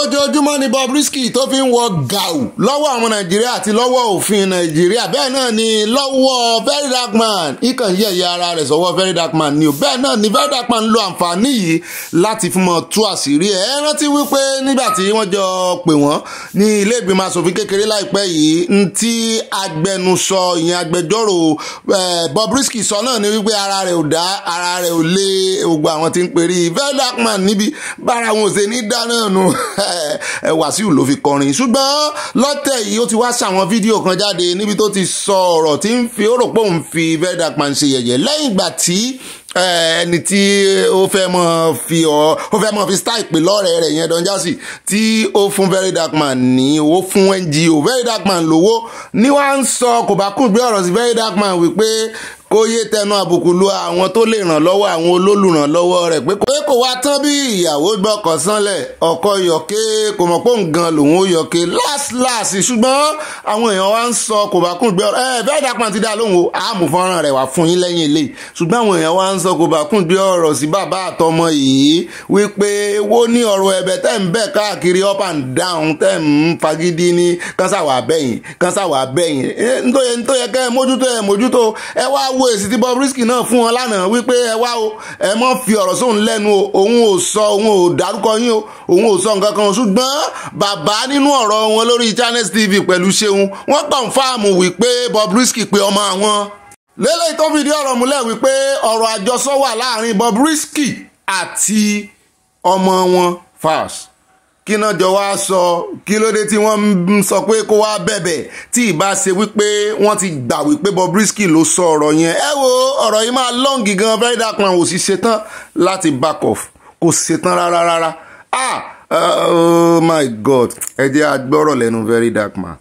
ojoojúmọ́ ni Bobrisky tó fi ń wọ gàù lọ́wọ́ àwọn nàìjíríà àti lọ́wọ́ òfin nàìjíríà bẹ́ẹ̀ náà ni lọ́wọ́ very dark man ikàn yí ẹ̀yà ara rẹ̀ sọ́wọ́ very dark man ni o bẹ́ẹ̀ náà ni very dark man lo àǹfààní yìí láti fi mọ tú àṣírí ẹ̀ ẹ rántí wípé nígbà tí wọ́n jọ pè wọ́n ní ilé ìgbìmọ̀ asòfin kékeré láìpẹ́ yìí ń tí agbẹnusọ ìyẹn agbẹjọ́rò Bobrisky sọ náà ni wípé ara rẹ̀ ò dá ara rẹ̀ ò lé gbogbo àwọn tí ń perí very dark man níbi bára wọn ò ṣe ní dáná nù Wàsíù ló fi kọrin ṣùgbọ́n lọ́tẹ̀ yìí ó ti wá ṣàwọn fídíò kan jáde níbi tó ti sọ ọ̀rọ̀ tí ń fi ó rò pé òun fi Verydarkman ṣe yẹ̀yẹ́ lẹ́yìn ìgbà tí ẹni tí ó fẹ́ mọ̀ fi ọ ó fẹ́ mọ̀ fi style pè lọ́rẹ̀ẹ́ rẹ̀ yẹn Don Jazzy tí ó fún Verydarkman ní owó fún NGO Verydarkman lówó ni wàá ń sọ kò bá gbé ọ̀rọ̀ sí Verydarkman wípé kó yé tẹnu àbùkù lu àwọn tó lè ràn lọ́wọ́ àwọn olólùrànlọ́wọ́ rẹ̀ pé kò wá tán bí ìyàwó gbọ́kàn sánlẹ̀ ọkọ yọ̀ké kò mọ̀ pé nǹkan lòun ó yọ̀ké láàsìláàsì ṣùgbọ́n àwọn èèyàn wa ń sọ kò bá kún gbé ọ̀rọ̀ ẹ bẹ́ẹ̀ dápọn ti dá lóhùn àmú fọ́nrán rẹ̀ wá fún yín lẹ́yìn ilé ṣùgbọ́n àwọn èèyàn wa ń sọ kò bá kún gbé ọ̀rọ̀ sí bàbá àtọmọ yìí wípé wo ní ọ̀rọ̀ ẹ̀bẹ̀ tẹ́ ń bẹ̀ káàkiri up and down tẹ́ ń fagídí ní kánsáwà bẹ́yìn kánsáwà bẹ́yìn ntóyẹ ntóyẹ kẹ́ mójútó ẹ mójútó ẹ wá w gbogbo èsì tí Bobrisky náà fún wọn lánàá wípé ẹ wá o ẹ mọ́ fi ọ̀rọ̀ sóun lẹ́nu o òun ò sọ òun ò dárúkọ yín o òun ò sọ nǹkan kan ṣùgbọ́n bàbá nínú ọ̀rọ̀ wọn lórí Channels TV pẹ̀lú Ṣeun wọ́n kọ̀ǹfàmù wípé Bobrisky pe ọmọ àwọn lélẹ́yìí tó fìdí ọ̀rọ̀ múlẹ̀ wípé ọ̀rọ̀ àjọsọ wà láàrin Bobrisky àti ọmọ wọn Falz kí jọ wá sọ kí ló tí wọ́n ń sọ pé kó wá bẹ̀bẹ̀ tí ìbá ṣe wípé wọ́n ti gbà wípé Bobrisky ló sọ ọ̀rọ̀ yẹn ẹ wo ọ̀rọ̀ yìí máa lọ́ǹgì gan Very Dark ò sì ṣetán láti back off kò ṣetán rárá rárá ah uh, oh my god ẹ jẹ́ agbọ́rọ̀ lẹ́nu Very Dark Crown.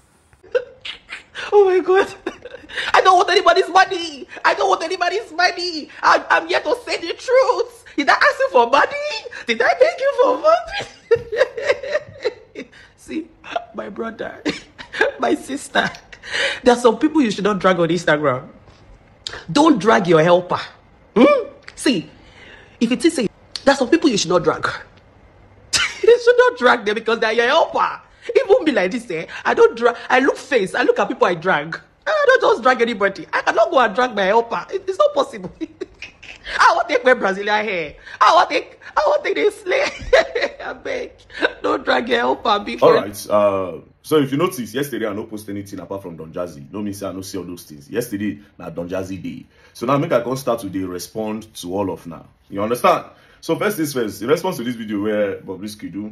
oh my god. I don't want anybody's money. I don't want anybody's money. I'm here to say the truth. Did I ask you for money? Did I beg you for money? See, my brother, my sister, there are some people you should not drag on Instagram. Don't drag your helper. Hmm? See, if it is say, there are some people you should not drag. you should not drag them because they are your helper. It won't be like this, eh? I don't drag. I look face. I look at people I drag. I don't just drag anybody. I cannot go and drag my helper. it's not possible. I want to take my Brazilian hair. I will take I will take this slay. I beg. Don't drag your help and be All right. Uh, so if you notice, yesterday I no post anything apart from Don Jazzy. No means I no see all those things. Yesterday, now Don Jazzy day. So now make I can start today, respond to all of now. You understand? So first things first, in response to this video where Bob Risky do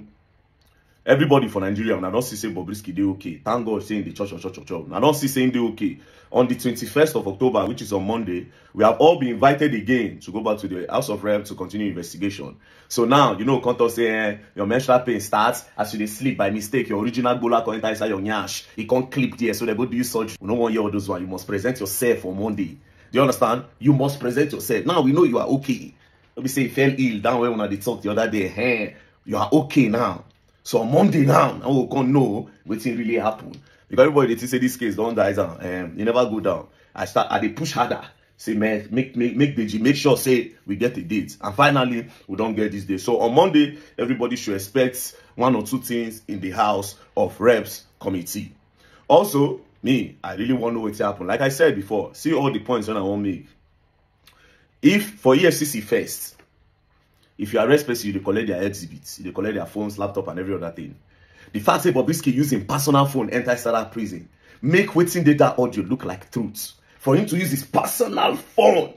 everybody for nigeria na don see say bobrisky they okay thank god say im dey chop chop chop see okay on the 21st of october which is on monday we have all been invited again to go back to the house of rep to continue investigation so now you know come say eh your menstrual pain starts as you sleep by mistake your original bola come enter inside your nyash can't clip there so they go do you surgery no one hear all those one you must present yourself on monday do you understand you must present yourself now we know you are okay Let me say you fell ill down when I talked talk the other day hey, eh, you are okay now so on monday now now we con know wetin really happen because everybody dey say this case don't die down um, e never go down i start i they push harder say man make make make the G make sure say we get the date and finally we don't get this day. so on monday everybody should expect one or two things in the house of reps committee also me i really want to know what's happen like i said before see all the points that i wan make if for efcc first if you arrest person you dey collect their exhibits you dey collect their phones laptop and every other thing the fact that bobrisky using personal phone enter sarah prison make waiting data audio look like truth for him to use his personal phone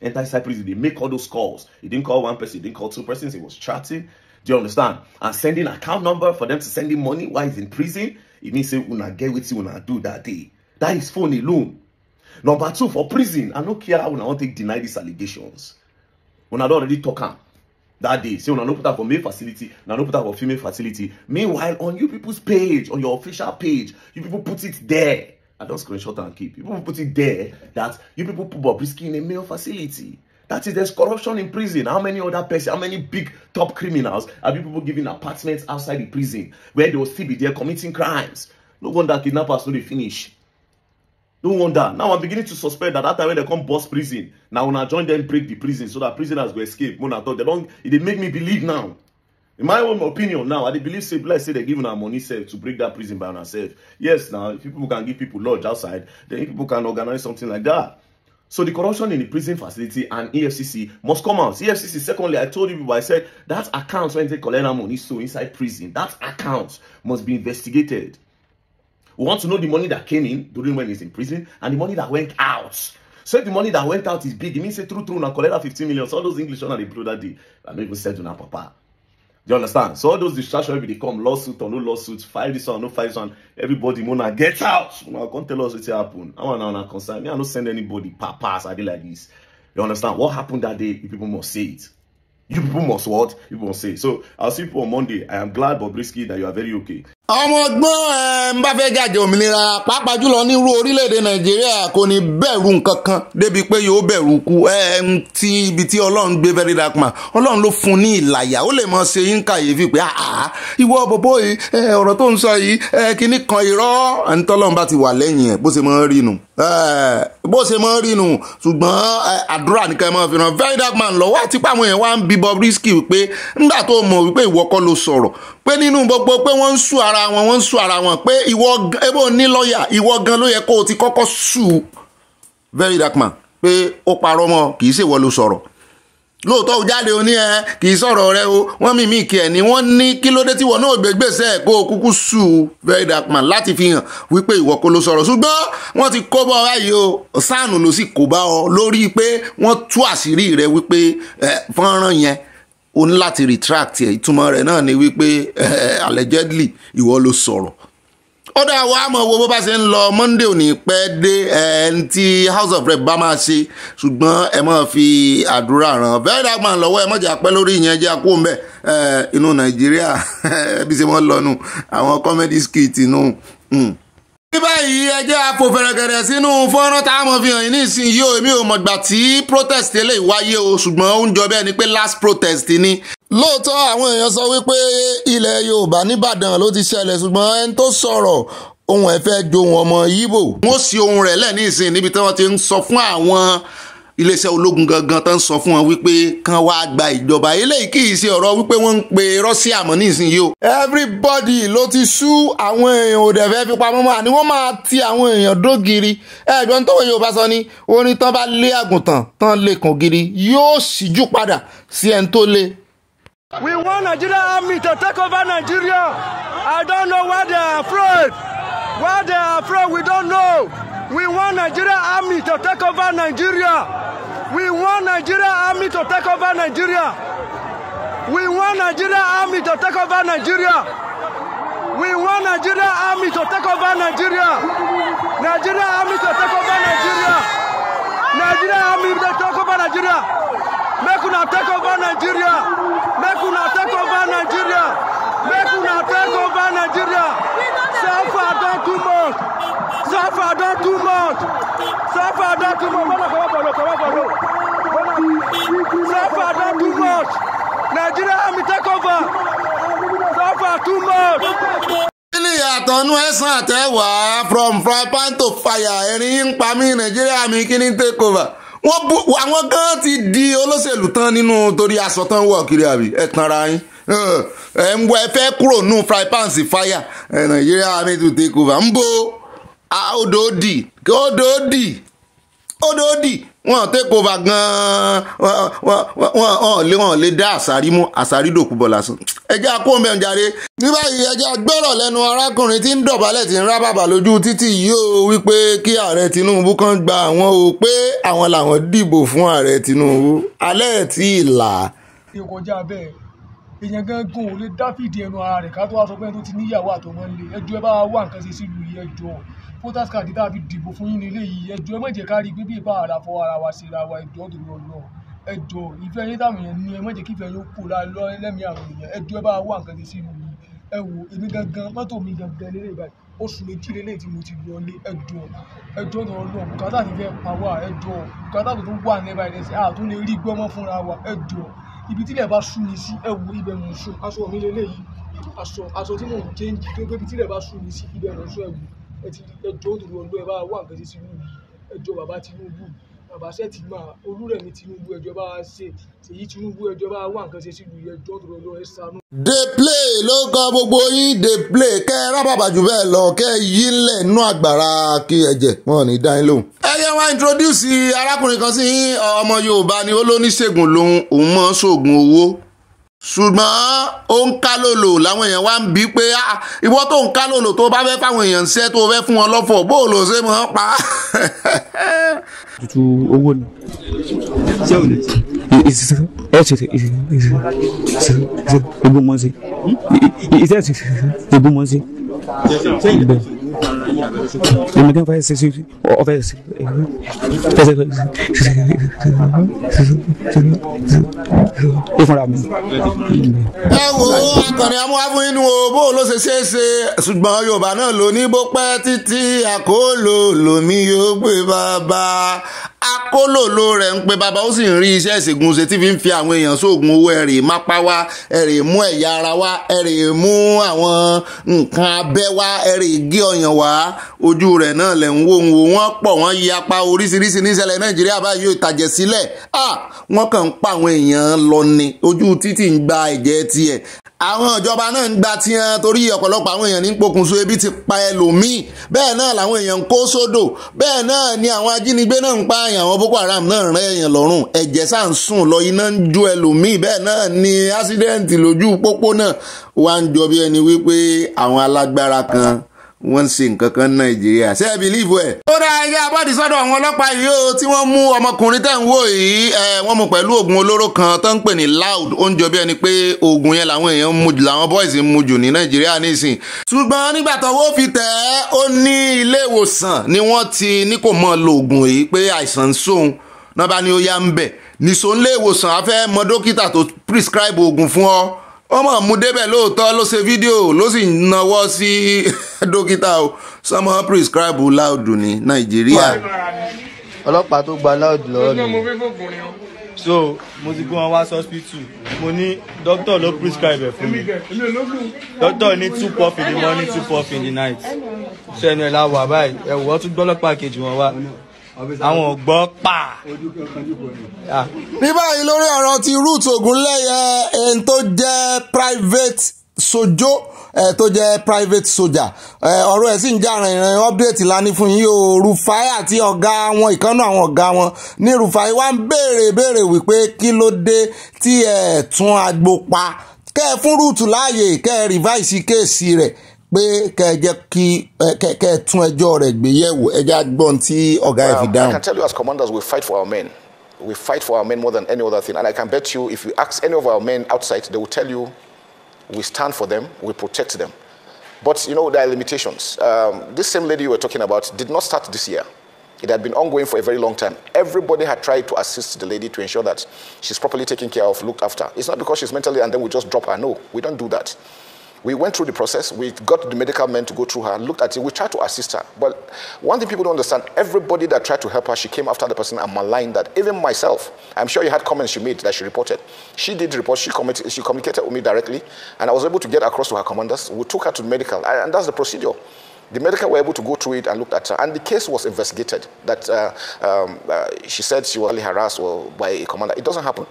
enter inside prison dey make all those calls he didn't call one person he didn't call two persons he was chatting do you understand and sending account number for them to send him money while he's in prison e means say I get when I do that day that is phone alone number two for prison i no care how una want to deny these allegations una not already talk that day say una oh, no put that for male facility no put that for female facility meanwhile on you people's page on your official page you people put it there i don't don screenshot and keep you people put it there that you people put bobrisky in a male facility that is there's corruption in prison how many other person how many big top criminals have people giving apartments outside the prison where they will still be there committing crimes no wonder kidnappers no dey finish no wonder now i'm beginning to suspect that that time when they come bust prison now when I join them break the prison so that prisoners go escape mona thought, they don't. e make me believe now in my own opinion now i dey believe say bless say they giving our money safe to break that prison by ourselves. yes now if people can give people lodge outside then people can organize something like that so the corruption in the prison facility and efcc must come out efcc secondly i told you before i said that account when they collect our money so inside prison that account must be investigated We want to know the money that came in during when he's in prison and the money that went out. So if the money that went out is big, it means say true true now collect that 15 million. So all those English on the blue that day. I'm no even said to now papa. Do you understand? So all those distractions will become lawsuit or no lawsuit, file this one, no file this one. Everybody mona get out. Una come tell us what happened. I want to concern me. I don't send anybody papas. I did like this. You understand? What happened that day? You people must say it. You people must what? You people must say. It. So I'll see you on Monday. I am glad, Bobrisky, that you are very okay ọmọ ọgbọ́n ẹ̀ eh, ń bá fẹ́ jàjẹ́ òmìnira pàápàá jùlọ nírú orílẹ̀-èdè nàìjíríà kò ní bẹ̀rù nǹkan débi pé yóò bẹ̀rù ku ẹ̀ ń ti ibi tí ọlọ́run gbé very dark man ọlọ́run ló fún ní ìlàyà ó lè mọ ṣe yín kàyéfì pé àá ah, ah, ìwọ bọ̀bọ̀ yìí eh, ọ̀rọ̀ tó ń sọ yìí eh, kíní kan irọ́ ẹ̀ńtọ́lọ́run bá ti wà lẹ́yìn ẹ̀ bó ṣe mọ́ rí nu bó ṣe mọ́ rí nu ṣùgbọ́n àdúrà nìkan máa fi ràn very dark man lọ́wọ́ àti pàmò yẹn wá ń bí Bobrisky wípé ńgbà tó mọ̀ wípé ìwọ kọ́ ló sọ̀rọ̀ pé nínú gbogbo pé wọ́n ń sùn ara ara wọn wọ́n ń sùn ara wọn pé ìwọ ebo ní lọ́ọ̀yà ìwọ gan ló yẹ kó o ti kọ́kọ́ sùn very dark man pé ó parọ́ mọ́ kì í ṣèwọ ló sọ̀rọ̀ lóòótọ́ ò jáde o ní ẹ kì í sọ̀rọ̀ rẹ o wọ́n mì mí kí ẹ ní wọ́n ní kí ló dé tí wọ́n náà gbégbèsè kó o kúkú sù ú very dark man láti fi hàn wípé ìwọ kọ́ ló sọ̀rọ̀ ṣùgbọ́n wọ́n ti kó bọ́ báyìí o sáànù ló sì kó bá ọ lórí pé wọ́n tú àṣírí rẹ wípé fọ́nrán yẹn o ní láti retract ẹ̀ ìtumọ̀ rẹ̀ náà ni wípé eh, allegedly ìwọ ló sọ̀rọ̀ ó dá wa mọ̀ wo bó bá ṣe ń lọ Monday òní pẹ́ dé ẹni eh, tí House of Rep bá máa ṣe ṣùgbọ́n ẹ máa fi àdúrà ràn very dark man lọ́wọ́ ẹ mọ̀jà pẹ́ lórí ìyẹn jẹ́ àkó mbẹ́ eh, inú Nàìjíríà bí ṣe wọ́n lọ nù àwọn comedy skit nù. No. Mm ní báyìí ẹ jẹ́ àpòfẹ̀rẹ̀gẹ̀rẹ̀ sínú fọ́nrán tá a mọ̀ fi hàn yín nísìnyí o èmi ò mọ̀gbà tí protest lè wáyé o ṣùgbọ́n ó ń jọ bẹ́ẹ̀ ni pé last protest ni lóòótọ́ àwọn èèyàn sọ wípé ilẹ̀ yorùbá nìbàdàn ló ti ṣẹlẹ̀ ṣùgbọ́n ẹni tó sọ̀rọ̀ ohun ẹ̀ jo wọn ọmọ yíbò. wọ́n sì ohun rẹ̀ lẹ́ẹ̀ ní ìsìn níbi tí wọ́n ti ń sọ fún àwọn iléeṣẹ́ ológun gangan tó ń sọ fún wọn wípé kán wá gba ìjọba eléyìí kì í ṣe ọ̀rọ̀ wípé wọ́n ń pe Russia mọ́ nísìnyí o. everybody ló ti sú àwọn èèyàn ò dẹ̀ fẹ́ fi pamọ́ mọ́ àní wọ́n máa ti àwọn èèyàn dógiri ẹ̀gbọ́n tó wọ̀nyí ò bá sọ ni orin tán bá lé àgùntàn tán lè kàn giri yóò ṣíjú padà sí ẹni tó lé. we want Nigeria army to take over Nigeria I don't know where they are from. Where they are from, we don't know. We want Nigeria army to take over Nigeria. We want Nigeria army to take over Nigeria. We want Nigeria army to take over Nigeria. We want Nigeria army to take over Nigeria. Nigeria army to take over Nigeria. Nigeria army to take over Nigeria. Make una take over Nigeria. Make una take over Nigeria. Make una take over Nigeria. Suffer don too much. Suffer don too much. Suffer don too much. Suffer don too much. Nigeria army take over. Suffer too much àtọ̀nú ẹ̀sán àtẹ̀wà from fry pan to fire ẹ̀rín ń pa mí nàìjíríà mi kí ní take over wọ́n bú àwọn gan ti di olóṣèlú tán nínú torí aṣọ wọ̀ kiri àbí ẹ̀ tanra yín ẹ ń wọ ẹ fẹ́ fry pan sí fire ẹ eh, nàìjíríà to take over ń bo odòdì odòdì odòdì wọn take over gan-an wọn wọn lè dá àṣàrí mú àṣàrí dòkú bọ̀ lásán ẹjẹ́ akóńbẹ̀ ń jáde ní báyìí ẹjẹ́ gbọ́rọ̀ lẹ́nu arákùnrin tí ń dọ̀bálẹ̀ tí ń rá bàbà lójú títì yìí ó wípé kí ààrẹ Tinubu kan gba àwọn o pé àwọn làwọn dìbò fún ààrẹ Tinubu alẹ́ tí là. ìkọjá bẹ́ẹ̀ èèyàn gangan ò lè dá fìdí ẹnu ara rẹ̀ ká tó wá sọ pé ẹni tó ti níyàwó àtọmọ ń lé ẹjọ́ ẹ bá wá nǹkan ṣe sílùú yìí ẹjọ́ voters card tá a fi dìbò fún yín nílé yìí ẹjọ́ ẹ má jẹ́ pé bí ìbá ara fọ ara wa síra wa ẹjọ́ torí ọlọ́ ẹjọ́ ìfẹ́ yín táwọn èèyàn ní ẹ má jẹ́ kí ìfẹ́ yín kó lọ lẹ́mìí àwọn èèyàn ẹjọ́ ẹ bá wá nǹkan ṣe sílùú yìí ẹ wò ti lọ lé ẹjọ́ ẹjọ́ tó lọ bùkátà ti fẹ́ pa wá ẹjọ́ bùkátà tó wà ní ẹ̀bá ẹ̀ lẹ́sẹ̀ àtúnlẹ̀ wa ẹjọ́ ibi tílẹ̀ bá sú mi sí ẹ̀wù ibẹ̀ mò ń sùn aṣọ mi lélẹ́yìí aṣọ aṣọ tí mò ń jẹ́ǹjì tó pé ibi tílẹ̀ bá sú mi sí ibẹ̀ mò sùn ẹ̀wù ẹ ẹjọ́ òdòdó ọdún ẹ wà nǹkan sí Tinubu ẹjọ́ bàbá Tinubu bàbá ṣe ti máa Olúrẹ̀mí Tinubu ẹjọ́ bá ṣe èyí Tinubu ẹjọ́ bá wà nǹkan ṣe sílùú ẹjọ́ òdòdó ọdún play ló kọ gbogbo yín dey play kẹ́ rábàbà jù bẹ́ẹ̀ lọ kẹ́ yí lẹ̀ nú àgbàrá kí ẹ̀jẹ̀ wọn ò ní dá yín lóhùn wá introduce arákùnrin kan sí ọmọ Yorùbá ni ó lóníṣègùn lòun òun mọ̀ ṣoògùn owó ṣùgbọ́n ó ń ká lòlò làwọn èèyàn wá ń bí pé ìwọ tó ń ká lòlò tó bá fẹ́ fáwọn èèyàn ṣẹ́ tó fẹ́ fún wọn lọ́fọ̀ bó ló ṣe mọ́ pa. tutu owó ni ẹ ṣe ṣe ṣe ṣe ebú mọ́ sí iṣẹ́ ṣe ṣe ebú mọ́ sí. Èmi kan fẹ́ ṣe sí ọ̀fẹ́ sí ẹ fúnra mi. Ẹ wo akọni amúháfún inú o ló ṣe ṣe ṣe ṣùgbọ́n Yorùbá náà ló ní bó pẹ́ títí àkólò lomi yóò gbé bàbá akólòlò rẹ̀ ń pe bàbá ó sì ń rí iṣẹ́ ìṣègùn ṣe tí fi ń fi àwọn èèyàn sóògùn owó ẹ̀rì mápá wá ẹ̀rì mú ẹ̀yà ara wá ẹ̀rì mú àwọn nǹkan abẹ́ wá ẹ̀rì gé ọyàn èèyàn wá ojú rẹ̀ náà lẹ̀ ń wò wò wọ́n pọ̀ wọ́n yapa oríṣiríṣi níṣẹ̀lẹ̀ nàìjíríà báyìí ìtàjẹ̀ sílẹ̀ wọ́n kàn ń pa àwọn èèyàn lọ ni ojú títì ń gba ẹ̀jẹ̀ tiẹ̀ àwọn ìjọba náà ń gba tiẹn torí ọ̀pọ̀lọpọ̀ àwọn èèyàn ní pokùnso ebi ti pa ẹlòmíì bẹ́ẹ̀ náà làwọn èèyàn ń kó sódò bẹ́ẹ̀ náà ni àwọn ajínigbé náà ń pa àyàn àwọn boko haram náà rẹ́ èèyàn lọ́rùn ẹ̀jẹ̀ sá ń sùn lọ iná ń jó ẹlòmíì bẹ́ẹ̀ náà ni ásídẹ́ǹtì lójú pópó náà wá ń jọ bí ẹni wípé àwọn alágbára kan wọ́n ń ṣe nǹkan kan nàìjíríà ṣé ẹ bìlíìfù ẹ̀. ó dá ẹyẹ abọ́dì sọ́dọ̀ àwọn ọlọ́pàá yìí ó tí wọ́n mú ọmọkùnrin tẹ̀ ń wò yìí wọ́n mú pẹ̀lú oògùn olóró kan tó ń pè ní loud ó ń jọ bí ẹni pé oògùn yẹn làwọn èèyàn mu jù làwọn boys ń mu jù ní nàìjíríà nísìn. ṣùgbọ́n nígbà tọ́wọ́ fi tẹ̀ ẹ́ ó ní ilé ìwòsàn ni wọ́n ti ní kò mọ lo oògùn yìí pé àìsàn ń sóhun náà bá ní ó yá ń bẹ̀ nìṣó ń lé ìwòsàn afẹ́ mọ dókítà tó prescribe oògùn fún ọ wọ́n mọ̀ mú débẹ̀ lóòótọ́ ló ṣe fídíò ló sì náwó sí dókítà o sọmọ prescribe láòdù ní nàìjíríà. ọlọ́pàá tó gba láòdù lọ́wọ́ mi so mo ti kó wọn wá sọ́spítù mo ní dókítà ló prescribe ẹ̀ fún mi dókítà ní two puff in the morning two puff in the night ṣẹ́nu ẹ̀ la wà báyìí ẹ̀ wọ́n tún gbọ́lọ́pàá kejì wọn wá àwọn ọ̀gbọ́n pa. Ah. ní báyìí lórí ọ̀rọ̀ ti root ogunléyẹ ẹni tó jẹ́ private sojo ẹ tó jẹ́ private soldier ẹ ọ̀rọ̀ ẹ̀ sì ń jàrán ìran update lání fún yín o Rufai àti ọ̀gá wọn ìkànnà àwọn ọ̀gá wọn ní Rufai wá ń béèrè béèrè wípé kí ló dé tí ẹ tún agbo pa kẹ́ ẹ fún rúùtù láàyè kẹ́ ẹ rìváìsì kéèsì rẹ̀ pé kẹ jẹ kí kẹ kẹ tún ẹjọ́ rẹ̀ gbé yẹ̀wò tí ọ̀gá ẹ fi dáhùn. I can tell you as commanders we fight for our men we fight for our men more than any other thing and I can bet you if you ask any of our men outside they will tell you we stand for them we protect them but you know there are limitations um, this same lady you were talking about did not start this year it had been ongoing for a very long time. Everybody had tried to assist the lady to ensure that she's properly taken care of, looked after. It's not because she's mentally and then we just drop her. No, we don't do that. We went through the process. We got the medical men to go through her, looked at it. We tried to assist her. But one thing people don't understand everybody that tried to help her, she came after the person and maligned that. Even myself, I'm sure you had comments she made that she reported. She did report, she, commit, she communicated with me directly, and I was able to get across to her commanders. We took her to medical, and that's the procedure. The medical were able to go through it and looked at her, and the case was investigated. That uh, um, uh, she said she was harassed by a commander. It doesn't happen.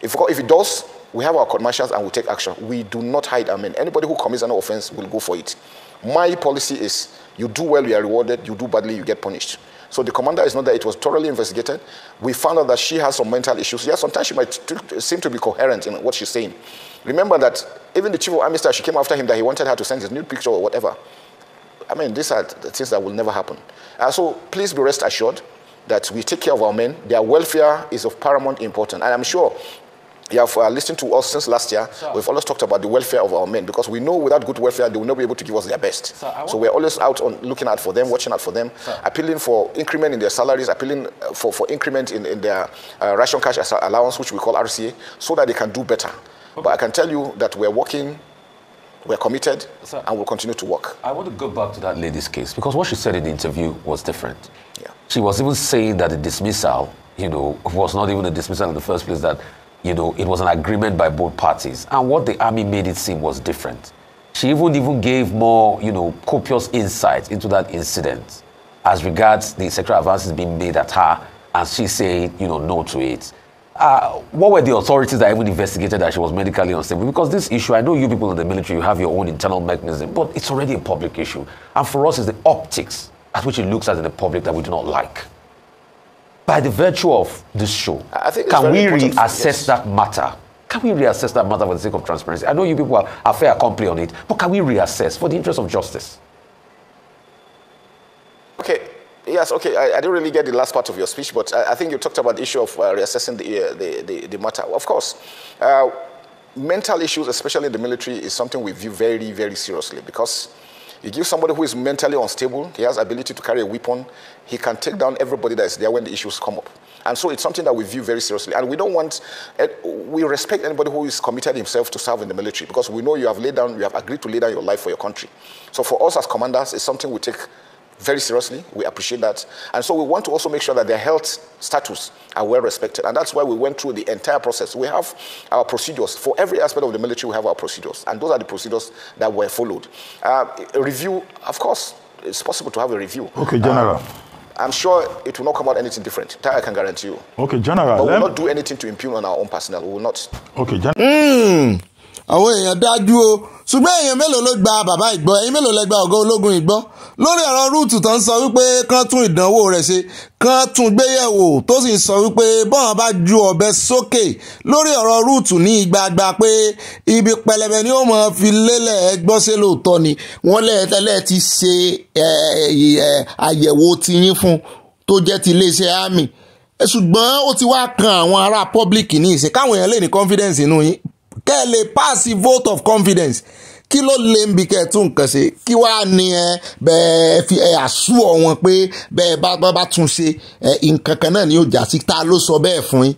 If, if it does, we have our conscience and we take action. We do not hide our men. Anybody who commits an offense will go for it. My policy is you do well, you are rewarded. You do badly, you get punished. So the commander is not that It was thoroughly investigated. We found out that she has some mental issues. Yeah, sometimes she might seem to be coherent in what she's saying. Remember that even the chief of army staff, she came after him that he wanted her to send his nude picture or whatever. I mean, these are the things that will never happen. Uh, so please be rest assured that we take care of our men. Their welfare is of paramount importance. And I'm sure you have uh, listened to us since last year. We've always talked about the welfare of our men because we know without good welfare, they will not be able to give us their best. Sir, so we're always out on looking out for them, watching out for them, Sir. appealing for increment in their salaries, appealing uh, for, for increment in, in their uh, ration cash allowance, which we call RCA, so that they can do better. Okay. But I can tell you that we're working we're committed Sir, and we'll continue to work. I want to go back to that lady's case because what she said in the interview was different. Yeah. She was even saying that the dismissal, you know, was not even a dismissal in the first place, that you know, it was an agreement by both parties. And what the army made it seem was different. She even even gave more, you know, copious insight into that incident as regards the sexual advances being made at her, and she said, you know, no to it. Uh, what were the authorities that even investigated that she was medically unstable? Because this issue, I know you people in the military, you have your own internal mechanism, but it's already a public issue. And for us, it's the optics at which it looks at in the public that we do not like by the virtue of this show, can we reassess yes. that matter? Can we reassess that matter for the sake of transparency? I know you people are, are fair comply on it, but can we reassess for the interest of justice? Okay, yes, okay. I, I didn't really get the last part of your speech, but I, I think you talked about the issue of uh, reassessing the, uh, the, the, the, matter. Of course. Uh, mental issues, especially in the military, is something we view very, very seriously because he gives somebody who is mentally unstable, he has ability to carry a weapon, he can take down everybody that is there when the issues come up. And so it's something that we view very seriously. And we don't want, eh, we respect anybody who is committed himself to serve in the military because we know you have laid down, you have agreed to lay down your life for your country. So for us as commanders, it's something we take very seriously. We appreciate that. And so we want to also make sure that their health status are well respected. And that's why we went through the entire process. We have our procedures. For every aspect of the military, we have our procedures. And those are the procedures that were followed. Uh, review, of course, it's possible to have a review. Okay, General. Um, I'm sure it will not come out anything different. That I can guarantee you. Okay, General. But we will not do anything to impugn on our own personnel. We will not. Okay, General. Mm. ṣùgbọ́n èèyàn mélòó ló gba bàbá ìgbọ́ ẹ̀yin mélòó lẹ gba ọ̀gá ológun ìgbọ́ lórí ọ̀rọ̀ rúùtù tó ń sọ wípé kán tún ìdánwò rẹ̀ ṣe kán tún gbéyẹ̀wò tó sì ń sọ wípé bọ́n bá ju ọ̀bẹ sókè lórí ọ̀rọ̀ rúùtù ní ìgbàgbà pé ibi pẹlẹbẹ ni ó mọ̀ fi lélẹ̀ ẹgbọ́n ṣe lóòótọ́ ni wọ́n lẹ́ẹ̀tẹ́lẹ̀ ti ṣe àyẹ̀wò tiyín fún tó jẹ́ ti iléeṣẹ́ àmì ṣùgbọ́n ó ti wá kan àwọn ará public ní ìsìn káwọn èèyàn lè ní confidence inú yín kẹ́ ẹ lè pass vote of confidence kí ló lè ń bi kẹ́ ẹ tún nǹkan ṣe kí wàá ní ẹ bẹ́ẹ̀ fi ẹ àṣù ọ̀wọ́n pé bẹ́ẹ̀ bá bá tún ṣe ẹ nǹkan kan náà ni yóò jà sí ta ló sọ bẹ́ẹ̀ fún yín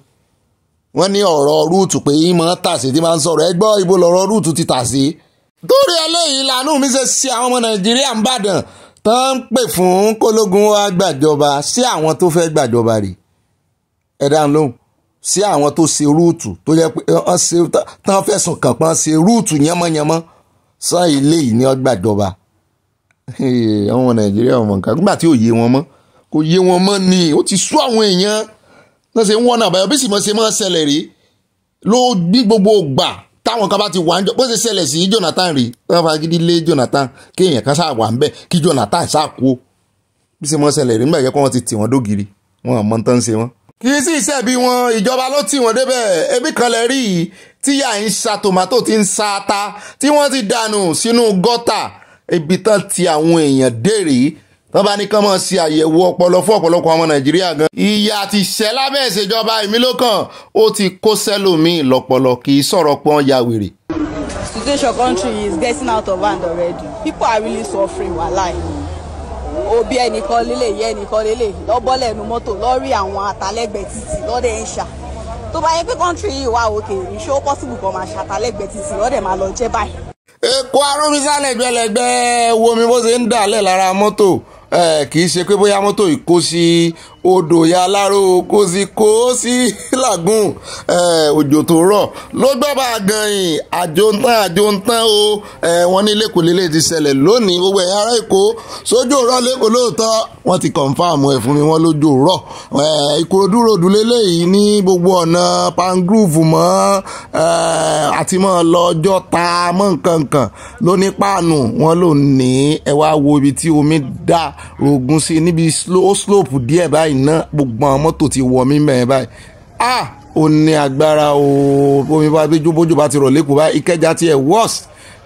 wọ́n ní ọ̀rọ̀ rúùtù pé yín máa ń tà sí tí máa ń sọ̀rọ̀ ẹ gbọ́ ibo lọ̀rọ̀ rúùtù ti tà sí. torí eléyìí làánú mi ṣe ṣe àwọn ọmọ nàìjíríà ń bàdàn tó ń pè fún kólógun wa gbàjọba sí àwọn tó fẹ́ gbàjọba rè é dáhùn lóhùn sí àwọn tó ṣe rúùtù tó jẹ́ pé wọ́n ṣe tán fẹ̀sùn kàn pọ́n ṣe rúùtù yánmọ́yánmọ́ sàn ilé yìí ni wọ́n gbàjọba ọmọ nàìjíríà ọmọ nǹkan nígbà tí ò yé wọn mọ́ kò yé wọn mọ́ ni ó ti sú àwọn èèyàn náà ṣe ń wọ́n náà báyọ̀ bí sì mọ́ ṣe máa ṣẹlẹ̀ rí ló bí gbogbo gbà táwọn kan bá ti wà ń jọ bó ṣe ṣẹlẹ̀ sí Jonathan rí wọ́n fa gidi lé Jonathan kí èèyàn kan ṣáà wà ń bẹ̀ kí Jonathan ṣáà kú bí sì mọ́ ṣẹlẹ̀ rí nígbà yẹ kó wọ́n ti tì wọ́n dógiri wọn àmọ́ tán ṣe wọ́n kì í sì ṣẹ̀bi wọn ìjọba ló tì wọ́n débẹ̀ ebi kan lè rí i tíyà ń sa tòmátò tí ń sa ata tí wọ́n ti dànù sínú gọ́tà ibi tán ti àwọn èèyàn dèrè tán bá ní kán mọ̀ sí àyẹ̀wò ọpọlọ fún ọ̀pọ̀lọpọ̀ ọmọ nàìjíríà gan. ìyà ti ṣẹ́ lábẹ́ ìṣèjọba ìmílòkàn ó ti kó sẹ́lòmíì lọ́pọlọ kì í sọ̀rọ̀ pọ́n ya wèrè. situation country is getting out of hand already people are really suffering wahala òbí ẹnìkan lélẹ̀ yẹ ẹnìkan lélẹ̀ lọ́bọ́lẹ̀nu mọ́tò lọ́rí àwọn àtàlẹ́gbẹ̀ẹ́ títì lọ́dẹ̀ ń ṣà tó bá yẹ pé kọ́ńtírì yìí wà òkè ní pọ́sibù kan máa ṣàtàlẹ́gbẹ̀ẹ́ títì lọ́dẹ̀ máa lọ jẹ́ báyìí. èkó arúmísà lẹ́gbẹ̀lẹ́gbẹ̀ wo mi bó ṣe ń dàlẹ̀ lára mọ́tò kì í ṣe pé bóyá mọ́tò ìkó sí odòyà aláró kòsíkòsí làgùn òjò tó rọ̀ ló gbọ́bà gan-in gan ń tán àjò o wọ́n ní lẹ́kọ̀ọ́ lélẹ̀ ti ṣẹlẹ̀ lónìí gbogbo ẹ̀yà ará èkó sójú òrọ̀ lẹ́kọ̀ọ́ lóòótọ́ wọ́n ti kọ̀ǹfàmù ẹ̀ fún mi wọ́n lójú òrọ̀ ìkòròdú ròdù lélẹ́yìí ní gbogbo ọ̀nà pangrove mọ́ àti mọ́ lọ́jọ́ ta mọ́ nkankan ló ní páànù wọ́n ló ní ẹ wá wo ibi tí omi dá rògùn sí iná gbogbo àwọn mọ́tò ti wọ mí mẹ́rin báyìí ah ó ní agbára o omi bá bí bójú bá ti rọ̀ lẹ́kọ̀ọ́ báyìí ìkẹjà tiẹ̀ worse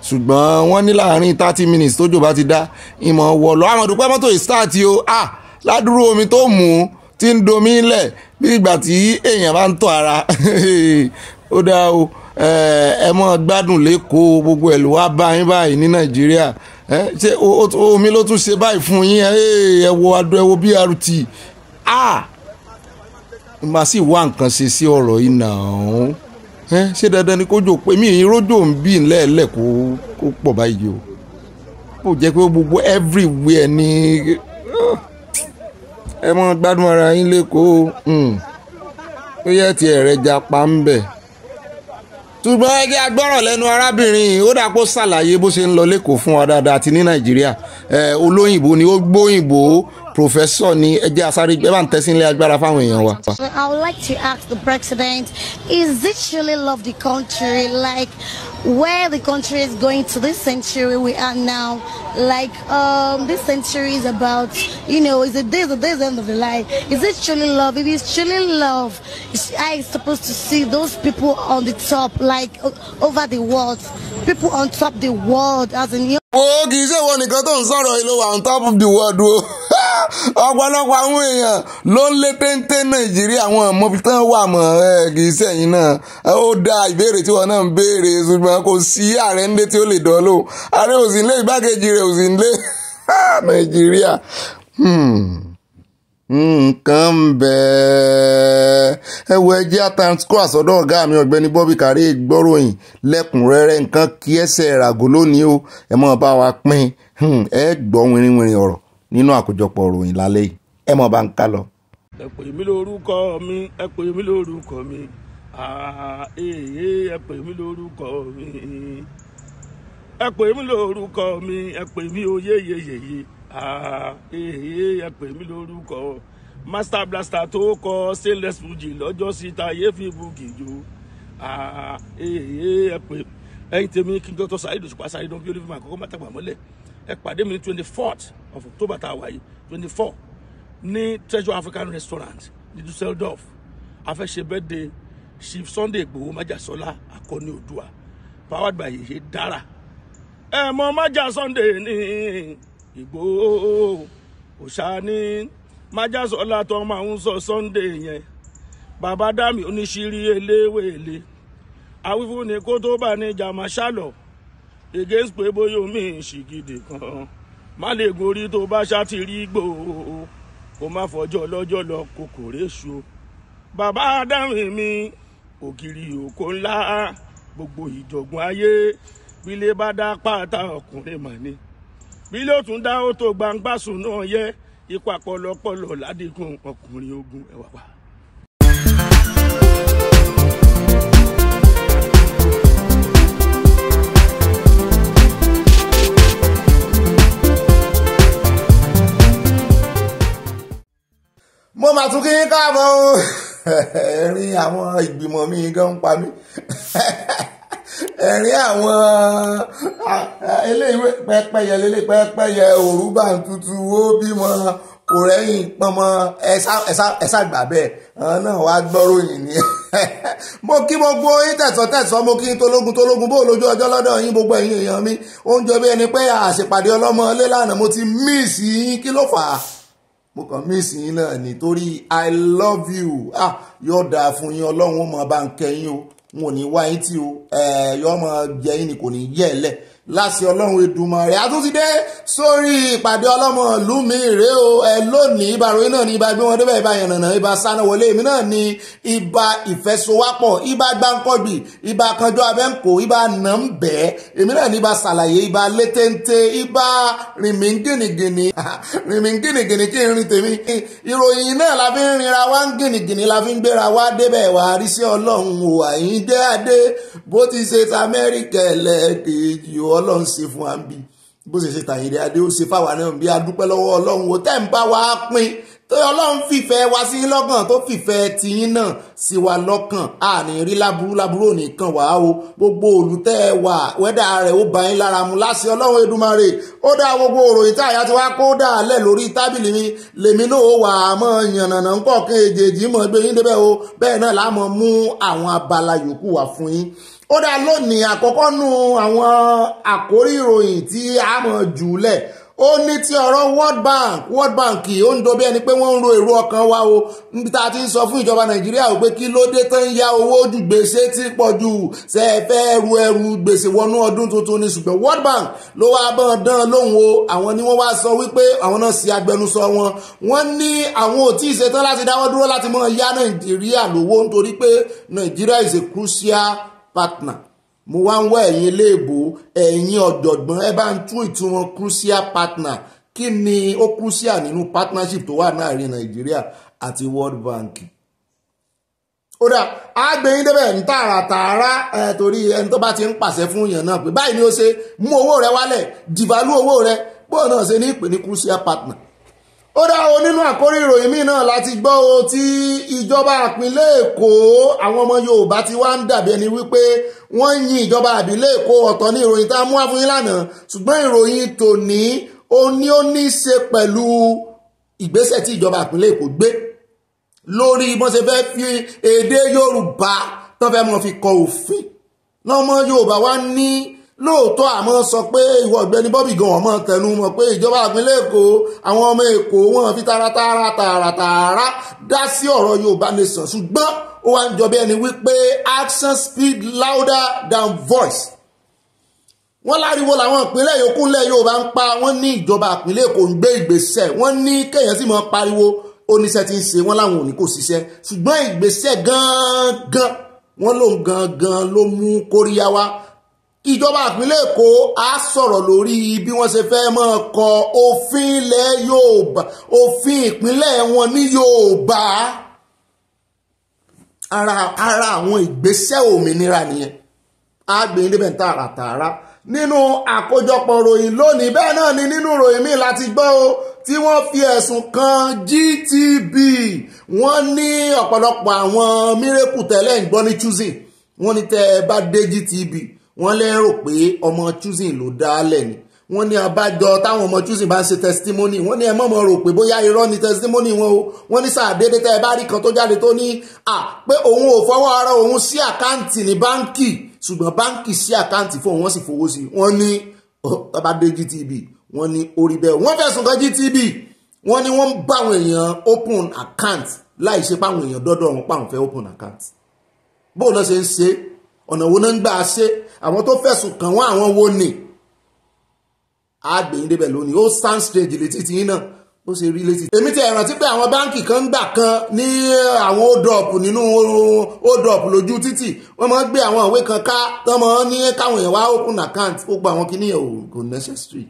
ṣùgbọ́n wọ́n ní láàrin thirty minutes tójò bá ti dá ìmọ̀ wọ̀ lọ àwọn ìdúpẹ́ mọ́tò ìstáàtì o ah ládùúrú omi tó mú ti ń domi lẹ̀ bí ìgbà tí èèyàn bá ń tọ́ ara ó dá o ẹ mọ́ gbádùn lẹ́kọ̀ọ́ gbogbo ẹ̀ ló wá bá yín báyìí ní nàìjíríà ṣé omi ló tún ṣe báyìí fún yín ẹ wo adùn ẹ wo BRT a màá sì wá nǹkan ṣe sí ọ̀rọ̀ yìí nà án ṣé dandan ni kójó pé mi ìyìn rójò ń bì lẹ́ẹ̀lẹ́ kó pọ̀ báyìí o kò jẹ́ pé gbogbo everywhere ni ẹ mọ gbádùn ara yín lẹ́kọ̀ọ́ hmm. ó yẹ ti ẹ̀rẹ̀ japa ń bẹ̀ ṣùgbọ́n ẹgbẹ́ agbọ́rọ̀ lẹ́nu arábìnrin ó dà kó ṣàlàyé bó ṣe ń lọ lẹ́kọ̀ọ́ fún wa dáadáa àti ní nàìjíríà olóyìnbó ni ó gbóyìnbó professor ni ẹ jẹ́ asáré ẹ bá ń tẹ́sí ilé agbára fáwọn èèyàn wa. So I would like to ask the president is it truly love the country like where the country is going to this century we are now like um, this century is about you know is it this or this end of the line is it truly love if it's truly love is I supposed to see those people on the top like over the world people on top the world as in. wo kì í ṣe ìwọ nìkan tó ń sọ̀rọ̀ ìlú wa on top of the world o. ọ̀pọ̀lọpọ̀ àwọn èèyàn ló ń lé téńté nàìjíríà àwọn ọmọ fi tán wà mọ́ ẹ kì í sẹ́yìn náà ó da ìbéèrè tí wọn náà ń béèrè ṣùgbọ́n kò sí ààrẹ ńlé tí ó lè dán lò ààrẹ ò sí ń lé ìgbákejì rẹ̀ ò sí ń lé nàìjíríà hmm. nǹkan ń bẹ ẹ wo ẹjẹ àtàǹtíkọ àsọdọ ọgá mi ọ̀gbẹ́ni Bobby Kare gbọ́ròyìn lẹ́kùnrẹ́rẹ́ nǹkan kí ẹsẹ̀ ràgó lónìí o ẹ mọ bá wa pín hmm. ẹ gbọ́ wìnrìnwìnrìn ọ̀rọ̀ nínú àkójọpọ̀ ròyìn lálẹ́ yìí ẹ mọ̀ bá ń ká lọ. ẹ pè mí lórúkọ mi ẹ pè mí lórúkọ mi ẹ pè mí lórúkọ mi ẹ pè mí lórúkọ mi ẹ pè mí oyè yeyeye ẹ pè mí lórúkọ master blaster tó kọ stainless fuji lọ́jọ́ síta yéfi bùkì jù ẹ pè ẹyin tèmi kí n tó tọ́ sáré dòṣùpá bí olùfẹ́ máa kọ́kọ́ má tàgbà mọ́lẹ̀ ẹ pàdé mi ní twenty fourth of october tá a wáyé twenty four ní treasure african restaurant ní dusseldorf afẹ́ṣe birthday chief sunday igbòho májàsọ́lá akọni odua powered by yeye dara ẹ mọ májà sunday ní igbòho òṣàní májàsọ́lá tó máa ń sọ sunday yẹn bàbá dami oníṣírí eléwéèlé awífúnni kó tó bá ní jàmáṣálọ̀ against pé bóyá omi ìṣìgìdì kan má lè gorí tó bá ṣá ti rí gbòó kó má fọjọ́ lọ́jọ́ lọ kòkòrè ṣo bàbá adáhùn mi ògiri òkó ńlá gbogbo ìjọ̀gbọ́n ayé bílé bá dá pátá ọkùnrin mà ni bílé ó tún dá ó tó gbangba náà yẹ ipa pọlọpọlọ ládìkún ọkùnrin ogun ẹwà wa. káàbọ̀ o ẹ̀rín àwọn ìgbìmọ̀ mi gan ń pa mí ẹ̀rín àwọn eléyìí pẹ́pẹ́yẹ lélẹ́ pẹ́pẹ́yẹ òrùba tútù ó bímọ kò rẹ́yìn pọnmọ ẹ̀sà gbà bẹ́ẹ̀ àwọn náà wàá gbọ́rò yìí ni mo kí gbogbo yín tẹ̀sán tẹ̀sán mo kí n tológun tológun bó lójú ọjọ́ lọ́dọ̀ yín gbogbo ẹ̀yin èèyàn mi oúnjẹ bí ẹni pé àṣepàdé ọlọ́mọ lélànà mo ti míìsì yín kí ló fà á mo kàn mísì yín náà nítorí i love you ah yóò dáa fún yín ọlọ́run ó mọ bá ń kẹ́yìn o n ò ní wá yín tí o ẹ̀ eh, yọ́ mọ jẹ́ ni kò ní yẹ̀ ẹ́ láti ọlọ́run Èdùmàrè àtúntìdé sórí ìpàdé ọlọ́mọ ìlú mi rè o ẹ lónìí ibà ròyìn náà ní ibà gbé wọn débẹ̀ ibà yànnànà ibà sáná wọlé èmi náà ní ibà ìfẹsowápọ̀ ibà gbáǹkọ́gbì ibà kanjọ́ abẹ́ǹkó ibà nàmbẹ́ èmi náà ní ibà sàlàyé ibà létéńté ibà rìmíngìnìgìnì rìmíngìnìgìnì kí n rin tèmi ìròyìn náà la fi ń rinra wá ń gìnìgìnì la fi ń gbéra wá débẹ̀ wà á rí sí ọlọ́run òwà yín jẹ́ adé bó ti ṣe ta amẹ́ríkà ẹlẹ́ẹ̀kejì ọ ọlọ́run ṣe fún wa ń bí bó ṣe ṣe tàyèrè adé ó ṣe fáwa náà bí adúpẹ́ lọ́wọ́ ọlọ́run wò tẹ́ ń bá wa pín tó ọlọ́run fìfẹ́ wa sí lọ́kàn tó fìfẹ́ tiyín náà sí wa lọ́kàn àní rí láburú láburú ò ní kàn o gbogbo olùtẹ́ wà wẹ́dà rẹ̀ ó bá yín lára mu láṣẹ ọlọ́run Èdùmàrè ó dá gbogbo òròyìn tá àyà tí wàá kó dà lẹ̀ lórí tábìlì mi lèmi náà ó wà á mọ̀ yànnànà ńkọ̀ọ̀kan èjèèjì mọ̀ gbé yín débẹ̀ o bẹ́ẹ̀ náà láàmọ̀ mú àwọn abala yòókù ó dá lónìí àkọ́kọ́ nu àwọn àkórí ìròyìn tí a mọ̀ jùlẹ̀ ó ní tí ọ̀rọ̀ World Bank World Bank ó ń dobi ẹni pé wọ́n ń ro èrò ọkàn wa o níbi tá a ti ń sọ fún ìjọba Nàìjíríà wípé kí ló dé tán yá owó ju gbèsè tí pọ̀ ju ṣe fẹ́ ru ẹrù gbèsè wọnú ọdún tuntun ni ṣùgbọ́n World Bank ló wá bọ́n dán lóhùn o àwọn ni wọ́n wá sọ wípé àwọn náà ṣe agbẹnusọ wọn wọ́n ní àwọn ò tí ì ṣetán láti dáwọ́ dúró láti mọ̀ yá Nàìjíríà lówó nítorí pé Nàìjíríà is a crucial partner mo wá ń wá ẹ̀yin iléèbó ẹ̀yin ọ̀jọ̀gbọ́n ẹ bá ń tún ìtumọ̀ crucial partner kí ni ó crucial nínú partnership tó wà láàrin nàìjíríà àti world bank ó dà á gbé yín débẹ̀ ń tààrà tààrà ẹ torí ẹni tó bá ti ń pàṣẹ fún yàn náà pé báyìí ni ó ṣe mú owó rẹ wálẹ̀ dìbàlú owó rẹ bóun náà ṣe ní ìpè ní crucial partner ó dá o nínú àkórí ìròyìn míì náà láti gbọ́ o tí ìjọba àpínlẹ̀ èkó àwọn ọmọ yorùbá ti wá ń dàbí ẹni wípé wọ́n yin ìjọba àbílẹ̀ èkó ọ̀tọ̀ ní ìròyìn tá a mú wá fún yín lánàá ṣùgbọ́n ìròyìn tòní ó ní ó ní ṣe pẹ̀lú ìgbésẹ̀ tí ìjọba àpínlẹ̀ èkó gbé lórí bó ṣe fẹ́ fi èdè yorùbá tó fẹ́ mọ́ fi kọ òfin lọ́mọ yorùbá wá ní lóòótọ́ àmọ́ sọ pé ìwọ ọ̀gbẹ́ni Bobby gan ọmọ tẹnu mọ́ pé ìjọba ìpínlẹ̀ Èkó àwọn ọmọ Èkó wọn fi taratara tààràtààrà dá sí ọ̀rọ̀ Yorùbá nation ṣùgbọ́n ó wá ń jọ ẹni wípé action speed louder than voice wọ́n láriwo làwọn ìpínlẹ̀ yòókù lẹ̀ Yorùbá ń pa wọ́n ní ìjọba ìpínlẹ̀ Èkó ń gbé ìgbésẹ̀ wọ́n ní kéèyàn sì mọ́ pariwo oníṣẹ́ ti ń ṣe wọ́n láwọn ò ní kò ṣiṣẹ́ ṣùgbọ́n ìgbésẹ̀ gangan wọ́n lòun gangan ló mú kóríyá wá ìjọba ìpínlẹ̀ èkó á sọ̀rọ̀ lórí bí wọ́n ṣe fẹ́ máa kọ òfin ilẹ̀ yorùbá òfin ìpínlẹ̀ wọn ní yorùbá ara ara àwọn ìgbésẹ̀ òmìnira nìyẹn á gbé níbẹ̀ e tààrà tààrà nínú àkójọpọ̀ ròyìn lónìí bẹ́ẹ̀ náà ni nínú ròyìn míì láti gbọ́ o tí wọ́n fi ẹ̀sùn kan GTB wọ́n ní ọ̀pọ̀lọpọ̀ àwọn mírèkù tẹ́lẹ̀ ń gbọ́ ní Tuesday wọ́n ní tẹ́ ẹ bá dé GTB wọ́n lérò pé ọmọ choosing ló dálẹ̀ ni wọ́n ní abájọ táwọn ọmọ choosing bá ń ṣe testimony wọ́n ní ẹ mọ̀mọ́ rò pé bóyá irọ́ ni testimony wọn o wọ́n ní sàdédé tẹ́ ẹ bá rí kan tó jáde tó ní à pé òun ò fọwọ́ ara òun sí àkáǹtì ní báǹkì ṣùgbọ́n báǹkì sí àkáǹtì fún òun wọ́n sì fowó sí wọ́n ní ọba dé GTB wọ́n ní orí bẹ́ẹ̀ wọ́n fẹ̀sùn kan GTB wọ́n ní wọ́n bá àwọn èèyàn open account láì ṣe páwọn èèyàn dọ́dọ̀ wọn páwọn fẹ́ open account bóun náà ṣe ń ṣe é ọ̀nà wo náà ń gbà ṣe àwọn tó fẹ̀sùn kàn wọ́n àwọn wo ni àgbèyìn débẹ̀ lónìí ó stand strange létí ti yín náà ó ṣe rí létí. èmi ti rántí pé àwọn báǹkì kan ń gbà kan ní eh, àwọn odrop nínú odrop lójú títì wọ́n máa ń gbé àwọn ìwé kan ká tán máa ń ní káwọn èèyàn wá open account ó gba àwọn kìíní ò necessary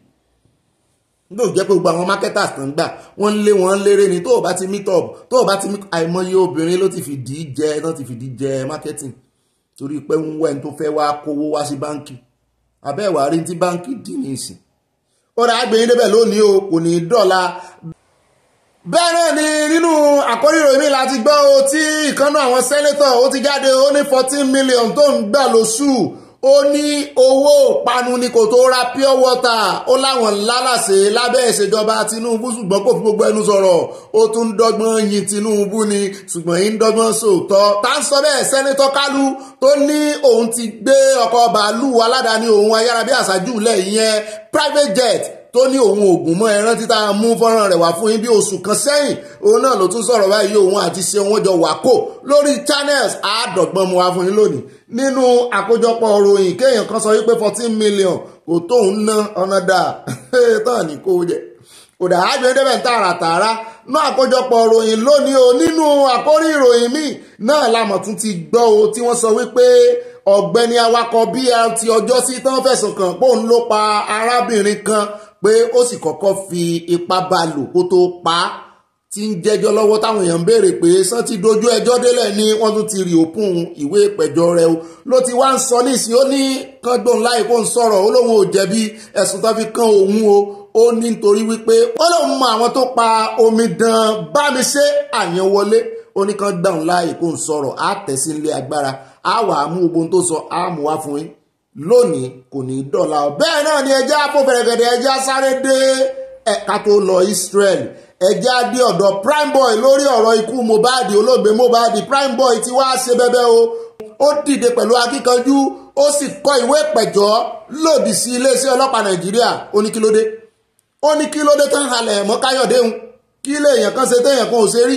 nígbà òjẹ́ pé gbogbo àwọn marketers tó gbà wọ́n ń lé wọ́n ń ni tó o bá ti meet up tó o bá ti àìmọye obìnrin ló ti fìdí jẹ ló ti fìdí jẹ marketing torí pé ń wẹ́n tó fẹ́ wá kówó wá sí báǹkì abẹ́ ìwà rí tí báǹkì dì ní ìsìn ó rà ágbẹ̀yìn débẹ̀ lónìí o kò ní dọ́là bẹ́ẹ̀ náà ni nínú àkórírò mi láti gbọ́ o tí ìkànnà àwọn sẹ́nétọ̀ ó ti jáde ó ní fourteen million tó ń gbà lóṣù ó ní owó ìpanu ni kò tó ra pure water ó láwọn lálàsè lábẹ́ ìṣèjọba Tinubu ṣùgbọ́n kò fi gbogbo ẹnu sọ̀rọ̀ ó tún dọ́gbọ́n yin Tinubu ni ṣùgbọ́n yìí ń dọ́gbọ́n sòótọ́ tá ń sọ bẹ́ẹ̀ sẹ́nitọ́ Kálú tó ní òun ti gbé ọkọ̀ bàálù aládàáni òun ayárabíàṣá jù lẹ̀ ìyẹn private jet tó ní òun ògùn mọ́ ẹran títà mú fọ́nrán rẹ̀ wá fún yín bí oṣù kan sẹ́yìn òun náà ló tún sọ̀rọ̀ báyìí òun àti ṣe wọn jọ wákò lórí channels àádọ́gbọ̀n mu wá fún yín lónìí nínú àkójọpọ̀ ròyìn kéèyàn kan sọ wípé fourteen million kò tó òun ná ọ̀nà dà tán ni kò jẹ́ kódà àjọ ẹdẹ́bẹ̀ tààràtààrà náà àkójọpọ̀ ròyìn lónìí o nínú àkórí ìròyìn míì náà lamọ̀ tún ti gbọ́ o tí wọ́n sọ wípé ọ̀gbẹ́ni awakọ̀ BRT ọjọ́sí tán fẹ̀sùn kàn pé òun ló pa arábìnrin kan pé ó sì kọ́kọ́ fi ipa bá a lò kó tó pa á ti ń jẹ́jọ́ lọ́wọ́ táwọn èèyàn ń béèrè pé sán ti dojú ẹjọ́ délẹ̀ ni wọ́n tún ti rí òkun ìwé ìpẹ̀jọ́ rẹ̀ o ló ti wá ń sọ nísìnyí ó ní kán láì kó ń sọ̀rọ̀ ó lóun ò jẹ̀bi ẹ̀sùn tó fi kàn òun o ó ní nítorí wípé ó lóun mọ àwọn tó pa omidan Bámiṣé Àyànwọlé ó ní kán gbóhùn láì kó ń sọ̀rọ̀ á tẹ̀sí ilé agbára á wà á mú ogun tó sọ á mú wá fún yín lónìí kò ní dọ̀la bẹ́ẹ̀ náà ni ẹja afọ́fẹ̀rẹ̀gẹ̀dẹ̀ ẹja sáré dé ẹ̀ka tó lọ Israel ẹja dé ọ̀dọ̀ Primeboy lórí ọ̀rọ̀ ikú Mohbad olóògbé Mohbad boy ti wá ṣe bẹ́bẹ́ o ó dìde pẹ̀lú akíkanjú ó sì kọ ìwé ìpẹ̀jọ́ lòdì sí iléeṣẹ́ ọlọ́pàá Nàìjíríà ó ní kí ló dé ó ní kí ló dé tán halẹ̀ mọ́ Káyọ̀dé òun kí léèyàn kan ṣe téèyàn kan ò ṣe rí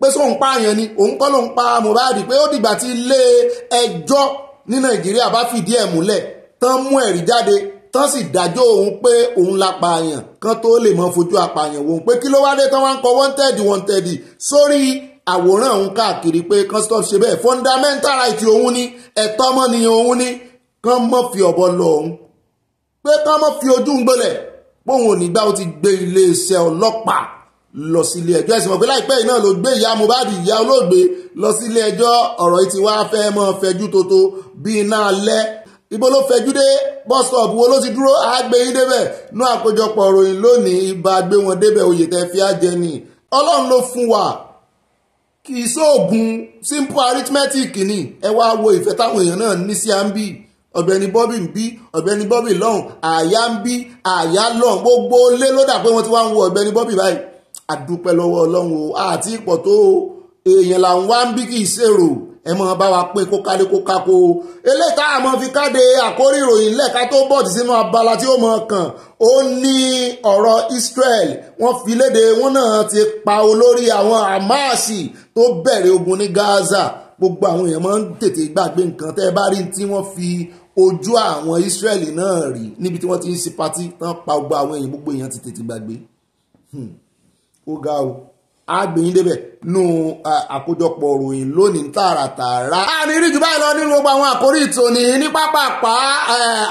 pé sóun pààyàn ni òun kọ́ lòun pa Mohbad pé ó dìgbà tí ilé ẹjọ́ ní nàìjíríà bá fìdí ẹ̀ múlẹ̀ tán mú ẹ̀rí jáde tán sì dájọ́ òun pé òun la pààyàn kán tó lè mọ fojú apààyàn wò ó pé kí ló wá dé tán wá ń kọ wọ́ntẹ́ẹ̀dì wọ́ntẹ́ẹ̀dì sórí àwòrán òun káàkiri pé kan stop ṣe bẹ́ẹ̀ fundamental right òun ni ẹ̀tọ́ ọmọnìyàn òun ni kán mọ́ fi ọ̀bọ lọ òun pé kán mọ́ fi ojú ń gbọ́lẹ̀ bóun ò ní gbá ó ti gbé iléeṣẹ́ ọlọ́pàá lọ sílé ẹjọ́ ẹ̀sìn mọ̀ pé láìpẹ́ yìí náà ló gbé ìyá Mohbad ìyá olóògbé lọ sílé ẹjọ́ ọ̀rọ̀ yìí ti wá fẹ́ mọ́ fẹjú tótó bí iná alẹ́ ibo ló fẹjú dé bọ́sọ̀pù wo ló ti dúró àgbè yín débẹ̀ nú àkójọpọ̀ ròyìn lónìí ibà gbé wọn débẹ̀ oyè tẹ́ fi á ni ọlọ́run ló fún wa kì í sóògùn simple arithmetic ni ẹ wá wo ìfẹ́ táwọn èèyàn náà ní sí àǹbì ọ̀gbẹ́ni Bobby ń bí ọ̀gbẹ́ni Bobby lọ́hùn àyà ń bí àyà lọ́hùn gbogbo lé ló pé wọ́n ti wá ń wo ọ̀gbẹ́ni Bobby báyìí àdúpẹ́ lọ́wọ́ ọlọ́run o àti ipò tó èèyàn là ń wá ń bí kì í ṣèrò ẹ mọ bá wa pín kó kálé kó kákó eléyìí tá a mọ fi káde àkórí ìròyìn lẹ́ka tó bọ̀dì sínú abala tí ó mọ kàn ó ní ọ̀rọ̀ Israel wọ́n fi léde wọn náà ti pa olórí àwọn Hamasi tó bẹ̀rẹ̀ ogun ní Gaza gbogbo àwọn èèyàn máa ń tètè gbàgbé nǹkan tẹ́ ẹ bá rí tí wọ́n fi ojú àwọn Israel náà rí níbi tí wọ́n ti ń ṣe patí tán pa gbogbo àwọn èèyàn gbogbo èèyàn ti tètè gbàgbé. Hmm ó ga o àgbẹ̀yìn débẹ̀ nù àkójọpọ̀ ròyìn lónìí tààràtààrà. a ní rí jù báyìí lọ nínú gbogbo àwọn àkórí ìtòní ní pápápá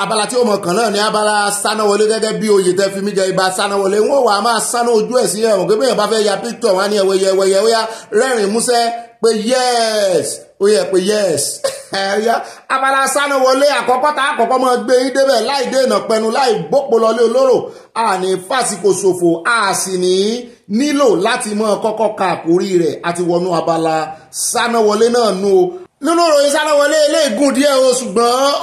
abala tí ó mọ̀ kàn náà ní abala sanáwọlé gẹ́gẹ́ bí oyè tẹ fi mí jẹ ibà sanáwọlé wọn wà á máa saná ojú ẹ̀ sí ẹ̀wọ̀n gbẹ́bẹ̀yàn bá fẹ́ ya píktọ̀ wọn á ní ẹ̀wẹ̀yẹ̀ ẹ̀wẹ̀yẹ̀ ó yá rẹ́rìn-ín músẹ́ pé yẹ́ẹ̀sì ó yẹ pé yes ẹ̀yà abala sanu wọlé àkọ́kọ́ tá àkọ́kọ́ mọ́ gbé yín débẹ̀ láì dènà pẹnu láì gbópo lọlé olóró àní fásikò ṣòfò a sì ní nílò láti mọ́ kọ́kọ́ ka àkórí rẹ̀ àti wọnú abala sanu wọlé náà nú o nínú ìròyìn sánáwọlé eléègùn díẹ̀ o ṣùgbọ́n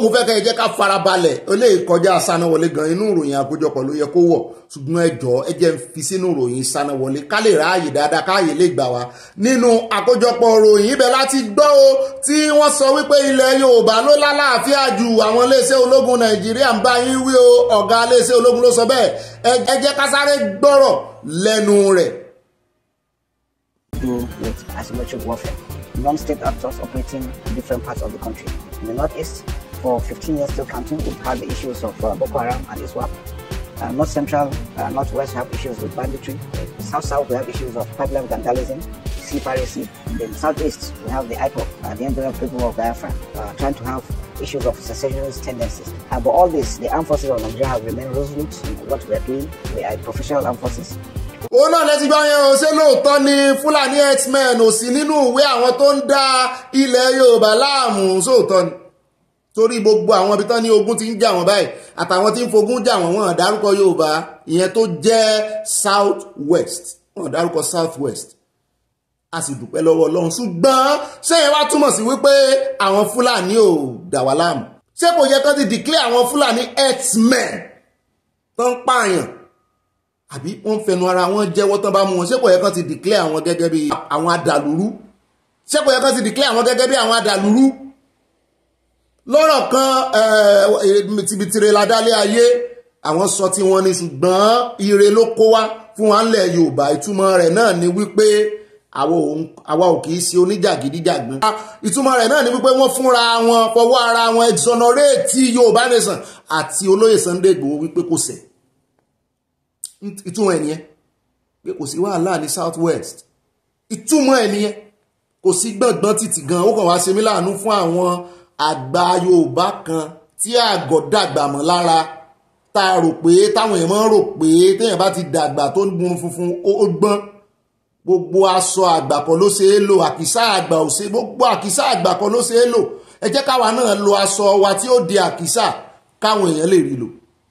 mo fẹ́ kẹ́ ẹ jẹ́ ká farabalẹ̀ eléèkọjá sánáwọlé gan inú ìròyìn àkójọpọ̀ ló yẹ kó wọ̀ ṣùgbọ́n ẹ jọ ẹ jẹ́ ń fi sínú ìròyìn sánáwọlé ká lè ráàyè dáadáa káàyè lè gbà wá nínú àkójọpọ̀ ìròyìn ibẹ̀ láti gbọ́ o tí wọ́n sọ wípé ilẹ̀ Yorùbá ló lálàáfíà ju àwọn iléeṣẹ́ ológun Nàìjíríà ń bá yín wí o ọ̀gá iléeṣẹ́ ológun ló sọ bẹ́ẹ̀ non-state actors operating in different parts of the country. In the northeast, for 15 years still counting, we've had the issues of uh, Boko Haram and ISWAP. Uh, north Central, uh, Northwest have issues with banditry. South South, we have issues of pipeline vandalism, sea piracy. In the Southeast, we have the IPOC, uh, the Indonesian People of Biafra, uh, trying to have issues of secessionist tendencies. Uh, but all this, the armed forces of Nigeria have remained resolute in what we are doing. We are professional armed forces. òun náà lẹ́tí gbọ́ yẹn o ṣé lóòótọ́ ni fúlàní herdsmen ò sí nínú ìwé àwọn tó ń da ilẹ̀ yorùbá láàmú sóòótọ́ ni torí gbogbo àwọn ibi tán ní ogun ti ń jà wọ́n báyìí àtàwọn tí ń fogun jà wọ́n wọ́n dárúkọ yorùbá ìyẹn tó jẹ́ south west wọ́n dárúkọ south west a sì dúpẹ́ lọ́wọ́ ọlọ́run ṣùgbọ́n ṣé ẹ wá túmọ̀ sí wípé àwọn fúlàní ò dà wá láàmú ṣé kò yẹ kán ti declare àwọn fúlàní herdsmen tó ń pààyàn àbí wọ́n fẹnu ara wọn jẹ́wọ́ tán bá mú wọn ṣé kò yẹ kán ti declare àwọn gẹ́gẹ́ bí àwọn adàlúrú ṣé kò yẹ kán ti declare àwọn gẹ́gẹ́ bí àwọn adàlúrú lọ́rọ̀ kan eh, tìbìtìrẹ ládálé ayé àwọn sọ tí wọ́n ní ṣùgbọ́n ire ló kó wá fún wa ńlẹ̀ Yorùbá ìtumọ̀ rẹ̀ náà ni wípé àwa ò kì í ṣe oníjàgídíjàgbọ́n. ìtumọ̀ rẹ̀ náà ni wípé wọ́n fúnra wọn fọwọ́ ara wọn exonerate Yorùbá nation àti olóyè Sunday Igboho wípé kò ṣẹ̀ ìtumọ̀ ẹ̀ nìyẹn pé kò sí wàhálà ní south west ìtumọ̀ ẹ̀ nìyẹn kò sí gbọ̀ngbọ̀n títì gan ó kàn wá ṣe mí láàánú fún àwọn àgbà yorùbá kan tí àgọ̀ dàgbà mọ́ lára tá a rò pé táwọn èèyàn máa ń rò pé téèyàn bá ti dàgbà tó ń gun funfun ó gbọ́n gbogbo aṣọ àgbà kan ló ṣe é lò àkísà àgbà ò ṣe gbogbo àkísà àgbà kan ló ṣe é lò ẹ jẹ́ káwa náà lo aṣọ wa tí ó di àkísà káwọn èèyàn lè rí lò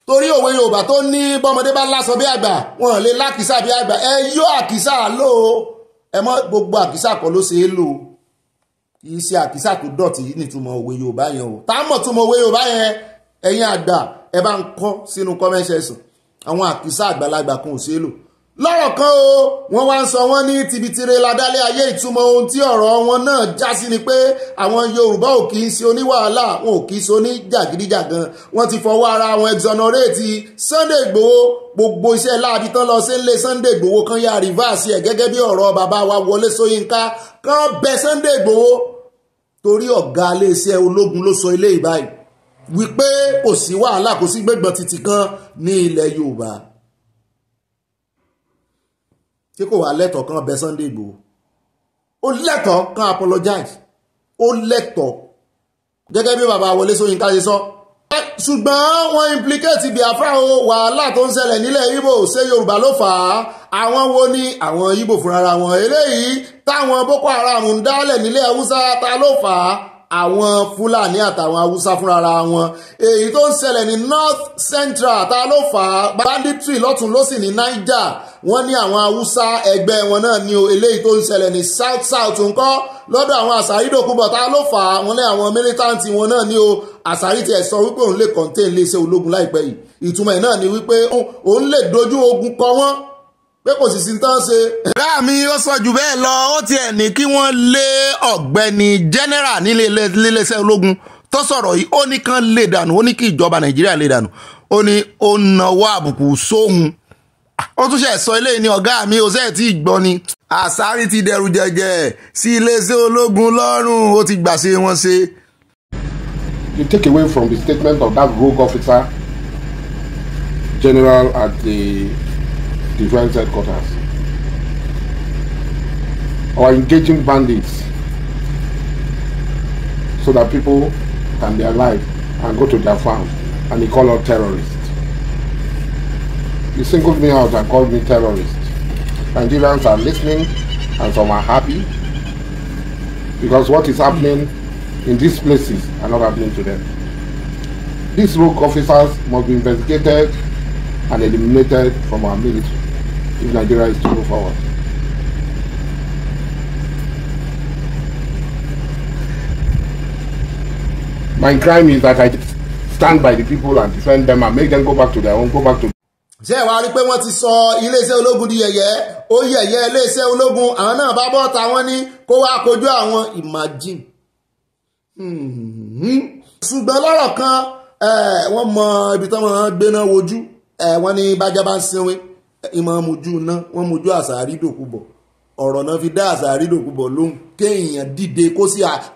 torí òwe yorùbá tó ní bọ́mọdé bá lásán bí àgbà wọn lè lákìsà bí àgbà ẹ yọ àkìsà lò ó ẹ mọ gbogbo àkìsà kọ́ ló ṣe é lò ó kì í ṣe àkìsà tó dọ̀tí nítumọ̀ òwe yorùbá yẹn o tá a mọ̀ túmọ̀ òwe yorùbá yẹn ẹ̀yin àgbà ẹ bá ń kọ́ sínú comment section àwọn àkìsà àgbàlagbà kan ò ṣe é lò lọ́rọ̀ kan o wọ́n wá ń sọ wọ́n ní tibitire ládálé ayé ìtumọ̀ ohun tí ọ̀rọ̀ wọn náà já sí ni pé àwọn yorùbá ò kì í ṣe oníwàhálà wọn ò kì í ṣe oníjàgídíjàgan wọ́n ti fọwọ́ ara wọn exonerate Sunday Igboho gbogbo iṣẹ́ láabi tán lọ sí ilé Sunday Igboho kan ya rìvásì ẹ̀ gẹ́gẹ́ bí ọ̀rọ̀ bàbá wa Wọlé Ṣóyínká kan bẹ Sunday Igboho torí ọ̀gá iléeṣẹ́ ológun ló sọ ilé ìbáyìí wípé kò sí wàhálà kò sí gbẹ̀gbọ̀n títì kan ní ilẹ̀ yorùbá tí kò wá lẹ́tọ̀ọ́ kan bẹ Sunday Igboho ó lẹ́tọ̀ọ́ kan apologize ó lẹ́tọ̀ọ́ gẹ́gẹ́ bí bàbá Wọlé Ṣóyínká ṣe sọ. ṣùgbọ́n wọ́n implicate Biafra o wàhálà tó ń ṣẹlẹ̀ nílẹ̀ ibo ṣé Yorùbá ló fà á àwọn wo ni àwọn Igbo fúnra wọn eléyìí táwọn Boko Haram ń dálẹ̀ nílẹ̀ Haúsá ta ló fà á àwọn fúlàní àtàwọn haúsá fúnra wọn èyí tó ń ṣẹlẹ̀ ní north central ta ló fà á banditry lọ́tún lọ́sìn ní niger wọ́n ní àwọn haúsá ẹgbẹ́ wọn náà ní o eléyìí tó ń ṣẹlẹ̀ ní south south ńkọ́ lọ́dọ̀ àwọn àṣàrí dòkúbọ̀ ta ló fà á wọ́n ní àwọn militanti wọn náà ní o àṣàrí tiẹ̀ sọ wípé òun lè contain iléeṣẹ́ ológun láìpẹ́ yìí ìtumọ̀ ẹ̀ náà ni wípé òun lè dojú ogun kọ wọ́n pé kò sì sí tán ṣe. ọ̀gá ó sọ jù bẹ́ẹ̀ lọ ó tiẹ̀ ní kí wọ́n lé ọ̀gbẹ́ni general nílé iléeṣẹ́ ológun tó sọ̀rọ̀ yìí ó ní kán lè dànù ó ní kí ìjọba nàìjíríà lè dànù ó ní ó nawọ́ àbùkù sóhun ó tún ṣe sọ eléyìí ní ọ̀gá mi ó sẹ́ẹ̀ tí gbọ́ ni. àsárí ti dẹrù jẹjẹ sí iléeṣẹ́ ológun lọ́rùn ó ti gbàṣe wọn ṣe. You take away from the statement of that rogue officer general at the the driver's headquarters or engaging bandits so that people can be alive and go to their farm and they call out terrorists. You singled me out and called me terrorist. Nigerians are listening and some are happy because what is happening in these places are not happening to them. These rogue officers must be investigated and eliminated from our military. if Nigeria is to move forward. My crime is that I stand by the people and defend them and make them go back to their own, go back to. ṣé ẹ rí pé wọ́n ti sọ iléeṣẹ́ ológun di yẹ̀yẹ́ ó yẹ̀yẹ́ iléeṣẹ́ ológun àwọn náà bá bọ́ tàwọn ní kó wá kojú àwọn imagine. Hmm. ṣùgbọ́n lọ́rọ̀ kan eh, wọ́n mọ ibi tí wọ́n gbéná wojú eh, wọ́n ní bájá bá ń sinwin ìmọ̀ mojú ná wọ́n mojú àṣàrí dòkúbọ̀ ọ̀rọ̀ náà fi dá àṣàrí dòkúbọ̀ lóhùn kéèyàn dìde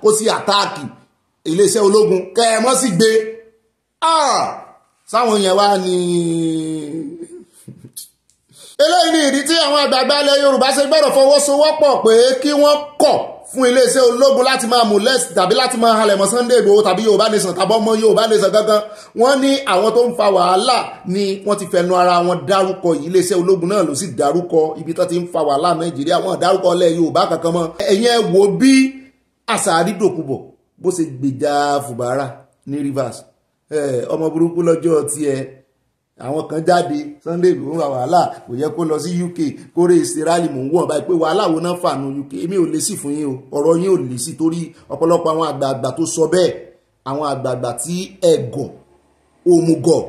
kó sí àtáàkì iléeṣẹ́ ológun kẹ́ẹ̀mọ́ sì gbé ah! sáwọn yẹn wá ní. eléyìí ni ìdí tí àwọn àgbààgbà ilẹ̀ Yorùbá ṣe gbọ́dọ̀ fọwọ́sowọ́pọ̀ pé kí wọ́n kọ̀ fún iléeṣẹ́ ológun láti máa molest tàbí láti máa halẹ̀ mọ́ Sunday Igboho tàbí Yorùbá Nation tàbí ọmọ Yorùbá Nation gangan wọ́n ní àwọn tó ń fa wàhálà ni wọ́n ti fẹnu ara wọn dárúkọ iléeṣẹ́ ológun náà ló sì dárúkọ ibi tó ti ń fa wàhálà Nàìjíríà wọ́n dárúkọ lẹ̀ Yorùbá kankan mọ́ ẹ̀yẹn wo bí Àsàrí Dòkùbọ̀ bó ṣe gbèjà Fubara ní Rivers ọmọ burúkú lọ́jọ́ tiẹ̀ àwọn kan jáde Sunday ló ń ra wàhálà kò yẹ kó lọ sí UK kórè ìsirálì mò ń wọ̀n báyìí pé wàhálà wo náà fà nù UK èmi ò lè sí fún yín o ọ̀rọ̀ yín ò lè sí torí ọ̀pọ̀lọpọ̀ àwọn àgbààgbà tó sọ bẹ́ẹ̀ àwọn àgbààgbà tí ẹ̀gọ̀ òmùgọ̀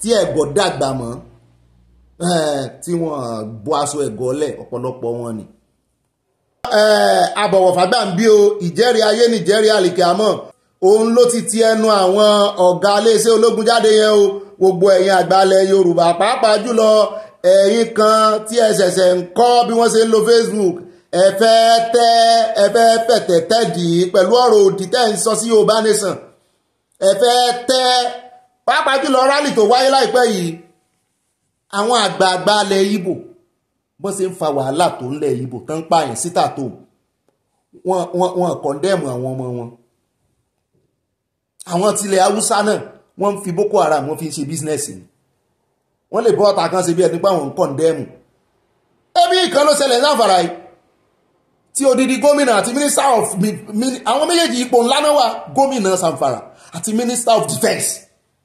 tí ẹ̀gọ̀ dàgbà mọ́ eh, tí wọ́n bọ́ aṣọ ẹ̀gọ́ lẹ̀ ọ̀pọ̀lọpọ̀ wọn ni. àbọ̀wọ̀fàgbà eh, ń ìjẹ́rìí ayé nìjẹ́rìí àlìkàmọ́ òun ló ti ti ẹnu àwọn ọ̀gá iléeṣẹ́ ológun jáde yẹn o gbogbo ẹ̀yin àgbàlẹ̀ yorùbá pàápàá jùlọ ẹ̀yin kan tí ẹ ṣẹ̀ṣẹ̀ ń kọ́ bí wọ́n ṣe ń lo facebook ẹ fẹ́ tẹ́ ẹ fẹ́ fẹ̀tẹ̀ tẹ́dì pẹ̀lú ọ̀rọ̀ òdì tẹ́ ń sọ sí yorùbá nation ẹ fẹ́ tẹ́ pàápàá jùlọ rálì tó wáyé láìpẹ́ yìí àwọn àgbààgbà ilẹ̀ ibo bọ́n ṣe ń fa wàhálà tó ń lẹ̀ ibo tán ń pààyàn síta tó wọn kọ̀ndẹ́mù àwọn ọmọ wọn àwọn tilẹ̀ haúsá náà wọ́n ń fi boko haram wọ́n fi ń ṣe bísínẹ́sì ni wọ́n lè bọ́ ọ̀tá kan ṣe bí ẹni pé àwọn ń kọ̀ǹdẹ́mù ẹbí ìkan ló ṣẹlẹ̀ láǹfààrà yìí tí odidi gómìnà àti minister of àwọn méjèèjì ipò ńlá náà wà gómìnà sanfara àti minister of defence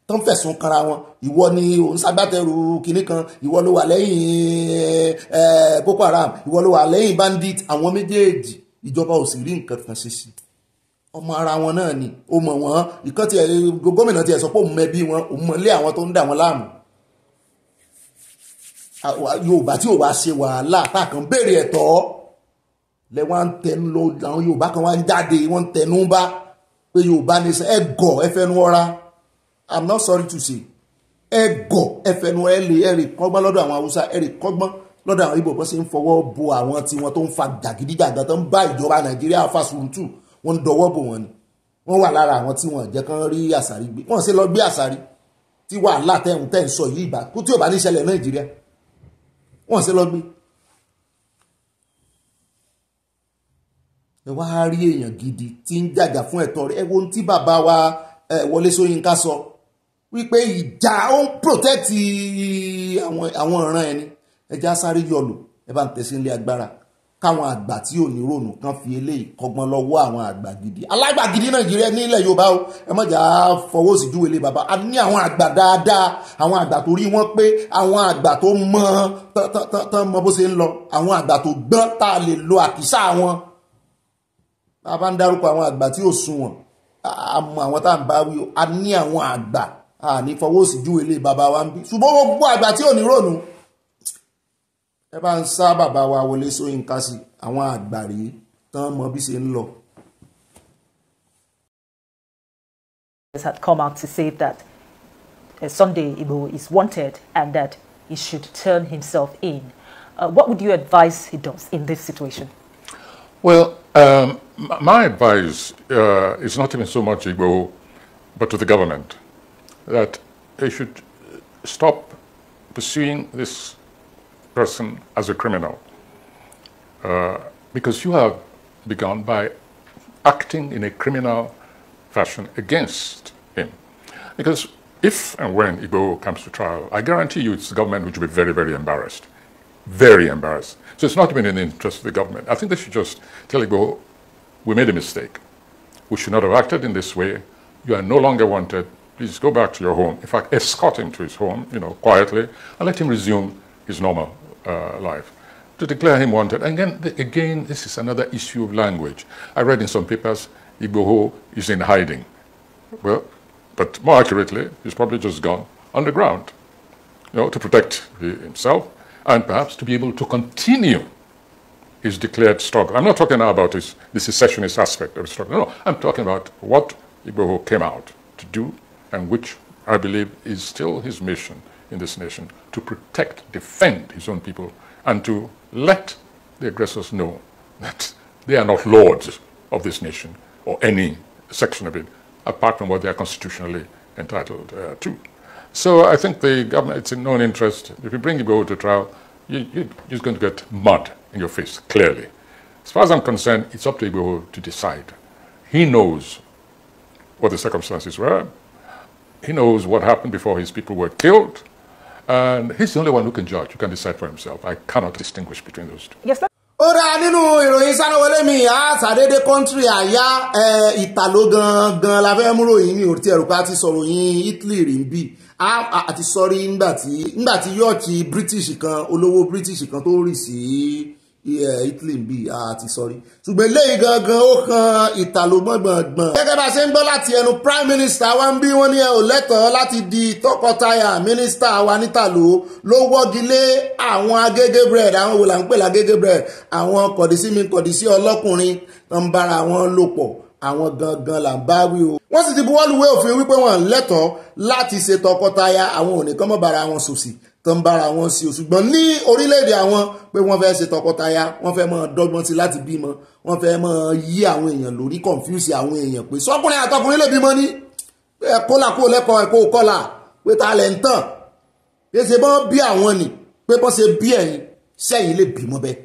tó ń fẹ̀sùn kanra wọn ìwọ ni òun ṣagbátẹrù kinní kan ìwọ ló wà lẹ́yìn eh, boko haram ìwọ ló wà lẹ́yìn bandit àwọn méjèèjì ìjọba ò sì rí nǹkan kan ṣe sí i ọmọ ara wọn náà ni ó mọ̀ wọ́n ìkan tiẹ̀ gómìnà tiẹ̀ sọ pé òun mẹ́bí wọn òun mọ̀lé àwọn tó ń dà wọn láàmú yorùbá tí ò bá ṣe wàhálà táàkàn béèrè ẹ̀tọ́ lẹ́wọ́n ń tẹnu lọ àwọn yorùbá kan wá ń jáde wọ́n ń tẹnu bá pé yorùbá ní sẹ́ ẹ gọ̀ ẹ fẹnu ọra i'm not sorry to say ẹ gọ̀ ẹ fẹnu ẹ lè ẹ rè kọ́gbọ́n lọ́dọ̀ àwọn haúsá ẹ rè kọ́gbọ́n lọ́dọ̀ àwọn ibo bọ́n ṣe ń fọwọ́ bo àwọn tiwọn tó ń fa jàgídíjàgan tó ń bá ìjọba nàìjíríà fa sùúrùtù wọ́n ń dọwọ́ bò wọ́n ni wọ́n wà lára àwọn tí wọ́n jẹ́ kán rí àṣàrí gbé wọ́n sì lọ gbé àṣàrí tí wàhálà tẹ̀hún tẹ̀ ń sọ yìí ìbá kú tí ò bá ní ṣẹlẹ̀ Nàìjíríà wọ́n sì lọ gbé. ẹ wá rí èèyàn gidi tí ń jàjà fún ẹ̀tọ́ rẹ̀ ẹ wo ohun tí bàbá wa Wọlé Ṣóyínká sọ wípé ìjà ó ń protect àwọn ìran ẹni ẹja sáré yọlù ẹ bá ń tẹ̀sí ilé agbára káwọn àgbà tí ò ní rònú kan fi eléyìí kọ́gbọ́n lọ́wọ́ àwọn àgbà gidi alágbà gidi nàìjíríà nílẹ̀ yorùbá o ẹ má jà á fọwọ́ sí júwe lé bàbá a ní àwọn àgbà dáadáa àwọn àgbà tó rí wọn pé àwọn àgbà tó mọ tán mọ bó ṣe ń lọ àwọn àgbà tó gbọ́n tá a lè lo àkísà wọn tá a bá ń dárúkọ àwọn àgbà tí ò sunwọ̀n a mọ àwọn tá à ń bá wí o a ní àwọn àgbà a ní fọwọ́ sí júwe lé bàbá wa ń bí ṣùgbọ́n gbogbo àgbà tí ò ní rònú ẹ bá bàbá wa Wọlé sí àwọn àgbàrí tán mọ bí ṣe had come out to say that uh, Sunday Igbo is wanted and that he should turn himself in. Uh, what would you advise he does in this situation? Well, um, my advice uh, is not even so much Igbo, but to the government, that they should uh, stop pursuing this person as a criminal. Uh, because you have begun by acting in a criminal fashion against him. Because if and when Igbo comes to trial, I guarantee you it's the government which will be very, very embarrassed. Very embarrassed. So it's not even in the interest of the government. I think they should just tell Igbo, we made a mistake. We should not have acted in this way. You are no longer wanted. Please go back to your home. In fact, escort him to his home, you know, quietly, and let him resume his normal uh, life, to declare him wanted. And again, the, again, this is another issue of language. I read in some papers, Igboho is in hiding. Well, but more accurately, he's probably just gone underground, you know, to protect himself and perhaps to be able to continue his declared struggle. I'm not talking now about his, the secessionist aspect of his struggle. No, I'm talking about what Igboho came out to do and which I believe is still his mission in this nation to protect, defend his own people, and to let the aggressors know that they are not lords of this nation or any section of it, apart from what they are constitutionally entitled uh, to. So I think the government, it's in no interest. If you bring Igbo to trial, you, are just going to get mud in your face, clearly. As far as I'm concerned, it's up to Igbo to decide. He knows what the circumstances were. He knows what happened before his people were killed. And he's the only one who can judge, who can decide for himself. I cannot distinguish between those two. Yes, sir. ó dáa nínú ìròyìn sánáwọlé mi ìyá sàdédé kọ́ńtírì àyá ìtàló gangan la fẹ́ mú ròyìn mi ò tí ẹ̀rù pa ti sọ̀rọ̀ yín Italy rí bí àti sọ́rí ńgbà yọ̀ọ̀kì British kan olówó British kan tó rì sí Italy ń bì àti sọrí ṣùgbọ́n eléyìí gangan ó kan ìtàlógbọ̀ngbọ̀ngbọ̀n. gẹ́gẹ́ bá a ṣe ń gbọ́ láti ẹnu prime minister wa ń bí wọ́n ní ẹ lẹ́tọ̀ọ́ láti di tọkọtaya minister wa nítàló ló wọ́gi lé àwọn agége bread àwọn wò là ń pè lágége bread àwọn kọ̀dísí mi kọ̀dísí ọlọ́kùnrin tó ń bára wọn lò pọ̀ àwọn gangan là ń bá wí o. wọ́n sì ti buwọ́lùwé òfin wípé wọ́n lẹ́tọ̀ọ́ láti ṣe tọkọtaya àwọn òní kọ́mọ́bara wọn sòsì tó ń bára wọn sí o ṣùgbọ́n ní orílẹ̀-èdè àwọn pé wọ́n fẹ́ ṣe tọkọtaya wọ́n fẹ́ mọ dọ́gbọ́n ti láti bímọ wọ́n fẹ́ mọ yí àwọn èèyàn lórí confuse àwọn èèyàn pé sọkùnrin àtọkùnrin lè bímọ ní kólà kó lẹ́kọ̀ọ́ ẹ̀kọ́ kọ́là pé ta lẹ̀ ń tàn pé ṣe bọ́ bí àwọn nì pé bọ́ ṣe bí ẹ̀yin sẹ́yìn lè bímọ bẹ́ẹ̀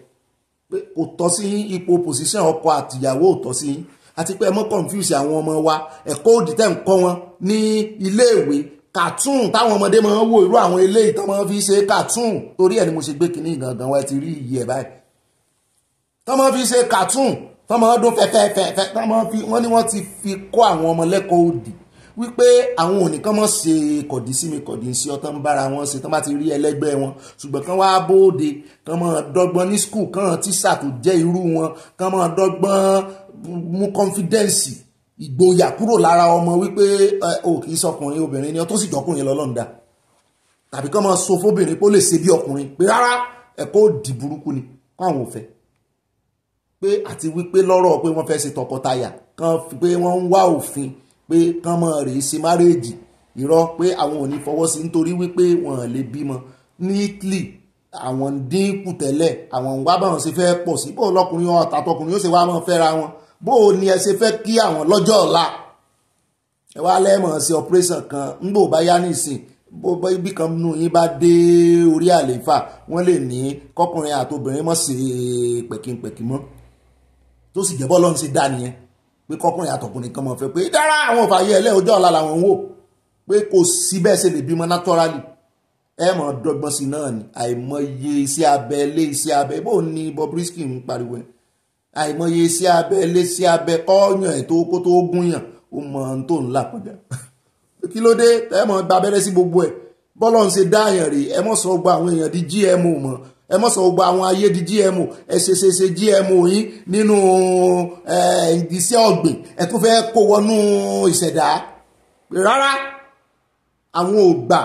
pé kò tọ́ sí ipò position ọkọ àtìyàwó ò tọ́ sí yín àti pé ẹ mọ́ confuse àwọn ọmọ wa ẹ̀kọ́ òdì tẹ́ ń kọ́ wọn ní iléèwé cartoon táwọn ọmọdé máa ń wo irú àwọn eléyìí tán máa fi ṣe cartoon torí ẹ̀ ni mo ṣe gbé kinní gangan wa ti rí iyì ẹ̀ báyìí tán fi ṣe cartoon tán máa dún fẹ́fẹ́fẹ́fẹ́ tán máa fi wọ́n ní wọ́n ti fi kọ́ àwọn ọmọ lẹ́kọ̀ọ́ òdì wípé àwọn ònìkan mọ̀ ṣe kọ̀dí sí mi kọ̀dí sí ọ tán bára wọn ṣe tán bá ti rí ẹlẹ́gbẹ́ wọn ṣùgbọ́n kán wáá bóde kán mọ̀ dọ́gbọ́n ní skul kán tíṣà tó irú wọn kán mọ̀ dọ́gbọ́n mú kọ́nfídẹ́ǹsì ìgboyà kúrò lára ọmọ wípé o kì í sọkùnrin obìnrin ni ọ tó sì jọkùnrin lọ́lọ́run dá tàbí kọ́ máa sọ fóbìnrin pé ó lè ṣe bí ọkùnrin pé rárá ẹ̀kọ́ òdì burúkú ni kọ́ àwọn òfẹ́ pé àti wípé lọ́rọ̀ pé wọ́n fẹ́ ṣe tọkọtaya kan pé wọ́n ń wá òfin pé kán mọ̀ rè é ṣe márèèjì irọ́ pé àwọn ò ní fọwọ́ sí nítorí wípé wọ́n lè bímọ ní Italy àwọn dínkù tẹ́lẹ̀ àwọn ń wá báwọn ṣe fẹ́ pọ̀ sí bó lọkùnrin ọ̀tàtọkùnrin ó ṣe wá máa fẹ́ra wọn bó o ní ẹ ṣe fẹ́ kí àwọn lọ́jọ́ ọ̀la ẹ wá lẹ́mọ̀ sí operation kan ńgbò bá yá nìsín bó ibi kan nù yín bá dé orí àlééfà wọ́n lè ní kọkùnrin àtobìnrin mọ̀ sí pẹ̀kínpẹ̀kín mọ́ tó sì jẹ́ bọ́ọ̀lù ọ̀hún sí dá nìyẹn pé kọkùnrin àtọkùnrin kan mọ̀ fẹ́ pé dára àwọn òfààyè ẹlẹ́ ọjọ́ ọ̀la làwọn ń wò pé kò sí bẹ́ẹ̀ ṣe lè bímọ naturally ẹ mọ̀ dọ́gbọ́n sí náà ni àìmọye iṣẹ́ abẹ ilé iṣẹ́ abẹ bó ní Bobrisky ń pariwo yẹn àìmọye sí abẹ lé sí abẹ kọ́ọ̀yàn ẹ̀ tó kó tó gúnyàn ó mọ ohun tó ń là kọjá kí ló dé ẹ mọ gba abẹ́rẹ́ sí gbogbo ẹ̀ bọ́lọ̀ ń ṣe dáàyàn rèé ẹ mọ̀ sọ gba àwọn èèyàn di GMO mọ́ ẹ mọ̀ sọ gba àwọn ayé di GMO ẹ ṣe ṣe ṣe GMO yín nínú iṣẹ́ ọ̀gbìn ẹ tún fẹ́ kó wọnú ìṣẹ̀dá rárá àwọn ò gbà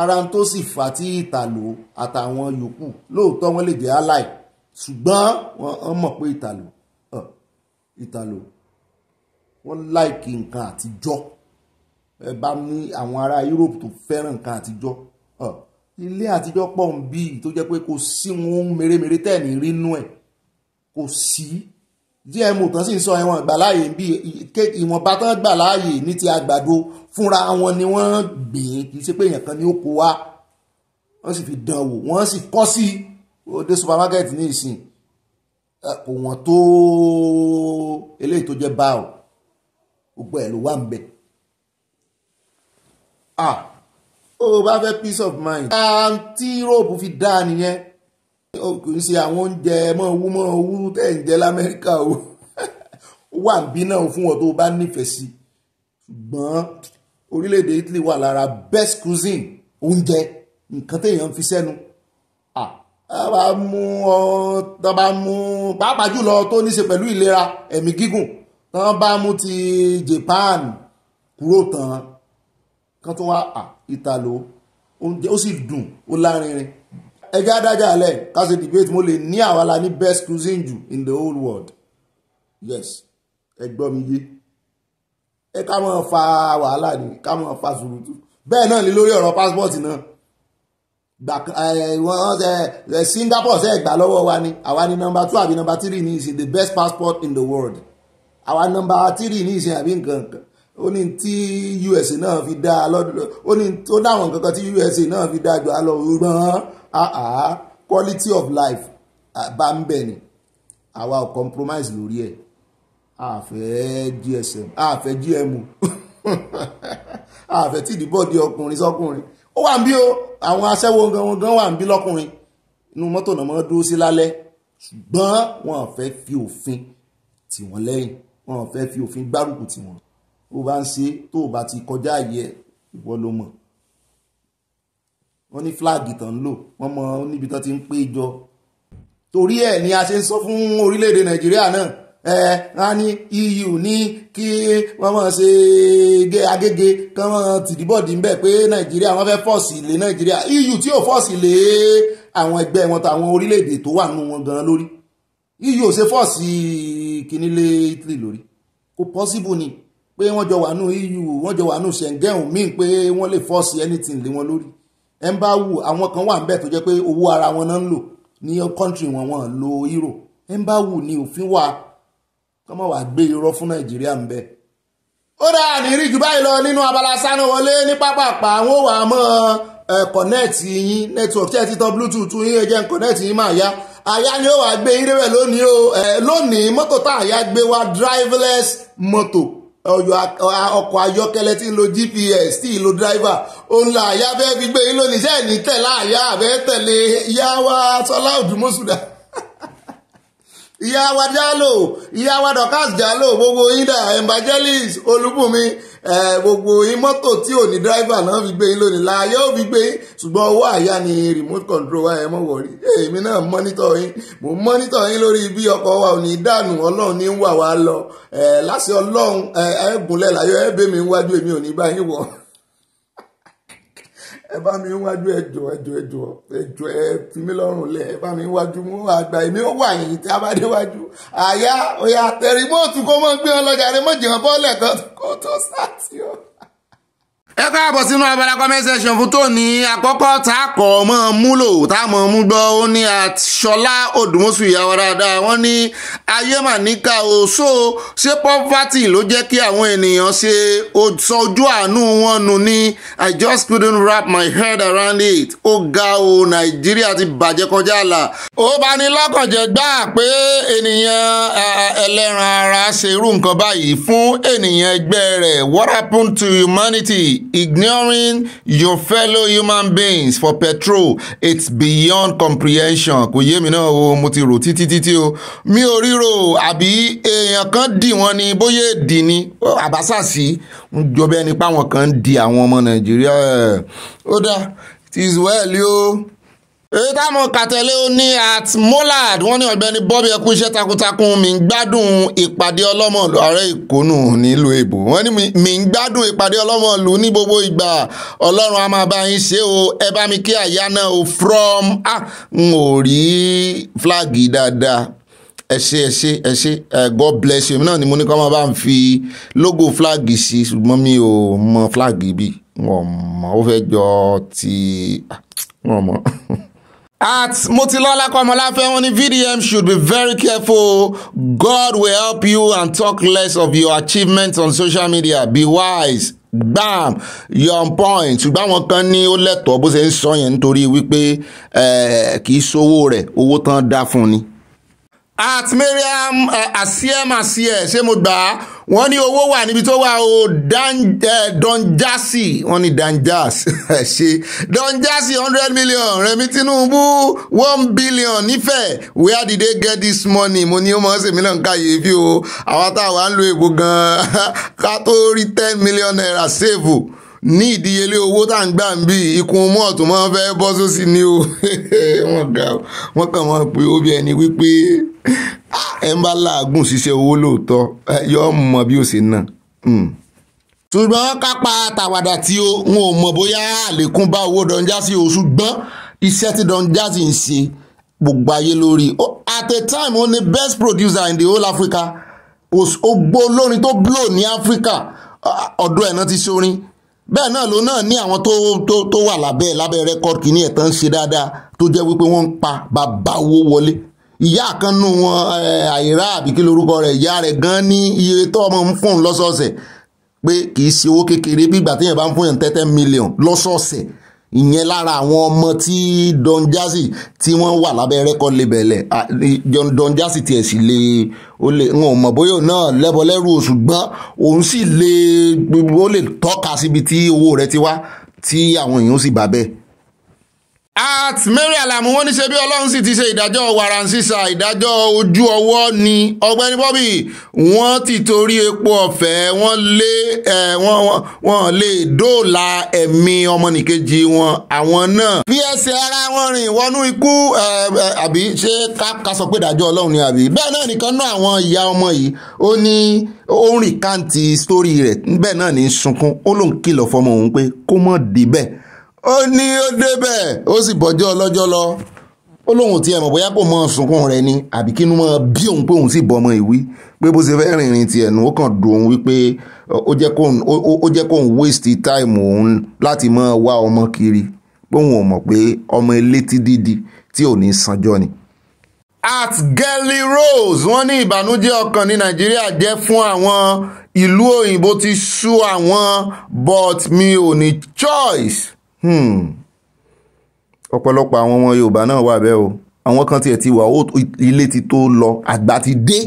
ara tó sì fà tí ìtàló àtàwọn yòókù lóòótọ́ wọn lè jẹ́ aláì ṣùgbọ́n wọ́n mọ̀ pé ìtàló ìtàló wọ́n láìkì nǹkan àtijọ́ ẹ bá ní àwọn ará Europe tó fẹ́ràn nǹkan àtijọ́ ilé àtijọ́ pọ̀ ń bí tó jẹ́ pé kò sí ohun mèremère tẹ̀lé rínú ẹ̀ kò sí gmo tán sì ń sọ ẹ̀wọ̀n ìgbàláàyè bí ìwọ̀nba tán gbàláàyè ní ti àgbàdo fúnra wọn ni wọ́n gbìn kì í ṣe pé èèyàn kan ni ó kó wá wọ́n sì fi dán wò wọ́n sì kọ́ sí i ó dé supermarket ní ìsìn kò wọ́n tó eléyìí tó jẹ́ báwò gbogbo ẹ̀ ló wà ń bẹ̀. ó bá fẹ́ peace of mind. àǹtí yúróòpù fi dáa nìyẹn kò ń ṣe àwọn oúnjẹ mọ́ owó mọ́ owó tẹ̀ ń jẹ lamẹ́ríkà o wà ń bí náà fún ọ tó bá nífẹ̀ẹ́ sí ṣùgbọ́n orílẹ̀-èdè Italy wà lára best cuisine oúnjẹ nǹkan téèyàn fi sẹ́nu. ah bá mú ọ tó bá mú pàápàá jùlọ tó ní í ṣe pẹ̀lú ìlera ẹ̀mí gígùn tó bá mú ti Japan kúrò tán kan tó wá ìtàló oúnjẹ ó sì dùn ó lárinrin ẹjẹ adájà alẹ káṣí debate mo lè ní àwa la ní best cuisine jù in the whole world yes ẹ gbọ́ mi yé ẹ ká mọ̀ fa wàhálà ni ká mọ̀ fa sùúrù bẹ́ẹ̀ náà ni lórí ọ̀rọ̀ passport náà Singapore ṣe gbà lọ́wọ́ wa ni àwa ni nọmba two àbí nọmba three ní ìsìn the best passport in the world àwa nọmba three ní ìsìn àbí nǹkan kan ó ní tí USA náà fi dá a lọ́dún dáwọn nǹkan kan USA náà fi dá a jù á quality of life bá ń bẹ̀ ni àwa ò compromise lórí ẹ̀ àfẹ́ GSM àfẹ́ GMO àfẹ́ tìdíbọ̀dì ọkùnrin sọkùnrin. So ó wà ń bí o àwọn aṣẹ́wó gangan wà ń bí lọ́kùnrin inú mọ́tò náà mọ́ dúró sí lálẹ́ ṣùgbọ́n wọn fẹ́ fi òfin tì wọ́n lẹ́yìn wọn fẹ́ fi òfin gbárùkù tì wọ́n ó bá ń ṣe tó o bá ti kọjá àyè ìwọ ló mọ̀ wọ́n ní flag tán ń lò wọ́n mọ níbi tán ti ń pé jọ torí ẹ̀ ni a ṣe ń sọ fún orílẹ̀-èdè Nàìjíríà náà ẹ wọn ní EU ní kí wọ́n mọ̀ ṣe gé agége kí wọ́n tìdíbọ̀dì ń bẹ̀ pé Nàìjíríà wọ́n fẹ́ fọ́ọ̀sì lé Nàìjíríà EU tí ò fọ́ọ̀sì lé àwọn ẹgbẹ́ wọn tàwọn orílẹ̀-èdè tó wà nù wọn gan lórí EU ò ṣe fọ́ọ̀sì kíní lé Italy lórí kò pọ́síbù ni pé wọ́n jọ wà nù EU wọ́n jọ wà nù Schengen míì pé wọ́n lè fọ́ọ̀sì anything lé wọn lórí ẹ̀ ń bá wù àwọn kan wà ń tó jẹ́ pé owó ara wọn náà ń lò ní country wọn wọn lo euro ẹ̀ wù ni òfin wà kọ́mọ̀ wàá gbé irọ́ fún nàìjíríà ń bẹ. ó dáa ní rí jù báyìí lọ nínú abala sáná wọlé ní pápápá àwọn òwà mọ́ kọ̀nẹ́ẹ̀tì yín network tí ẹ ti tan bluetooth yín ẹ jẹ́ ń kọ̀nẹ́ẹ̀tì yín máa yá àyá ni ó wàá gbé yín rẹ́wẹ̀ lónìí o lónìí mọ́tò tá àyá gbé wa driverless mọ́tò ọkọ̀ ayọ́kẹ́lẹ́ tí ń lo gps tí ń lo driver òun là àyá bẹ́ẹ̀ fi gbé yín lónìí sẹ́ẹ̀ ní tẹ̀lé àyá àbẹ́ tẹ̀lé yá sọlá òdùmọ̀sùdà. iya wa jálò ihe wa gbogbo yín embajelis evangelist olugbomi gbogbo yín ti tí ò ní na náà fi gbé yín lónìí láàyè ò fi gbé yín ṣùgbọ́n ni remote control wa ẹ̀ mọ̀ wọ̀rí èmi náà mọ́nítọ̀ yín mò ń mọ́nítọ̀ wa ò ní lọ ẹ bá mi wájú ẹjọ ẹjọ ẹjọ ẹjọ ẹ fi mí lọ́rùn lẹ̀ ẹ bá mi wájú mú àgbà èmi ó wà yìí tí a bá dé wájú àyà òyà tẹrìmọ́ọ̀tù kó mọ́ gbé wọn lọ́jà rẹ mọ́jì wọn bọ́ọ̀lẹ̀ kan kó tó sáà tí ó ẹ káàbọ̀ sínú abala comment section fún tòní àkọ́kọ́ tá a kọ̀ mọ́ múlò tá a mọ̀ mú gbọ́ ó ní àṣọlá òdùmọ̀sù ìyàwó dáadáa wọ́n ní ayé mà níkà o so ṣé poverty ló jẹ́ kí àwọn ènìyàn ṣe ojú àánú wọn nù ni i just couldn't wrap my head around it ó ga o nàìjíríà ti bàjẹ́ kọjá àlà ó bá ní lọ́kànjẹ́ gbà pé ènìyàn ẹlẹ́ran ara ṣerú nǹkan báyìí fún ènìyàn ẹgbẹ́ rẹ̀ what happened to humanity ignoring your fellow human beings for petrol it's beyond comprehension kò yé mi náà o mo ti rò títí títí o mi ò ríro àbí èèyàn kan dì wọ́n ni bóyá èdì ni àbáṣàṣì ń jọba ẹni pàwọn kan ń di àwọn ọmọ nàìjíríà ó dá it is well yóò èyí kàtẹ́lẹ́ ó ní at mollard wọ́n ní ọ̀gbẹ́ni Bobby ẹkú iṣẹ́ takuntakun mi ń gbádùn ìpàdé ọlọ́mọ ìlú ààrẹ ìkónú nílùú èbò wọ́n ní mi ń gbádùn ìpàdé ọlọ́mọ ìlú ní gbogbo ìgbà ọlọ́run a máa bá yín ṣe o ẹ bá mi kí àyá náà o from ah n ò rí fúláàgì dáadáa ẹ ṣé ẹ ṣé ẹ ṣé eh, God bless you èmi náà ni mo ní kọ́ máa bá ń fi logo flag, sí ṣùgbọ́n mi ò mọ fúláàgì bíi wọn mọ ó fẹ́ jọ ti ah, wọn mọ. At Motilola Kwamalafe only VDM should be very careful. God will help you and talk less of your achievements on social media. Be wise. Bam! your on point. Ṣùgbọ́n àwọn kan ní ó lẹ́tọ̀ọ́ bó ṣe ń sọ yẹn nítorí wípé eh, kì í ṣowó rẹ̀ owó tán dá fún ni at Mariam uh, eh, asiem asie ṣé mo gbà á wọ́n ní owó wà níbi tó wà o eh, donjasi wọ́n ní donjas ṣe donjasi hundred million Rẹ̀mí Tinubu one billion nífẹ̀ẹ́ where did they get this money mo ní ó mọ̀ ọ́n sèmi náà kàyéfì o àwa táwa ń lo èbó gan-an ká tó rí ten million naira save ní ìdíyelé owó tá à ń gbà ń bí ikùn mú ọ̀tún máa ń fẹ́ bọ́ sósì ni o wọ́n ga wọ́n kàn máa pe ó bí ẹni wípé ẹ ń bá làágùn ṣiṣẹ́ owó lóòótọ́ yóò mọ bí ó ṣe ná hmm. ṣùgbọ́n kápá tàwàdà tí ó ń ò mọ̀ bóyá àlékún bá owó Donjazzy o ṣùgbọ́n iṣẹ́ tí Donjazzy ń ṣe gbogbo ayé lórí at a time ó ní best producer in the whole Africa ó gbó olórin tó blow ní Africa ọ̀dọ̀ ẹ̀ náà ti ṣorin bẹ́ẹ̀ náà ló náà ní àwọn tó tó tó wà lábẹ́ lábẹ́ rẹ́kọ́d kìíní ẹ̀ tán ṣe dáadáa tó jẹ́ wípé wọ́n ń pa bàbá owó wọlé ìyá kan nù wọn eh, àìrá àbí kí lorúkọ rẹ̀ ìyá rẹ̀ gan ní iye tó ọmọ ń fún lọ́sọ̀ọ̀sẹ̀ pé kì í ṣe owó kékeré bí ìgbà téèyàn bá ń fún yàn tẹ́tẹ́ mílíọ̀n lọ́sọ̀ọ̀sẹ̀ ìyẹn lára àwọn ọmọ tí Don Jazzy tí wọ́n wà lábẹ́ rẹ́kọ́d lébẹ̀lẹ̀ Don Jazzy tiẹ̀ sì lè ó lè ń mọ̀ bóyá náà lẹ́bọ lẹ́rù ṣùgbọ́n òun sì lè ó lè tọ́ka síbi tí owó rẹ̀ ti wá tí àwọn èèyàn sì bá bẹ́ẹ̀ at Mary Alamu wọ́n ní ṣe bí Ọlọ́run sì ti ṣe ìdájọ́ wàràǹsísà ìdájọ́ ojú ọwọ́ ni Ọ̀gbẹ́ni Bobby wọ́n ti torí epo ọ̀fẹ́ wọ́n lé ẹ wọ́n wọ́n lè dóòlà ẹ̀mí ọmọnìkejì wọn àwọn náà. bí ẹsẹ̀ ara wọn rìn wọnú ikú ẹ ẹ àbí ṣé ká sọ pé ìdájọ́ Ọlọ́run ni àbí bẹ́ẹ̀ náà nìkan náà àwọn ìyá ọmọ yìí ó ní ó ń rìn káǹtì sítórì rẹ̀ bẹ́ẹ̀ náà ní sunkún ó lóun kìlọ̀ fọmọ òun pé kó mọ̀ débẹ̀ ó ní ó débẹ̀ ó sì bọ́jọ́ ọlọ́jọ́ lọ ó lóun tiẹ̀ mọ̀ bóyá kò mọ sunkún rẹ̀ ni àbí kínú mọ bí òun pé òun sì bọ́ ọmọ ìwí pé bó ṣe fẹ́ rìnrìn tiẹ̀ nù ó kàn dùn òun wípé ó jẹ́ kóun waste time òun láti mọ wá ọmọ kiri pé òun ò mọ̀ pé ọmọ elétí dídi tí ò ní sanjọ́ ni at Gelly Rose wọ́n ní ìbànújẹ́ ọkàn ní nàìjíríà jẹ́ fún àwọn ìlú òyìnbó ti sú àwọn but mi ò ní choice Hmm. ọ̀pọ̀lọpọ̀ àwọn ọmọ Yorùbá náà wà bẹ́ẹ̀ o àwọn kan tiẹ̀ ti wà ó ilé ti tó lọ àgbà ti dé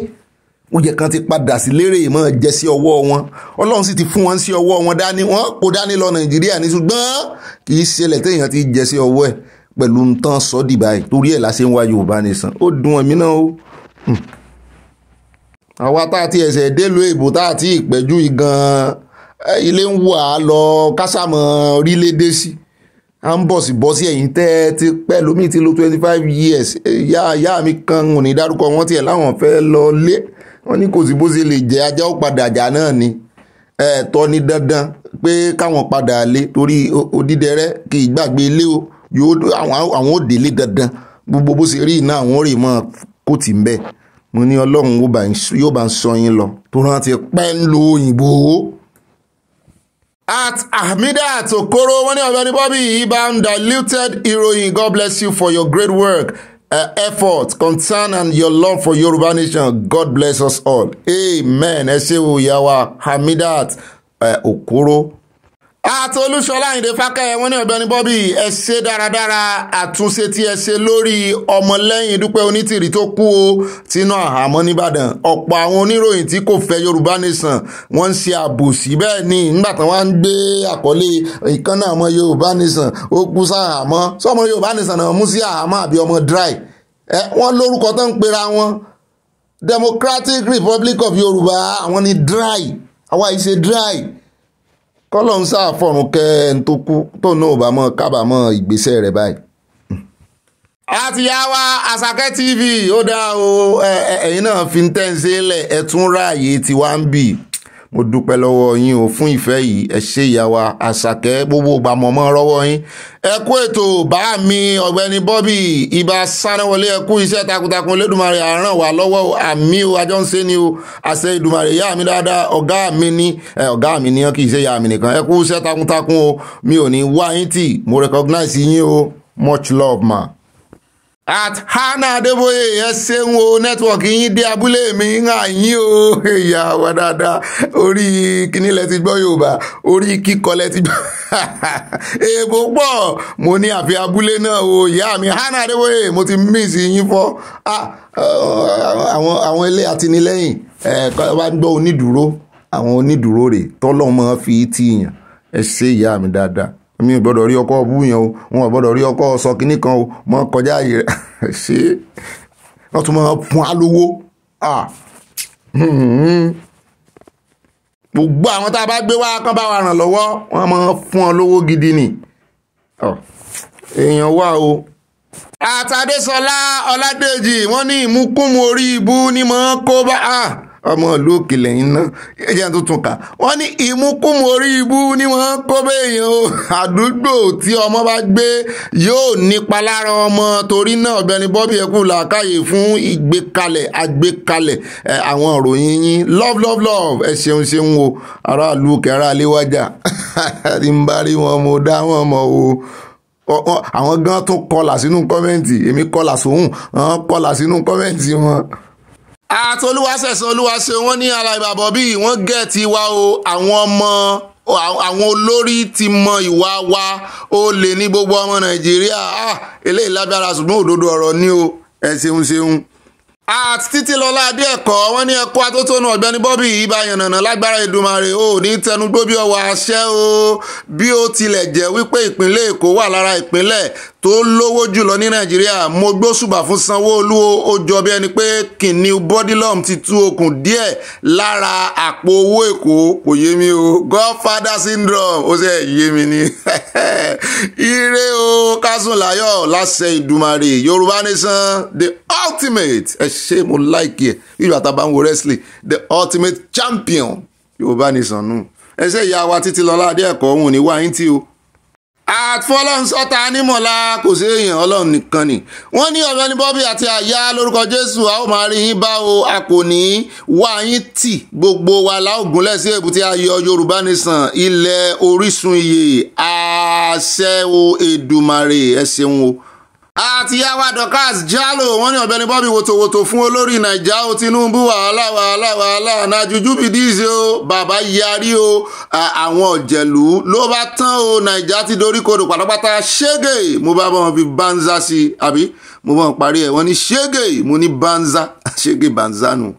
oúnjẹ kan ti padà sí lérè mọ́ jẹ sí ọwọ́ wọn Ọlọ́run sì ti fún wọn sí ọwọ́ wọn dání wọn kò dání lọ Nàìjíríà ní ṣùgbọ́n kì í ṣẹlẹ̀ téèyàn ti jẹ sí ọwọ́ ẹ̀ pẹ̀lú ntán sọ́ọ́dì báyìí torí ẹ̀ la ṣe ń wá Yorùbá nìsan ó dùn ẹ̀mí náà o hmm. àwa tá a ti ẹ̀sẹ̀ délùú èbò tá a ti ìpẹ́jú igan ilé ń wà á lọ kásámọ̀ orílẹ̀-èdè sí. Si à ń bọ̀ sí bọ́ sí ẹ̀yìn tẹ́ ẹ ti pẹ́ lómi ti lo twenty five years ìyá ìyá mi kan ò ní dárúkọ wọn tiẹ̀ láwọn fẹ́ lọ lé wọn ní kò sí bó ṣe lè jẹ́ ajá ó padà jà náà ni ẹ̀ẹ̀tọ́ ní dandan pé káwọn padà lé torí odídẹrẹ́ kì í gbàgbé ilé o yóò àwọn ò délé dandan gbogbo bó ṣe rí iná àwọn ò rè mọ́ kó tì ń bẹ̀ mo ní ọlọ́run yóò bá ń sọ yín lọ tó rántí pẹ́ ń lo òyìnbó at Ahmidat Okoro wọ́n ní ọ̀gbẹ́ni Bobby ibam diluted heroine God bless you for your great work uh, effort concern and your love for Yoruba nation God bless us all amen ẹ ṣe wo ìyá wa Ahmidat uh, Okoro àti olúṣọlá àyìndé fákẹ́yẹ wọn ní ọ̀gbẹ́ni bọ́bí ẹ ṣe dáradára àtúnṣe tí ẹ ṣe lórí ọmọlẹ́yìn dúpẹ́ onítìrì tó kú o tínú àhámọ́ nìbàdàn ọ̀pọ̀ àwọn oníròyìn tí kò fẹ́ yorùbá nation wọ́n ń ṣe àbòsí bẹ́ẹ̀ ni nígbà tí wọ́n ń gbé àkọlé ìkànnà ọmọ yorùbá nation ó kú sáhàmọ́ sọmọ yorùbá nation náà mú sí àhámọ́ àbí ọmọ dry ẹ wọ́n lórúkọ tó ń pera wọn democratic republic of yorùbá àwọn ni dry àwa ìṣe dry kọ́lọ́n sáàfọ̀rùn kẹ́ ẹni tó kú tó náà bá mọ́ kábàámọ̀ ìgbésẹ̀ rẹ̀ báyìí. àti yá wa àṣàkẹ́ tv ó dáa o ẹ̀yin náà fi ń tẹ́ǹsẹ̀ lẹ̀ ẹ̀ tún ráàyè tiwa ń bì mo dúpẹ́ lọ́wọ́ yín o fún ìfẹ́ yìí ẹ ṣe ìyàwó àṣàkẹ́ gbogbo ìgbà mọ̀mọ́ rọ́wọ́ yín ẹ kú ètò bá mi ọ̀gbẹ́ni Bobby ibà sanáwọlé ẹ kú iṣẹ́ takuntakun lẹ́dùnmarè àárọ̀ wà lọ́wọ́ àmì o àjọ ń ṣe ni o àṣẹ ìdùnmarè ìyá mi dáadáa ọ̀gá mi ni ọ̀gá mi ni kì í ṣe ìyá mi nìkan ẹ kú iṣẹ́ takuntakun o mi ò ní wá yín tì mo recognize yín o much love ma at hannah adébóyè ẹ ṣeun o nẹ́tíwọ̀kì yín dé abúlé mi ń hàn yín o ìyá wa dáadáa orí kíní lẹ ti gbọ́ yorùbá orí kíkọ lẹ ti gbọ́ èèbò pọ̀ mo ní àfi abúlé náà o ìyá mi hannah adébóyè mo ti miss yín fọ́ ah, àwọn ilé àtinilẹ́yìn wá gbọ́ onídùúró àwọn onídùúró rè tọ́lọ́mọ fi ti yàn ẹ ṣe ìyá mi dáadáa mi ò gbọ́dọ̀ rí ọkọ bú yẹn o wọn ò gbọ́dọ̀ rí ọkọ sọ kinní kan o mọ kọjá ààyè rẹ ṣé wọ́n tún máa fún alówó gbogbo àwọn tá a bá gbé wá kán bá wa ràn lọ́wọ́ wọ́n máa fún ọ lówó gidi ni èèyàn wà o. àtàdésọlá ọládèjì wọ́n ní ìmúkùmù orí ibú ni mò ń kó bá a ọmọ ìlú òkèlè yìí ná ẹjẹ tó tún kà wọ́n ní ìmúkúmu orí ibú ni wọ́n kó béèyàn o àdúgbò tí ọmọ bá gbé yóò nípa lára ọmọ torí náà ọ̀gbẹ́ni Bobby ẹkú làákàyè fún ìgbékalẹ̀ àgbékalẹ̀ àwọn ìròyìn yín love love love ẹ ṣeun ṣeun o aráàlú kẹrẹ aléwájà ti ń bá rí wọn mo dá wọn mọ o àwọn gan tún kọlà sínú kọ́mẹ́ǹtì èmi kọlà sóhùn àwọn kọlà sínú kọ́mẹ́ǹtì wọn àtolúwàsẹ̀sán olúwaṣe wọ́n ní ara ìbàbọ̀ bíi wọ́n gẹ̀ ti wá o àwọn ọmọ àwọn olórí ti mọ ìwà wa ó lè ní gbogbo ọmọ nàìjíríà ah, eléyìí lágbára ṣùgbọ́n òdodo ọ̀rọ̀ ni o ẹ ṣeun ṣeun at títílọlá adéẹ̀kọ́ wọ́n ní ẹ̀kọ́ atótónu ọ̀gbẹ́ni bobby ibà yànnànà lágbára ìdùmarè ò ní tẹnugbó bí ọwọ́ àṣẹ o bí ó tilẹ̀ jẹ́ wípé ìpínlẹ̀ èkó wà lára ìpínlẹ̀ tó lówó jùlọ ní nàìjíríà mo gbóṣùbà fún sanwó-olú ó jọ bí ẹni pé kìnìún bodilum ti tú okùn díẹ̀ lára àpò owó èkó kò yé mi o godfather syndrome ó ṣe yé mi ni ire o kásùnláyọ̀ láṣẹ ìdùmarè yorùbá nation the ultimate ẹ ṣe ṣé mo like ẹ̀ ìgbà tá a bá wrestling the ultimate champion yorùbá nation nù ẹṣẹ́ ìyá wa títí lọ́lá adéẹ̀kọ́ òun ò ní wá yín tí o àfọlọ́nsọ́ta nímọ̀lá kò sí èèyàn ọlọ́run nìkan ni wọ́n ní ọ̀gbẹ́ni Bobby àti àyà lórúkọ jésù a ó máa rí yín bá o a kò ní wá yín tì gbogbo wa láògùnlẹ̀ sí èbúté ayọ̀ yorùbá nìsan ilẹ̀ orísun iyè àṣẹ o èdùmàrè ẹ ṣeun o àti yàwá Dorcas Jalo wọ́n ní ọ̀gbẹ́ni Bobby wotowoto fún olórí Naija o Tinubu wàhálà wàhálà wàhálà na jujubidize o bàbá yarí o àwọn ọ̀jẹ̀lú ló bá tán o Naija ti dorí kodò pátápátá ṣége mo bá bọ́ wọn fi banza sí i àbí mo bá wọn parí ẹ̀ wọ́n ní ṣége mo ní banza ṣége banza nù. No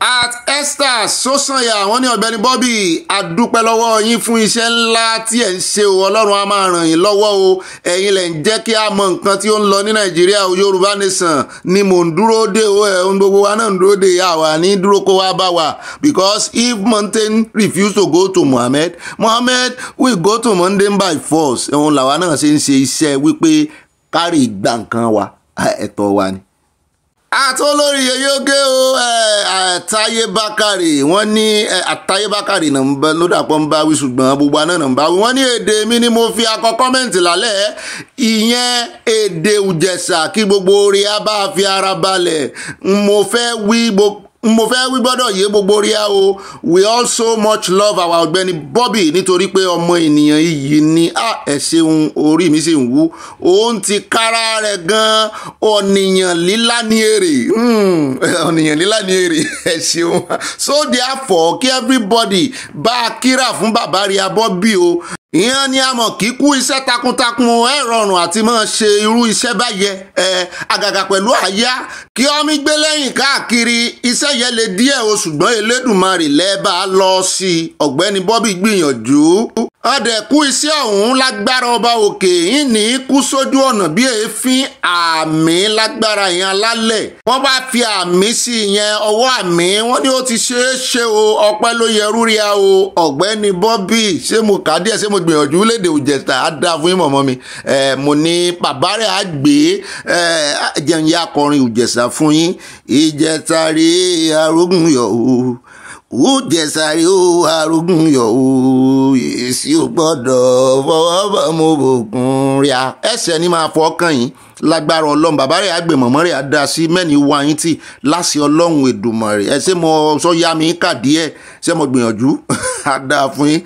at Esther Sosanya àwọn ní ọ̀gbẹ́ni Bobby adúpẹ́ lọ́wọ́ yín fún iṣẹ́ ńlá tí ẹ̀ ń ṣe o Ọlọ́run a máa ràn yín lọ́wọ́ o ẹ̀yin lẹ̀ ń jẹ́ kí a mọ nǹkan tí ó ń lọ ní Nàìjíríà o Yorùbá Nation ni mò ń dúró dè o ẹ̀ ohun gbogbo wa náà ń dúró dè àwa ní dúró kó wa bá wa because if mountain refuse to go to Mohammed Mohammed we go to mountain by force òun làwa náà ṣe ń ṣe iṣẹ́ wípé kárì gbà nǹkan wa ẹ̀tọ́ wa ni àtolórí yege o àtayé bakari. wọ́n ní àtayé bakari. náà ń bẹ lódàpọ̀ ń bá wí ṣùgbọ́n gbogbo àná náà ń bá wí wọ́n ní èdè mi ni mo fi akọ kọ́mẹ́ǹtì lálẹ́ ìyẹn èdè Ìjẹ̀ṣà kí gbogbo orí a fi ara balẹ̀ mo fẹ́ wí gbogbo mo fẹ́ wí gbọ́dọ̀ yé gbogbo rí o we also much love our ọ̀gbẹ́ni Bobby nítorí pé ọmọ ènìyàn iyì ni ẹ ṣeun orí mi sì ń wú òun ti kára rẹ̀ gan-an ọ̀nìyàn lílá ní èrè hmm, ọ̀nìyàn lílá ní èrè ẹ ṣeun so therefore kí everybody bá a kíra fún bàbá rí a Bobby o ìyẹn ni a mọ̀ kíkú iṣẹ́ takuntakun ẹ rọrùn àti máa ṣe irú iṣẹ́ báyẹ ẹ àgàgà pẹ̀lú àyà kí ọmí gbé lẹ́yìn káàkiri iṣẹ́ yẹn lè díẹ̀ o ṣùgbọ́n Elédùmarè lẹ́ẹ̀bà lọ sí ọ̀gbẹ́ni Bobby gbìyànjú ọdẹ̀kú iṣẹ́ ọ̀hún lágbára ọba òkè yìí ní kú sójú ọ̀nà bí èéfín àmì lágbára yẹn alálẹ̀ wọ́n bá fi àmì sí yẹn ọwọ́ àmì wọ́n ní ó ti ṣeé ṣe o ọpẹ́ ló yẹ rúria o ọ̀gbẹ́ni Bobby ṣé mo kà díẹ̀ ṣé mo gbìyànjú léde òjẹ̀sà á dáa fún yín mi mo ní bàbá rẹ̀ á gbé jẹun yá akọrin òjẹ̀sà fún yín ìjẹ̀sà rí arógùn yọ̀ o òjẹ̀sàrí ó arógùn yọ̀ o èsì ò gbọ́dọ̀ fọwọ́ bá mo bòkun rí a ẹsẹ̀ ni máa fọ́ kàn yín lágbára ọlọ́run bàbá rẹ̀ àgbẹ̀mọ̀mọ́ rẹ̀ á dá sí mẹ́ni wá yín tì láṣẹ ọlọ́run Èdùmàrè ẹ ṣé mo sọ yá mi kàdí ẹ ṣé mo gbìyànjú á dá fún yín.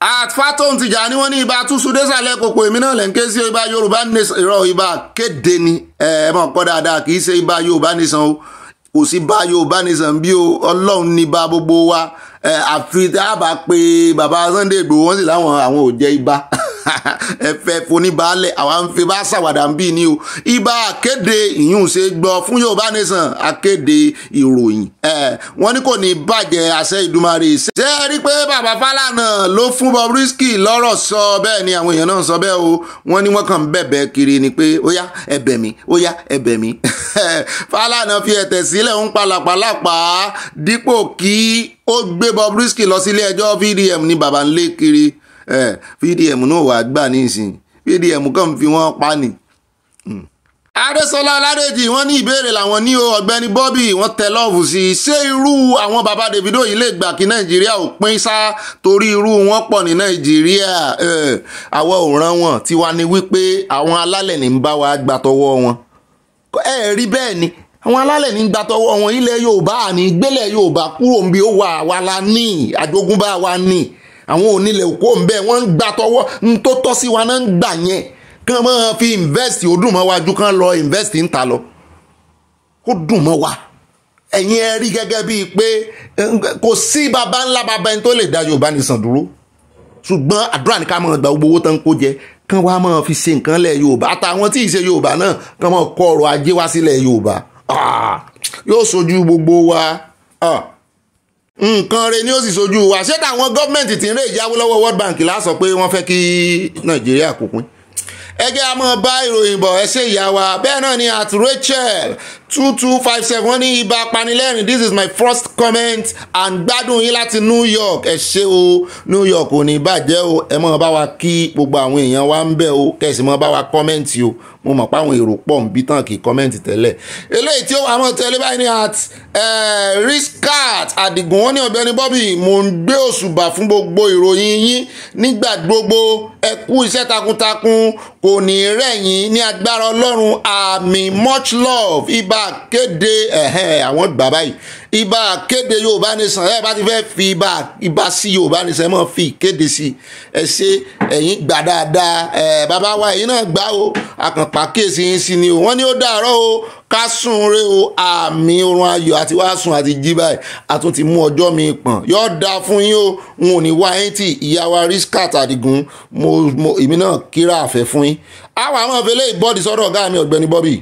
àtfàtòun hmm. Tìjàní wọ́n ní ibà túnṣu désàlẹ̀ kòkò èmi náà lẹ̀ ń ké sí ibà Yorùbá nation irọ́ ibà kéde ni ẹ ẹ mọ̀ kọ́ dáadáa kì í ṣe ibà Yorùbá nation o kò sí bá Yorùbá nation bí o ọlọ́run ní bá gbogbo wa àfi tá a bá pe bàbá Sunday Igboho wọ́n sì láwọn àwọn ò jẹ́ ibà ẹ fẹ́ foníbalẹ̀ àwa ń fi bá ṣàwàdà ń bí ni o ibà akéde ìyún ṣe gbọ́ fún Yorùbá nation akéde ìròyìn wọ́n ní kò ní bàjẹ́ àṣẹ ìdúmarè ṣe é rí pé bàbá Fálànà ló fún Bobrisky lọ́rọ̀ sọ bẹ́ẹ̀ ni àwọn èèyàn náà sọ bẹ́ẹ̀ o wọ́n ní wọ́n kàn bẹ̀bẹ̀ kiri ni pé ó yá ẹ̀bẹ̀ mi ó yá ẹ̀bẹ̀ mi Fálànà fi ẹ̀tẹ̀ sílẹ̀ ń palàpalàpà dípò kí ó gbé Bobrisky lọ sílé ẹjọ́ VDM ní bàbá ńlé kiri pdm náà wàá gbà nísìn pdm kàn fi wọ́n pa ni. Hmm. Adésọlá Ọládèjì wọ́n ní ìbéèrè làwọn ní o ọ̀gbẹ́ni Bobby wọ́n tẹ lọ́ọ̀fù sí i ṣé irú àwọn baba Davido yìí lè gbà kí Nàìjíríà ò pín sá torí irú wọn pọ̀ ní Nàìjíríà àwọn òran wọn tiwa ni wípé àwọn alálẹ̀ ní ń bá wa gbà tọwọ́ wọn ẹ rí bẹ́ẹ̀ ni àwọn alálẹ̀ ní gbà tọwọ́ wọn ilẹ̀ Yorùbá àní gbélẹ̀ Yorùbá kúrò ń bí ó wà wa la ní àjogúnbá wa ní àwọn onílẹ̀ òkú ń bẹ wọ́n ń gbà tọwọ́ ń tó tọ́ sí wa náà ń gbà yẹn kán máa fi invest ó dùn mọ́ wa ju kán lọ invest ń ta lọ ó dùn mọ́ wa ẹ̀yin ẹ rí gẹ́gẹ́ bíi pé kò sí baba ńlá baba ẹni tó lè dá Yorùbá nìsàn dúró ṣùgbọ́n àdúrà ní ká máa gba gbogbo owó tán kó jẹ kán wá máa fi ṣe nǹkan lẹ̀ Yorùbá àtàwọn tí ì ṣe Yorùbá náà kán máa kọ ọrọ̀ ajé wá sílẹ̀ Yorùbá ah, yóò ṣojú gbogbo wa. Ah nǹkan re ni ó sì sojú wa ṣé táwọn gọ́ọ̀mẹ̀ntì ti ń rè ìyáwó lọ́wọ́ World Bank la sọ pé wọ́n fẹ́ kí Nàìjíríà kó pín ẹgẹ́ a máa bá ìròyìn bọ̀ ẹ ṣe ìyá wa bẹ́ẹ̀ náà ni at Rachel two two five seven wọ́n ní ibà apanilẹ́rìn this is my first comment and gbádùn yín láti New York ẹ ṣé o New York ò ní bàjẹ́ o ẹ mọ̀ bá wa kí gbogbo àwọn èèyàn wa ń bẹ̀ o kẹ̀sì mọ̀ bá wa comment o mo mọ̀ pé àwọn èrò pọ̀ ń bí kì í comment tẹ́lẹ̀ eléyìí tí ó wà mọ̀ tẹ́lẹ̀ báyìí ní at riskat àdìgún wọn ní Ọ̀gbẹ́ni Bobby mò ń gbé òṣùbà fún gbogbo ìròyìn yín nígbà gbogbo ẹ kú iṣẹ́ takuntakun kò ní rẹ̀yìn ní agbára Ọlọ́run àmì much love ibà ibà kéde àwọn gbà báyìí ibà kéde yorùbá nation ẹ bá ti fẹ́ fi ibà ibà sí yorùbá nation ẹ mọ̀ fi kéde sí ẹ ṣe ẹ̀yin gbà dáadáa ẹ bàbá wa ẹ̀yin náà gbà o àkànpá kíyèsí yín sí ni o wọ́n ní ó dàárọ̀ o ká sùn re o àmì oorun ayọ̀ àti wá sùn àti jí báyìí àtún ti mú ọjọ́ mi pọ̀n yọ da fún yín o n ò ní wá yín tì ìyá wa Rizkat Adigun mo èmi náà kíra àfẹ́ fún yín àwọn àmọ́ fẹlẹ́ ìbọ́dì sọ́dọ̀ ọ̀gá mi ọ̀gbẹ́ni Bobby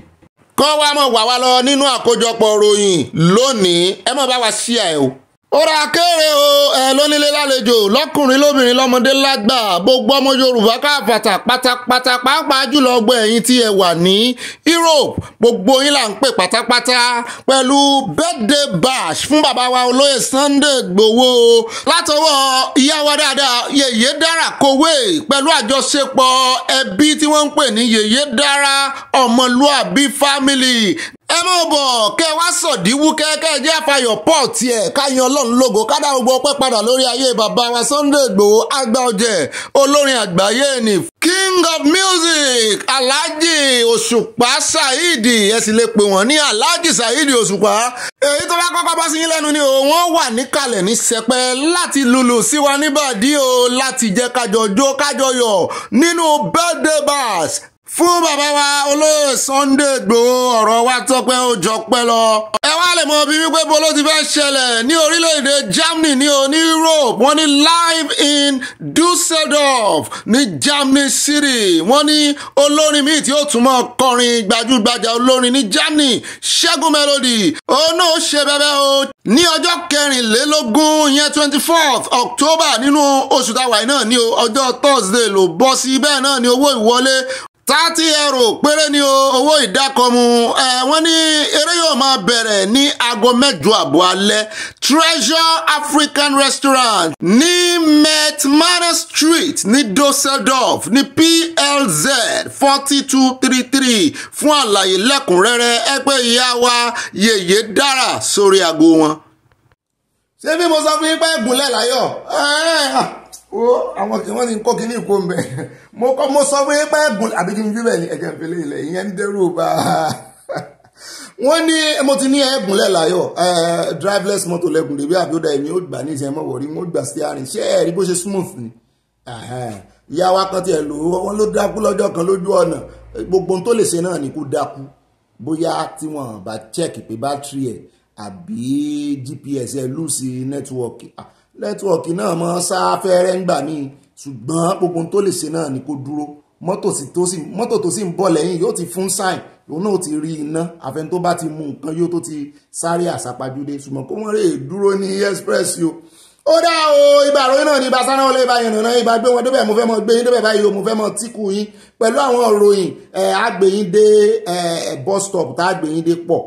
kọ́ wa mọ̀ wà wá lọ nínú àkójọpọ̀ ròyìn lónìí ẹ mọ̀ bá wa ṣí ẹ o. Ora akéré o ẹ lónílé lálejò lọ́kùnrin lóbìnrin lọ́mọdé lágbà gbogbo ọmọ yorùbá káfàtà pátápátá pàápàá jùlọ ọgbọ́n ẹ̀yin tí ẹ wà ní europe gbogbo yín là ń pè pátápátá pẹ̀lú birthday bash fún bàbá wa olóyè sunday gbowó látọwọ́ ìyá wa dáadáa yèyé dára kowé pẹ̀lú àjọṣepọ̀ ẹbí tí wọ́n ń pè ní yèyé dára ọmọlúàbí family ẹ mọ̀ bọ̀ kẹ́ ẹ wá sọ̀díwú kẹ́kẹ́ jẹ́ àfàyọ̀ pọ̀ tiẹ̀ káyìn ọlọ́run lógo kádà gbogbo ọpẹ́ padà lórí ayé bàbá wa Sunday Igboho àgbà ọ̀jẹ̀ olórin àgbáyé ni king of music alhaji òṣùpá saheed ẹ sì lè pè wọ́n ní alhaji saheed òṣùpá èyí tó bá kọ́kọ́ bá sí yín lẹ́nu ni òun wà níkàlẹ̀ ní sẹpẹ́ láti lùlù sí wa níbàdí o láti jẹ́ kájọ jó kájọ yọ̀ nínú birthday bash fún bàbá wa olóyè Sunday Igboho ọ̀rọ̀ wa tọ́pẹ́ ó jọ pẹ́ lọ. ẹ wá lè mọ bí wípé bolo ti fẹ́ ṣẹlẹ̀ ní orílẹ̀-èdè Germany ní oní Europe wọ́n ní live in Dusseldorf ní Germany city wọ́n ní olórin míì tí ó tún mọ́ kọrin gbajúgbajà olórin ní Germany Ṣẹ́gun Melody òun náà ṣe bẹ́bẹ́ o ní ọjọ́ kẹrìnlélógún ìyẹn twenty fourth October nínú oṣù táwa náà ní ọjọ́ Thursday ló bọ́ sí bẹ́ẹ̀ náà ní owó ìwọlé thirty euro péré ni owó ìdákọ̀mù ẹ wọ́n ní eré yóò máa bẹ̀rẹ̀ ní aago mẹ́jọ àbọ̀ alẹ́ Treasure African Restaurant ní Manor street ní Dusseldorf ní PLZ forty two three three fún àlàyé lẹ́kùnrẹ́rẹ́ ẹ pé ìyá wa yèyé dára sórí aago wọn. ṣé bí mo sọ fún yín pé gúnlẹ̀ láyọ̀ ó àwọn kì wọ́n ti ń kọ́ kí ní ìkó mbẹ́ mo kọ́ mo sọ pé pẹ́ gùn àbí kí n fi bẹ́ẹ̀ ni ẹ̀jẹ̀ ń fele ilẹ̀ ìyẹn ń dẹ́rù bá wọ́n ní mo ti ní ẹ̀gùn lẹ́làyọ̀ driveless motor lẹ́gùn rèébí àbíọ́dà èmi ó gbà ní ìṣẹ́ mọ́ wọ̀rí mo gbà sí àárín ṣé ẹ̀rí bó ṣe smooth ni ìyá wa kan tiẹ̀ lò ó wọn ló dákú lọ́jọ́ kan lójú ọ̀nà gbogbo tó lè ṣe náà ni kó dákú bóyá tí wọ́n bá check pé bátìrì nẹ́tíwọ̀kì náà mọ sáfẹ́rẹ́ ń gbà mí ṣùgbọ́n gbogbo tó lè ṣe náà ni kó dúró mọ́tò tó sì ń bọ̀ lẹ́yìn yóò ti fún sáìn òun náà ti rí iná àfẹn tó bá ti mú nǹkan yóò tó ti sáré àsápajúdé ṣùgbọ́n kó wọ́n rè dúró ní express yìí ó dá o ibà àròyìn náà ní ibà sáná olè ibà ìrìnà ibà gbé wọn débẹ̀ mo fẹ́ mọ gbé yín débẹ̀ báyìí o mo fẹ́ mọ tíkù yín pẹ̀lú àwọn òròyìn àgbèyìn dé bus stop tá àgbèyìn dé pọ̀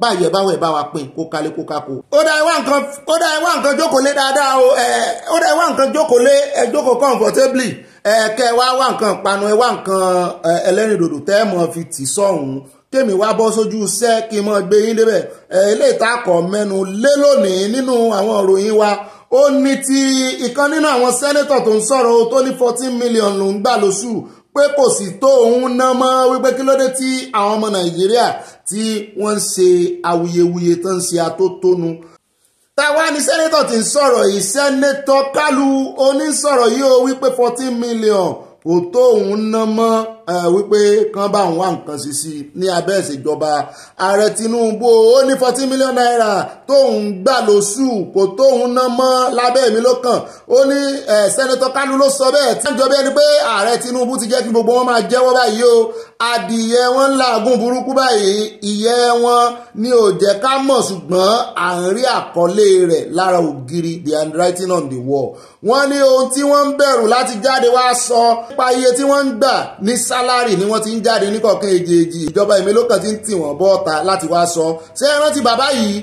báyọ̀ ẹ bá wọ̀ ẹ bá wa pín kó kalé kó kako. ó dá ẹ wá nǹkan ó dá ẹ wá nǹkan jókòó lé dáadáa o ó dá ẹ wá nǹkan jókòó lé ẹ jókòó comfortably kẹ ẹ wá wá nǹkan panu ẹ wá nǹkan ẹlẹ́rìndòdò tẹ́ ẹ mọ̀ fi tì sọ̀hún kémi wá bọ́ sójú iṣẹ́ kí n mọ̀ gbé yín débẹ̀ eléyìí tá a kọ̀ mẹ́nu lé lónìí nínú àwọn ìròyìn wa ó ní ti ìkan nínú àwọn sẹ́nẹ́tọ̀ tó ń sọ̀rọ̀ tó ní fourteen million ló ń gbà lóṣù pé kò sì tó òun ná mọ́ wípé kí ló dé tí àwọn ọmọ nàìjíríà tí wọ́n ń ṣe awuyewuye tó ń ṣe atótónu táwa ni sẹ́nẹ́tọ̀ ti ń sọ̀rọ̀ yìí sẹ́nẹ́tọ̀ kálù onísọ̀rọ̀ yìí ó wípé fourteen million kò tó òun ná mọ́ wípé kán bá ń wá nǹkan sí sí ní abẹ́ ìṣèjọba ààrẹ Tinubu ó ní fourteen million naira tóun gbà lóṣù kò tóun ná mọ́ lábẹ́ mi ló kàn ó ní sẹ́nitọ́ Kánú ló sọ bẹ́ẹ̀ tí wọ́n jọ bí ẹni pé ààrẹ Tinubu ti jẹ́ kí gbogbo wọn máa jẹ́wọ́ báyìí o adìyẹ wọn làágùn burúkú báyìí ìyẹ́ wọn ni ò jẹ́ ká mọ̀ ṣùgbọ́n à ń rí àkọlé rẹ̀ lára ògiri the handwriting on the wall wọ́n ní ohun tí wọ́n ń bẹ̀rù láti jáde wá sọ nípa iye tí wọ́n ń gbà ní sálárì ni wọ́n ti ń jáde ní kọ̀ọ̀kan èjèèjì ìjọba ìmélòó kan ti ń tì wọ́n bọ́ ọ̀ta láti wá sọ ṣé ẹ rántí bàbá yìí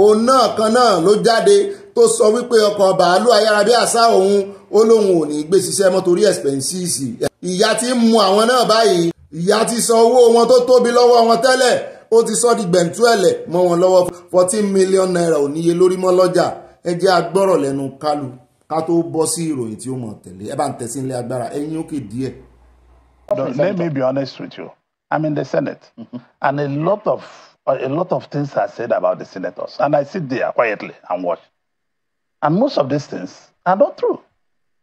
òun náà kan náà ló jáde tó sọ wípé ọkọ̀ bàálù ayárabíàṣá òun ó lóun ò ní gbé ṣiṣẹ́ mọ́ torí ẹ̀spẹ̀nsìsì ìyà ti mú àwọn náà báyìí ìyà ti san owó wọn tó tóbi lọ́wọ́ wọn tẹ́lẹ̀ ó ti sọ di gbẹ̀ntú ẹ̀lẹ̀ mọ́ wọn lọ́wọ́ fourteen million naira ò níye lórí mọ́ lọ́jà ẹ jẹ́ agbọ́rọ̀ lẹ́nu kálu ká tó bọ́ sí ìròyìn tí ó mọ̀ tẹ̀lé ẹ bá ń tẹ̀sí ilé agbára ẹ̀yìn òkè díẹ̀ Let me be honest with you. I'm in the Senate, mm -hmm. and a lot of uh, a lot of things are said about the senators, and I sit there quietly and watch. And most of these things are not true.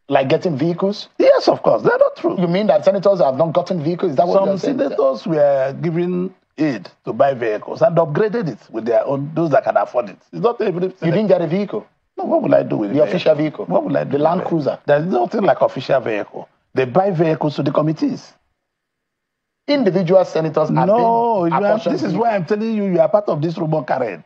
Like getting vehicles? Yes, of course, they're not true. You mean that senators have not gotten vehicles? Is that what Some senators saying? were given aid to buy vehicles and upgraded it with their own those that can afford it. It's not every. Senator. You didn't get a vehicle. No, what will I do with the vehicle? official vehicle? What will I do? The Land Cruiser. There's nothing like official vehicle. They buy vehicles to the committees. Individual senators are no, are, this is why I'm telling you, you are part of this rumor Karen.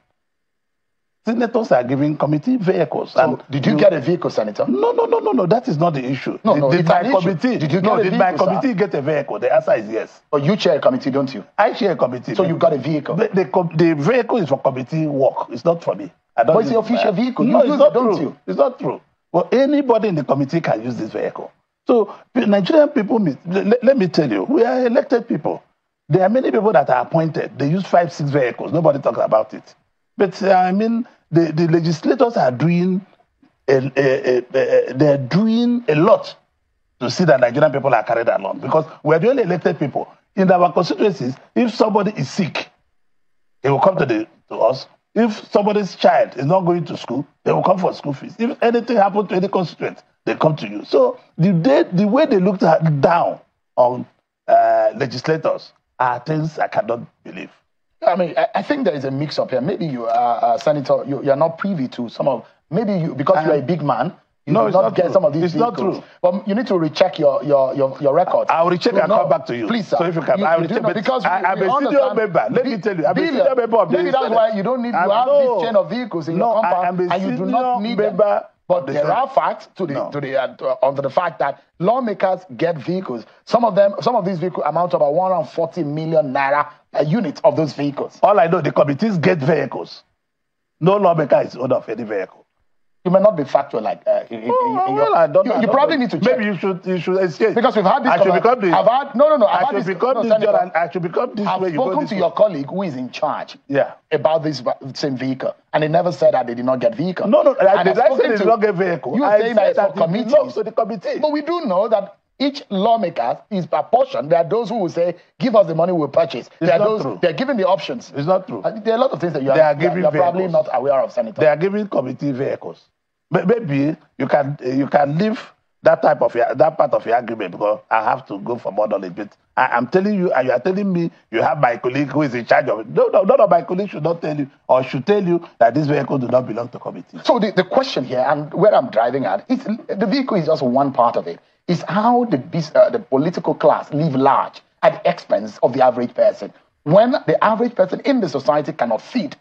Senators are giving committee vehicles. So did you, you, get a vehicle, Senator? No, no, no, no, no. That is not the issue. No, did, no, did my committee? Did you get no, a did vehicle, my committee sir? get a vehicle? The answer is yes. But you chair a committee, don't you? I chair a committee. So you got a vehicle. The, the, the vehicle is for committee work. It's not for me. I don't but it's the official vehicle. No, you it's not it, true. You? It's not true. Well, anybody in the committee can use this vehicle. So Nigerian people, let, let me tell you, we are elected people. There are many people that are appointed. They use five, six vehicles. Nobody talks about it. But uh, I mean, the, the legislators are doing a, a, a, they're doing a lot to see that Nigerian people are carried along because we are the only elected people in our constituencies. If somebody is sick, they will come to, the, to us. If somebody's child is not going to school, they will come for school fees. If anything happens to any constituent, they come to you. So the, the way they looked down on uh, legislators are things I cannot believe. I mean, I, I, think there is a mix up here. Maybe you are uh, senator, you, you, are not privy to some of, maybe you, because you are a big man, you no, it's not, not get true. some of these It's vehicles. not true. But you need to recheck your your your, your record. I'll recheck so, and no, come back to you. Please, sir. So if you can, you, I'll recheck. because we, I, am a senior member. Let me tell you, I'm dealer. a senior member of Maybe that's why you don't need to have no, this chain of vehicles in no, your compound, and you do not need member but they there are facts to the no. to the uh, uh the fact that lawmakers get vehicles. Some of them, some of these vehicles amount to about 140 million naira a unit of those vehicles. All I know, the committees get vehicles. No lawmaker is owner of any vehicle you may not be factual like uh, in, oh, in well, your, I don't, you, you probably need to check. Maybe you should you should uh, escape because we've had this. I should become this. I've had, no no no. I've I should this, become no, this. John, I should become this. I've way spoken to way. your colleague who is in charge. Yeah. About this same vehicle, and he never said that they did not get vehicle. No no. I, and did I, I they did not get vehicle? You I saying that it's for committee? No, so the committee. But we do know that each lawmaker is proportioned. There are those who will say, "Give us the money, we'll purchase." It's there are those true. they're giving the options. It's not true. there are a lot of things that you are, are, giving you are probably not aware of, Senator. They are giving committee vehicles. Maybe you can you can leave that type of that part of your agreement because I have to go for more than a bit. I am telling you, and you are telling me you have my colleague who is in charge of it. No, no, none of my colleagues should not tell you or should tell you that this vehicle do not belong to committee. So the, the question here and where I'm driving at is the vehicle is just one part of It's how the uh, the political class live large at the expense of the average person when the average person in the society cannot feed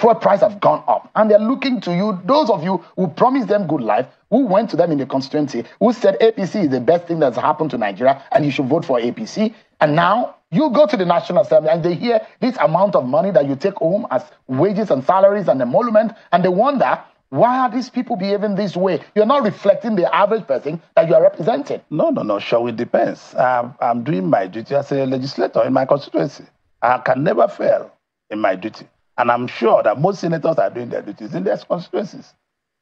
Fuel price have gone up. And they're looking to you, those of you who promised them good life, who went to them in the constituency, who said APC is the best thing that's happened to Nigeria and you should vote for APC. And now you go to the National Assembly and they hear this amount of money that you take home as wages and salaries and emolument, and they wonder why are these people behaving this way? You're not reflecting the average person that you are representing. No, no, no, sure, it depends. I'm, um, I'm doing my duty as a legislator in my constituency. I can never fail in my duty. And I'm sure that most senators are doing their duties in their constituencies.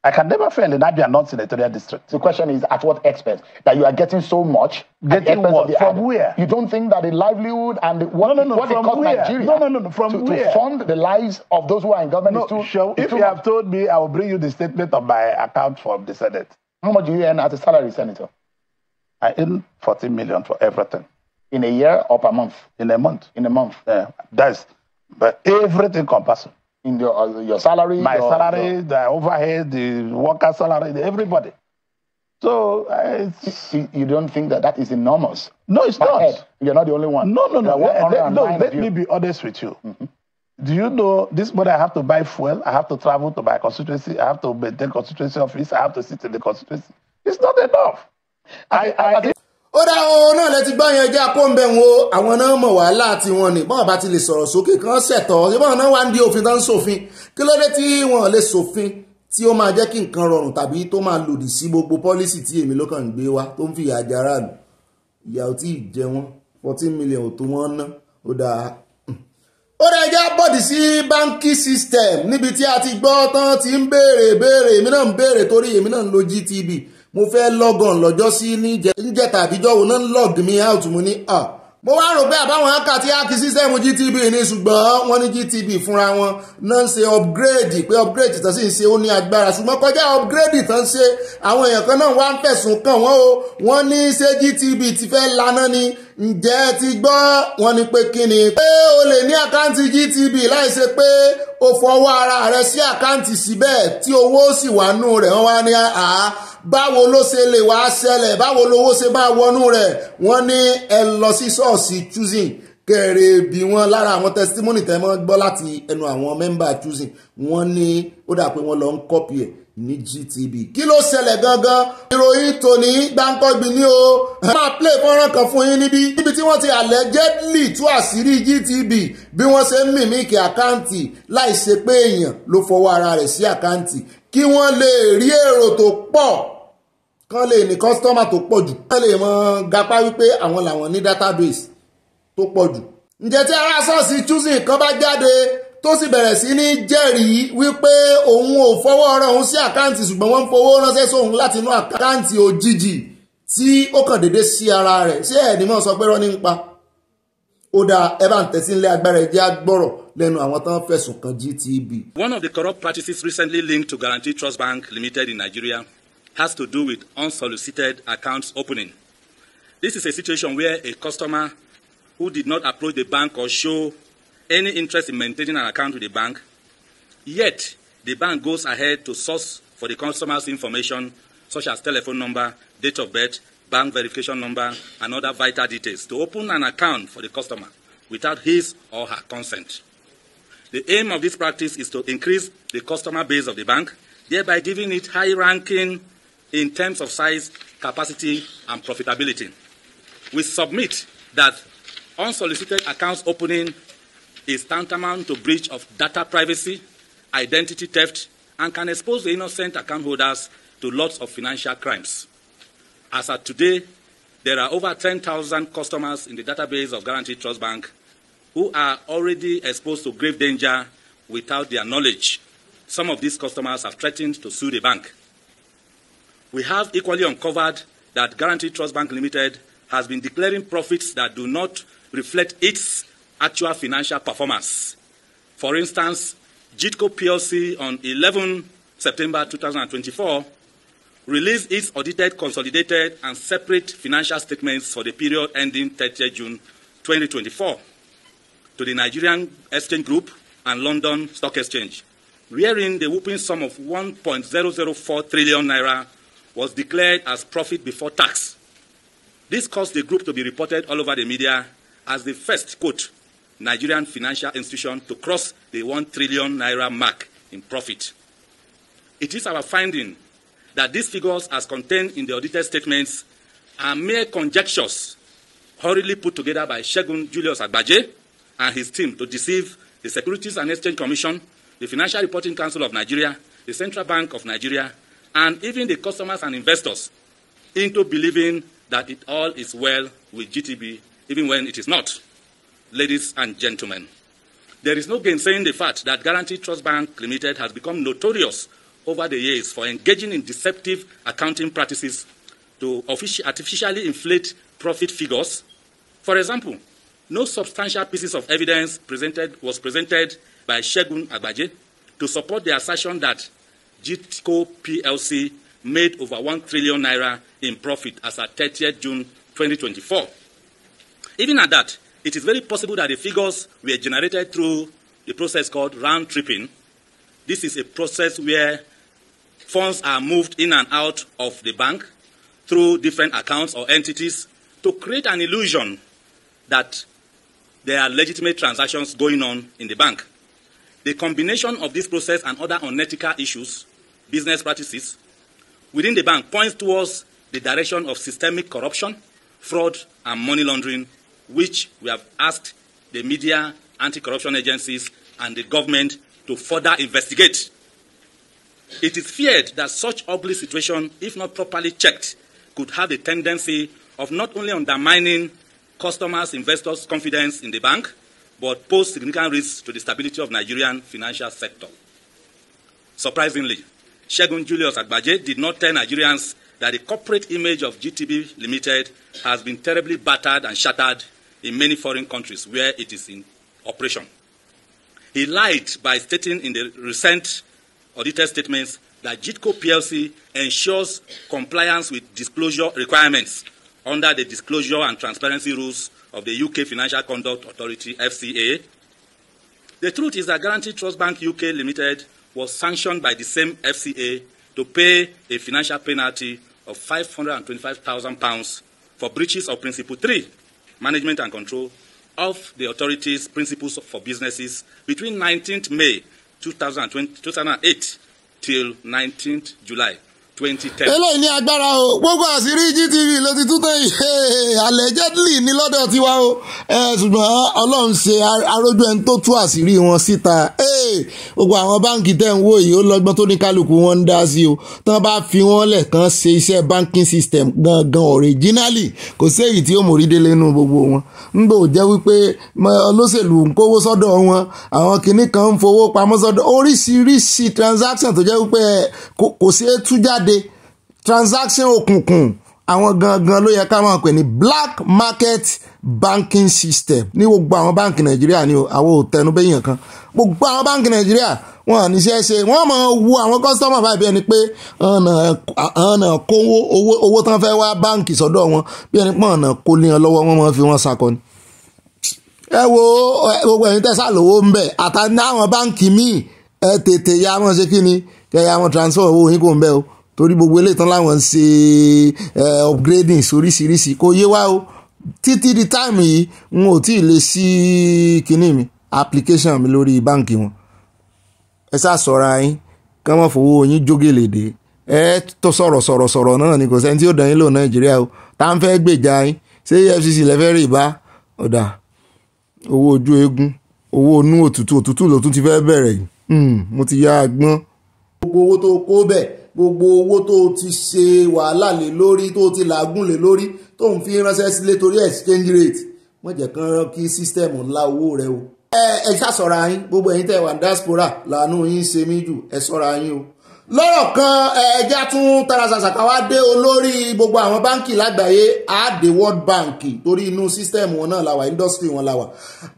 I can never fail in Abia non senatorial district. The question is at what expense? That you are getting so much. Getting what? From other. where? You don't think that the livelihood and the, what, no, no, no, what from it costs where? Nigeria no, no, no, from to, where? to fund the lives of those who are in government no, is too, sure, If too you much. have told me, I will bring you the statement of my account from the Senate. How much do you earn as a salary senator? I earn 14 million for everything. In a year or per month? In a month. In a month. Yeah. That's But everything compulsory. In the, uh, your salary? My your, salary, your... the overhead, the worker salary, the everybody. So uh, you, you, don't think that that is enormous? No, it's not. Head. You're not the only one. No, no, no. Eh, eh, let, let, no, let me be honest with you. Mm -hmm. Do you know this morning I have to buy fuel, I have to travel to my constituency, I have to maintain constituency office, I have to sit in the constituency. It's not enough. I, I, I, I ó dá ohun náà lẹ́ti gbọ́ yẹn jẹ́ akóńbẹ̀ wo àwọn náà mọ̀ wàhálà tí wọ́n ní bọ́n bá ti lè sọ̀rọ̀ sókè kan ṣẹ̀tọ́ ṣùgbọ́n náà wá ń di òfin tó ń ṣòfin kí ló dé tí wọ́n lè ṣòfin tí ó máa jẹ́ kí nǹkan rọrùn tàbí tó máa lòdì sí gbogbo pọ́lísì tí èmi ló kàn ń gbé wá tó ń fi ìyà jẹ aráàlú ìyà ò tí ì jẹ wọ́n fourteen million ò tó wọ́n ná ó dáa ó rẹ jẹ́ bọ́dì sí báńkì system níbi tí a ti gbọ́ tán ti ń béèrè béèrè èmi náà ń béèrè torí èmi náà ń lo GTB mo fẹ́ lọ́gàn lọ́jọ́ sí níjẹta àbíjọ́ wo náà log me out mo ní à ah. mo wá rò pé àbáwọn áńkà tí áàkì sísẹ́mù GTB ní ṣùgbọ́n wọ́n ní GTB fúnra wọn náà ń ṣe upgrade pé upgrade tán sì ń ṣe ó ní agbára ṣùgbọ́n kọjá upgrade tán ṣe àwọn èèyàn kan náà wá ń fẹ̀sùn kàn wọ́n o wọ́n ní ṣé GTB ti fẹ́ laná ni ǹjẹ́ ti gbọ́ wọn ni pé kí ni pé o lè ní àkáǹtì GTB láìsí pé o fọwọ́ ara rẹ sí àkáǹtì síbẹ̀ tí owó sì wà nù rẹ̀ wọ́n wá ní àá báwo ló ṣe lè wá ṣẹlẹ̀ báwo lowó ṣe máa wọnú rẹ̀ wọ́n ní ẹ lọ sí ṣọ́ọ̀ṣì choosing kẹrẹ bí wọn lára àwọn testimony tẹ́ mọ́ gbọ́ láti ẹnu àwọn mẹ́mbà choosing wọ́n ní ó dà pé wọ́n lọ ń kọ́pì ẹ̀ ní GTB kí ló ṣẹlẹ̀ gangan ìròyìn tòní Gbáǹkọ́gbì ni o máa play fọ́nrán kan fún yín níbí níbi tí wọ́n ti allegedly tú àṣírí GTB bí wọ́n ṣe ń mìmíkì àkáǹtì láì ṣe pé èèyàn ló fọwọ́ ara rẹ̀ sí àkáǹtì kí wọ́n lè rí èrò tó pọ̀ kán lè ní kọ́sítọ́mà tó pọ̀ jù kán lè mọ gapá wípé àwọn làwọn ní database tó pọ̀ jù ǹjẹ́ tí ará sọ́ọ̀sì choosing kan bá jáde tó sì bẹ̀rẹ̀ sí ní jẹ́rìí wípé òun ò fọwọ́ rán òun sí àkáǹtì ṣùgbọ́n wọ́n ń fowó ránṣẹ́ sóhun láti inú àkáǹtì òjijì tí ó kàn déédé sí ara rẹ̀ ṣé ẹ̀ẹ́dì mọ́ sọ pé rọ́ ní ń pa ó dáa ẹ bá agbára ẹ̀jẹ̀ agbọ́rọ̀ lẹ́nu àwọn tó fẹ̀sùn kan GTB. One of the corrupt practices recently linked to Guarantee Trust Bank Limited in Nigeria has to do with unsolicited accounts opening. This is a situation where a customer who did not approach the bank or show any interest in maintaining an account with the bank, yet the bank goes ahead to source for the customer's information, such as telephone number, date of birth, bank verification number, and other vital details, to open an account for the customer without his or her consent. The aim of this practice is to increase the customer base of the bank, thereby giving it high ranking in terms of size, capacity, and profitability. We submit that unsolicited accounts opening is tantamount to breach of data privacy, identity theft, and can expose the innocent account holders to lots of financial crimes. As at today, there are over 10,000 customers in the database of Guarantee Trust Bank who are already exposed to grave danger without their knowledge. Some of these customers have threatened to sue the bank. We have equally uncovered that Guarantee Trust Bank Limited has been declaring profits that do not reflect its actual financial performance. For instance, JITCO PLC on 11 September 2024 released its audited, consolidated, and separate financial statements for the period ending 30 June 2024 to the Nigerian Exchange Group and London Stock Exchange, wherein the whopping sum of 1.004 trillion naira was declared as profit before tax. This caused the group to be reported all over the media as the first, quote, Nigerian financial institution to cross the 1 trillion naira mark in profit. It is our finding that these figures, as contained in the audited statements, are mere conjectures hurriedly put together by Shegun Julius Agbaje and his team to deceive the Securities and Exchange Commission, the Financial Reporting Council of Nigeria, the Central Bank of Nigeria, and even the customers and investors into believing that it all is well with GTB, even when it is not ladies and gentlemen. There is no gainsaying the fact that Guaranteed Trust Bank Limited has become notorious over the years for engaging in deceptive accounting practices to artificially inflate profit figures. For example, no substantial pieces of evidence presented was presented by Shegun Agbaje to support the assertion that GTCO PLC made over 1 trillion naira in profit as at 30th June 2024. Even at that, it is very possible that the figures were generated through a process called round tripping. This is a process where funds are moved in and out of the bank through different accounts or entities to create an illusion that there are legitimate transactions going on in the bank. The combination of this process and other unethical issues, business practices, within the bank points towards the direction of systemic corruption, fraud, and money laundering which we have asked the media, anti corruption agencies, and the government to further investigate. It is feared that such ugly situation, if not properly checked, could have a tendency of not only undermining customers, investors' confidence in the bank, but pose significant risks to the stability of Nigerian financial sector. Surprisingly, Shegun Julius Agbaje did not tell Nigerians that the corporate image of GTB Limited has been terribly battered and shattered in many foreign countries where it is in operation. He lied by stating in the recent audited statements that JITCO PLC ensures compliance with disclosure requirements under the disclosure and transparency rules of the UK Financial Conduct Authority, FCA. The truth is that Guarantee Trust Bank UK Limited was sanctioned by the same FCA to pay a financial penalty of £525,000 for breaches of Principle 3 management and control of the authorities' principles for businesses between 19th May 2008 till 19th July 2010. eléyìí ní agbára o gbogbo àṣírí GTV ló ti tún tán yìí allegedly ní lọ́dọ̀ tiwa o ṣùgbọ́n ọlọ́run ṣe arójú ẹni tó tú àṣírí wọn síta gbogbo àwọn báǹkì tẹ̀ ń wò yìí ó lọ́gbọ́n tó ní kálukú wọn ń dá sí o tán bá fi wọ́n lẹ̀ ṣe iṣẹ́ banking system gangan originally kò séyìí tí ó mórí délé nínú gbogbo wọn ń gbò jẹ́ wípé olóṣèlú ń kówó sọ́dọ̀ wọn àwọn kinní kan ń fowó pamọ́ sọ́dọ̀ oríṣiríṣi transaction tó jẹ́ wípé kò ṣeé tú jáde transaction òkùnkùn àwọn gangan ló yẹ ká máa pè ní black market banking system ní gbogbo àwọn báǹkì nàìjíríà ni àwọn ò tẹnu bẹ́yìn kan gbogbo àwọn báǹkì nàìjíríà wọn ní ṣe é ṣe wọn máa wo àwọn kọ́sítọ́mà báyìí bí ẹni pé ọ̀nà kówó owó tán fẹ́ wá báǹkì sọ́dọ̀ wọn bí ẹni pé ọ̀nà kó lé wọn lọ́wọ́ wọn máa fi wọn sakọ ni. ẹ wo gbogbo ẹ̀yin tẹ́sà lówó ń bẹ̀ àtàwọn báǹkì míì ẹ tètè ya wọn ṣe kí ni kẹ́ ya wọn transfer owó yín kò ń bẹ́ o torí gbogbo eléyìí tán láwọn ń ṣe eh, upgrading oríṣiríṣi kò yé wa o títí di táìmù yìí n ò tí ì lè ṣí kinní mi application mi lórí báǹkì wọn ẹ sá sọ̀ra yín kí wọ́n fowó yín jógèlèdè ẹ tó sọ̀rọ̀ sọ̀rọ̀ sọ̀rọ̀ náà ni kò sẹ́ni tí ó dàn yín lò nàìjíríà o tá à ń fẹ́ gbèjà yín ṣé efcc lẹ́fẹ́ rí ìbá ọ̀dà owó ojú eégún owó inú òtútù òtútù lòtún ti fẹ́ bẹ̀rẹ̀ yìí hmm, mo ti yá a gbọ́n. gbogbo owó tó kó bẹ́ẹ̀ gbogbo owó tó o ti ṣe wàhálà lé lórí tó o ti làágùn lé lórí tó ń fi ránṣẹ́ sílé torí exchange rate wọ́n jẹ́ kán kí system ńlá owó rẹ o. ẹ ẹ ṣàṣọra yín gbogbo ẹ̀yin tẹ́ wà ní diaspora làánú yín ṣe mí jù ẹ ṣọ́ra yín o. lọ́rọ̀ kan ẹja tún tara ṣàṣàkà wá dé olórí gbogbo àwọn báǹkì lágbàáyé àdé world bank torí inú system wọn náà làwà industry wọn làwà.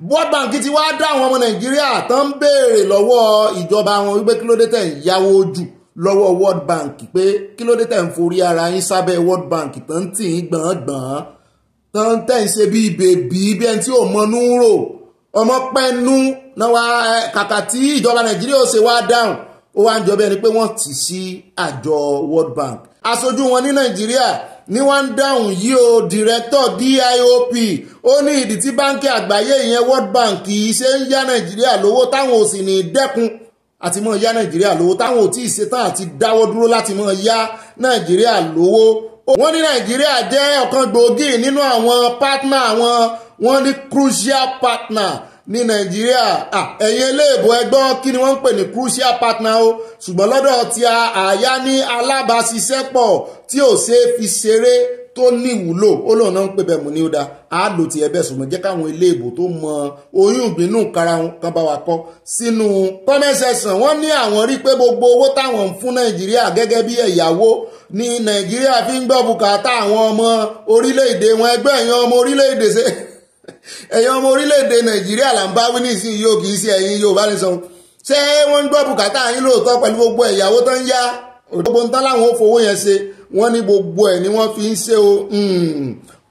world bank ti wá dá àwọn ọmọ nàìjíríà tán ń béèrè lọ́wọ́ ìjọba lọ́wọ́ World Bank pé kí ló dé tẹ̀ ń forí ara yín sábẹ́ World Bank tó ń tì í gbọ̀ngbọ̀n tó ń tẹ̀ ń ṣe bí bèbí bí ẹni tí ò mọnú rò ọmọ pẹ́ẹ́nú náà kàkà tí ìjọba Nàìjíríà ò ṣe wá dáhùn ó wá ń jọ bẹ́ẹ̀ ni pé wọ́n ti sí àjọ World Bank aṣojú wọn ní Nàìjíríà ní wọ́n ń dáhùn yìí o director DIOP ó ní ìdí tí báńkì àgbáyé ìyẹn World Bank ṣe ń yá Nàìjíríà lówó táwọn ò sì ní dẹ́kun àti mọ́ yá nàìjíríà lówó táwọn ò tí ì ṣetán àti dáwọ́ dúró láti mọ́ yá nàìjíríà lówó. wọ́n ní nàìjíríà jẹ́ ọ̀kan gbòógì nínú àwọn pátánà àwọn wọ́n ní crucial partner ní nàìjíríà ẹ̀yin eléèbó ẹgbọ́n kí ni wọ́n ń pè ní crucial partner o ṣùgbọ́n lọ́dọ̀ tí a àyá ní alábàáṣiṣẹ́pọ̀ tí ò ṣeé fi ṣeré tó níwúlò ó lóun náà ń pè bẹ́ẹ̀ mú ní ó da á lò tiẹ̀ bẹ́ẹ̀ sùnmọ́ jẹ́ káwọn ilé ìbò tó mọ oyún ìbínú kára kan bá wa kọ́ sínú comment section wọ́n ní àwọn rí pé gbogbo owó táwọn ń fún nàìjíríà gẹ́gẹ́ bí ẹ̀yáwó ní nàìjíríà fi ń gbọ́ bùkátà àwọn ọmọ orílẹ̀-èdè wọn ẹgbẹ́ ẹ̀yàn ọmọ orílẹ̀-èdè ṣe ẹ̀yàn ọmọ orílẹ̀-èdè nàìjíríà là ń bá wí nísìnyí yóò kì í ṣe ẹ̀yin Yorùbá nìsan ṣé wọ́n ń gbọ́ bùkátà yín lóòótọ́ pẹ̀lú gbogbo ẹ̀yáwó tán yá òdòdó ń tán láwọn ó fowó yẹn ṣe wọ́n ní gbogbo ẹ̀ ni wọ́n fi ń ṣe o hmm.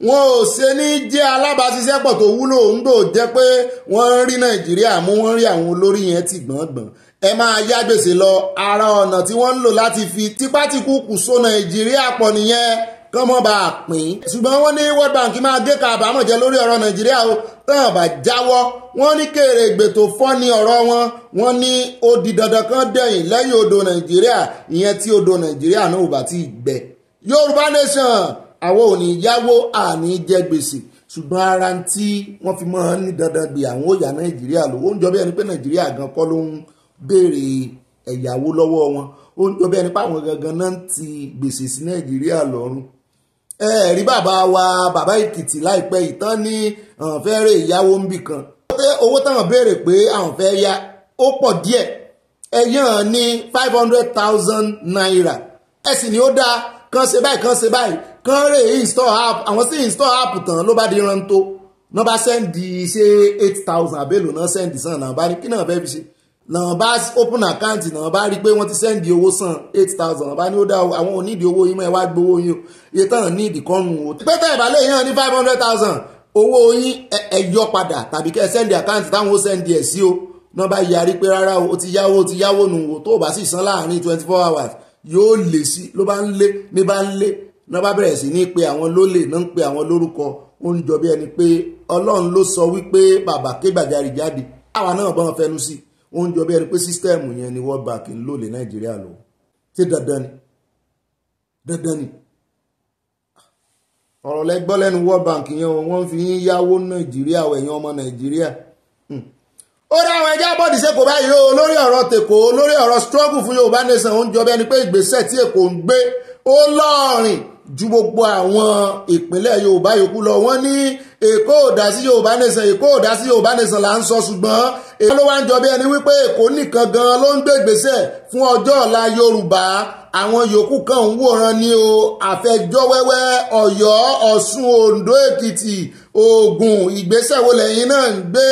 wọn ò ṣe ní jẹ́ alábàáṣiṣẹ́pọ̀ tó wúlò ń dò jẹ́ pé wọ́n ń rí nàìjíríà mú wọ́n rí àwọn olórí yẹn ti gbọ̀ngbọ̀n ẹ máa yá gbèsè lọ ara ọ̀nà tí wọ́n ń lò láti fi tipátìkù kù so nàìjíríà pọ̀ nìyẹn kán mọ́ bá a pín ṣùgbọ́n wọ́n ní World Bank máa gé ka àbámọ̀ jẹ lórí ọ̀rọ̀ Nàìjíríà o tán àbá jáwọ́ wọ́n ní kèrè gbètò fọ́ ní ọ̀rọ̀ wọn wọ́n ní ó di dandan kan dẹ̀yìn lẹ́yìn odò Nàìjíríà ìyẹn tí odò Nàìjíríà náà ò bá ti gbẹ Yorùbá Nation àwọn ò ní yáwó àní jẹ gbèsè ṣùgbọ́n ara ń tí wọ́n fi mọ́ ní dandan gbé àwọn òyà Nàìjíríà lò ó ń jọ bí ẹni pé Nàìjíríà gan kọ́ ló ń béèrè ẹ̀yàwó lọ́wọ́ wọn ó ń jọ bí ẹni pé àwọn gangan náà ti gbèsè sí Nàìjíríà lọ́rùn ẹ̀rí bàbá wa bàbá èkìtì láìpẹ́ ìtàn ní àwọn fẹ́ rè ìyàwó ń bì kan owó táwọn béèrè pé àwọn fẹ́ yá ó pọ̀ díẹ̀ ẹ̀yàn ní five hundred thousand naira ẹ sì ni ó dáa kan ṣe báyìí kan ṣe báyìí kan rè install app àwọn sì install app tán ló bá di rántó náà bá sẹ́ndì ṣe eight thousand àbẹ́lò náà sẹ́ndì sàn náà bá ní kí náà fẹ́ fi ṣe náà bá open account náà bá rí i pé wọ́n ti sẹ́ndì owó san eight thousand náà bá ní ó dá àwọn onídìí owó yín mọ́ ẹ wá gbowó yín o iye tán ní ìdíkọ́nù o. pẹ́tẹ́ ìbálẹ̀ yẹn ní five hundred thousand owó yín ẹ yọ padà tàbí kẹ́ ẹ sẹ́ndì account táwọn ó sẹ́ndì ẹ̀ sí o náà bá yarí pé rárá o ti yáwó o ti yáwó nù o tó o bá sì san láàrin twenty four hours yóò lè sí ló bá ń lé ní bá ń lé náà bá bẹ̀rẹ̀ sí ní pe àwọn lólè náà ń pe àwọn lórúkọ ó ń jọ bí ẹni pé ọlọ́run ló sọ wípé bàbá ké gbàjarì jáde àwa náà bá wọn fẹnu sí i ó ń jọ bí ẹni pé sísítẹ́ẹ̀mù yẹn ni World Bank ń lò lé Nàìjíríà lọ ṣé dandan ni dandan ni ọ̀rọ̀ lẹ́gbọ́ lẹ́nu World Bank yẹn wọ́n fi yín yáwó Nàìjíríà ẹ̀yin ọmọ Nàìjíríà hmm. ó ráwọn ẹjẹ́ àbọ̀dì sẹ́kọ̀ọ́ báyìí o lórí ọ̀rọ̀ tèkó lórí ọ̀rọ̀ struggle fún Yorùbá nation ó ń jọ bí ẹni pé ìgbésẹ̀ tí Èkó ń gbé ó lọ́ọ̀rìn ju gbogbo àwọn ìpínlẹ̀ Yorùbá yòókù lọ wọ́n ní èkó ò dá sí yorùbá nation èkó ò dá sí yorùbá nation là ń sọ ṣùgbọ́n èkó ló wá ń jọ bí ẹni wípé èkó nìkan gan ló ń gbègbèsè fún ọjọ́ ọ̀la yorùbá àwọn yòókù kan ń wòran ní o àfẹjọ́wẹ́wẹ́ ọ̀yọ́ ọ̀ṣun oǹdó èkìtì ògùn ìgbésẹ̀ wo lẹ́yìn náà ń gbé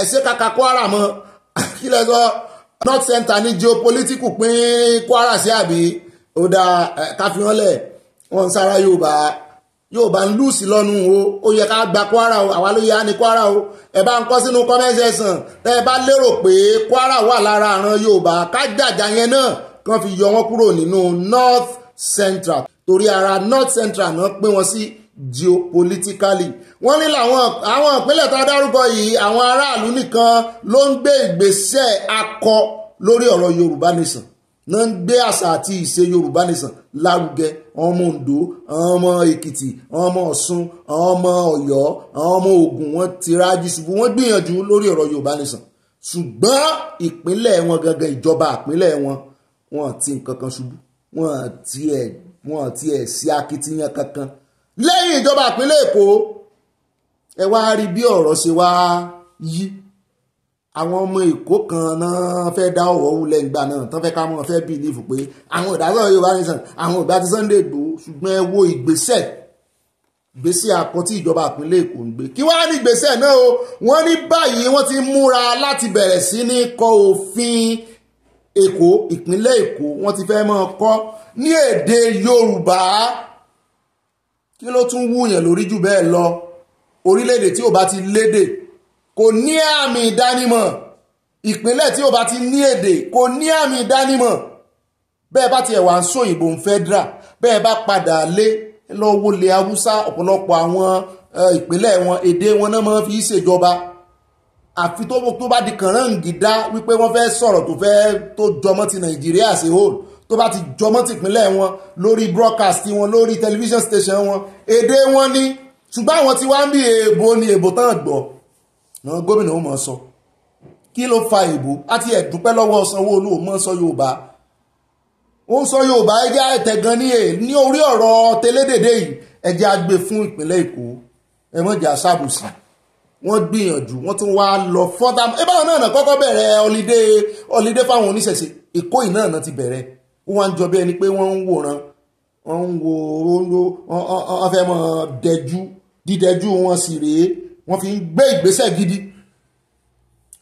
ẹ̀ṣẹ́ kàkà kwara mọ́ kí sọ north center ní geopolitical pín kwara sí àbí ó dáa káfíńọ́lẹ̀ wọn sára yorùbá yóò bá ń lùsì lọ́nu o ó yẹ ká gba kwara o àwa ló yẹ á ní kwara o ẹ bá ń kọ́ sínú kọ́mẹ́sẹ̀sán ẹ bá lérò pé kwara wà lára àran yorùbá kájàjà yẹn náà kàn fi yọ wọn kúrò nínú north central torí ara north central náà pé wọn sí geopolitically wọ́n ní làwọn àwọn ìpínlẹ̀ tá a dárúkọ yìí àwọn aráàlú nìkan ló ń gbé ìgbésẹ̀ akọ lórí ọ̀rọ̀ yorùbá nation náà ń gbé àṣà àti ìṣe yorùbá nation lárugẹ ọmọ ondo ọmọ èkìtì ọmọ ọ̀ṣun ọmọ ọ̀yọ́ ọmọ ògùn wọn tiraji ṣubú wọn gbìyànjú lórí ọ̀rọ̀ yorùbá nation ṣùgbọ́n ìpínlẹ̀ wọn gangan ìjọba ìpínlẹ̀ wọn wọn ti nǹkan kan ṣubú wọn tiẹ̀ wọn tiẹ̀ sí akitiyan kankan lẹ́yìn ìjọba ìpínlẹ̀ èkó ẹ wá rí bí ọ̀rọ̀ ṣe wá yí àwọn ọmọ èkó kan náà fẹ́ dá ọ̀wọ́ wúlẹ̀ ìgbà náà tán fẹ́ ká mọ́ fẹ́ bìlífù pé àwọn ìdásọ́ Yorùbá nation àwọn ìgbà tí Sunday Igboho ṣùgbọ́n ẹ wo ìgbésẹ̀ ìgbésẹ̀ àkọ́ tí ìjọba ìpínlẹ̀ Èkó ń gbé kí wàá ní ìgbésẹ̀ náà o wọ́n ní báyìí wọ́n ti múra láti bẹ̀rẹ̀ sí ní kọ òfin Èkó ìpínlẹ̀ Èkó wọ́n ti fẹ́ máa kọ ní èdè Yorùbá kí ló tún wúyàn lórí jù bẹ́ẹ̀ lọ orílẹ̀-èdè tí ò bá ti lédè kò ní àmì ìdánimọ̀ ìpínlẹ̀ tí ó bá ti ní èdè kò ní àmì ìdánimọ̀ bẹ́ẹ̀ bá tiẹ̀ wá ń sóyìnbó ń federal bẹ́ẹ̀ bá padà lé lọ́wọ́ lé haúsá ọ̀pọ̀lọpọ̀ àwọn ìpínlẹ̀ wọn èdè wọn náà máa fi ṣèjọba àfi tó tó bá di kànáńgídá wípé wọ́n fẹ́ sọ̀rọ̀ tó fẹ́ tó jọmọ́ ti nàìjíríà sí whole tó bá ti jọmọ́ ti ìpínlẹ̀ wọn lórí broadcast wọn lórí television station wọn èdè wọn ni ṣùgbọ́n àwọn tí wá ń bí èèbò ni èèbò tán gbọ́ náà gómìnà ó mọ̀ sọ kí ló fa ìbò àti ẹ̀dúpẹ́ lọ́wọ́ sanwó-olú ó mọ̀ sọ yorùbá ó ń sọ yorùbá ẹjẹ́ ẹ̀tẹ̀ gan ní èè ní orí ọ̀rọ̀ tẹlẹ́dẹ̀dẹ̀ yìí ẹjẹ́ agbè fún ìpínlẹ̀ èkó ẹ mọ̀ jẹ́ àṣàbùsì wọ́n gbìyànjú wọ́n tún wá lọ fọ́tà ẹ báwọn náà kọ́kọ́ bẹ̀rẹ̀ ọlídé ọlídé fáwọn oníṣẹ̀ṣe èkó yìí náà ti bẹ̀rẹ̀ wọ́n ń jọ bí ẹni pé wọ́n ń wòran wọ́n ń wo wọ́n fẹ́ mọ̀ dẹjú dídẹjú wọn sì rèé wọ́n fi ń gbé ìgbésẹ̀ gidi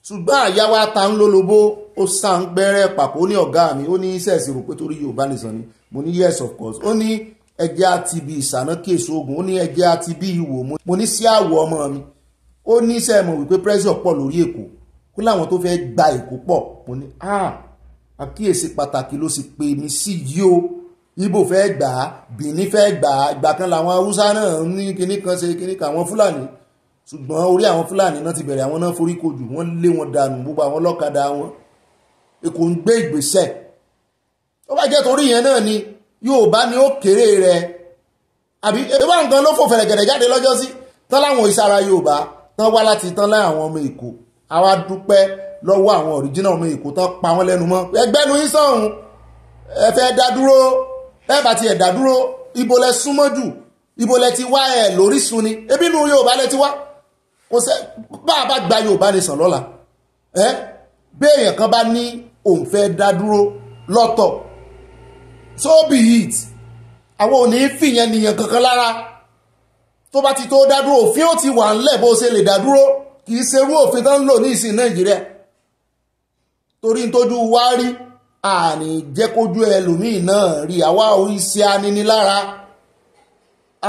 ṣùgbọ́n àyà wa ta ń lólobó ó sá ń gbẹ́rẹ́ pàpọ̀ ó ní ọ̀gá mi ó ní sẹ́ẹ̀sì rò pé torí yorùbá nìsan ni mo ní yes of course ó ní ẹjẹ́ àti ibi ìsàná kéèso ogun ó ní ẹjẹ́ àti ibi ìwò mo ní sí àwọ̀ ọmọ mi ó ní sẹ́ẹ̀mọ̀ wípé pressure pọ̀ lórí èkó ó láwọn tó fẹ́ gba èkó pọ̀ mo ní ah àkíyèsí pàtàkì ló sì pè mí sí yìí o ibo fẹ́ gbà á bìíní fẹ́ gbà á ìgbà kan làwọn haúsá náà ní kinní kan ṣe kinní kan àwọn fúlàní ṣùgbọ́n orí àwọn fúlàní náà ti bẹ̀rẹ̀ àwọn náà forí kojú wọ́n lé wọn dànù gbogbo àwọn ọlọ́kadà wọn èkó ń gbé ìgbésẹ̀ ó bá jẹ́ torí yẹn náà ni Yorùbá ni ó kéré rẹ̀ àbí ewé nǹkan ló fò fẹ̀rẹ̀gẹ̀rẹ̀ jáde lọ́jọ́ sí tán láwọn ìsara Yorùbá tán wá láti tán láwọn àwọn ọmọ Èkó àwa dúpẹ́ lọ́wọ́ àwọn òrìjínà ọmọ Èkó tán pa wọ́n lẹ́nu mọ́ ẹgbẹ́nu yín sọ̀hún ẹ fẹ́ dá ẹ bá tiẹ̀ dá dúró ibo lẹ súnmọ́ jù ibo lẹ ti wá ẹ lórísun ni ebi nu Yorùbá lẹ ti wá kò sẹ́ bá a bá gba Yorùbá lè sàn lọ́la ẹ béèyàn kan bá ní òun fẹ́ dá dúró lọ́tọ̀ so be it àwọn ò ní fìyẹn nìyẹn kankan lára tó bá ti tó dá dúró òfin ó ti wà ńlẹ̀ bó ṣe lè dá dúró kì í ṣerú òfin tó ń lò ní ìsìn Nàìjíríà torí tójú wá rí àní jẹ́ kójú ẹlòmíì náà rí àwa orí ṣe aninilára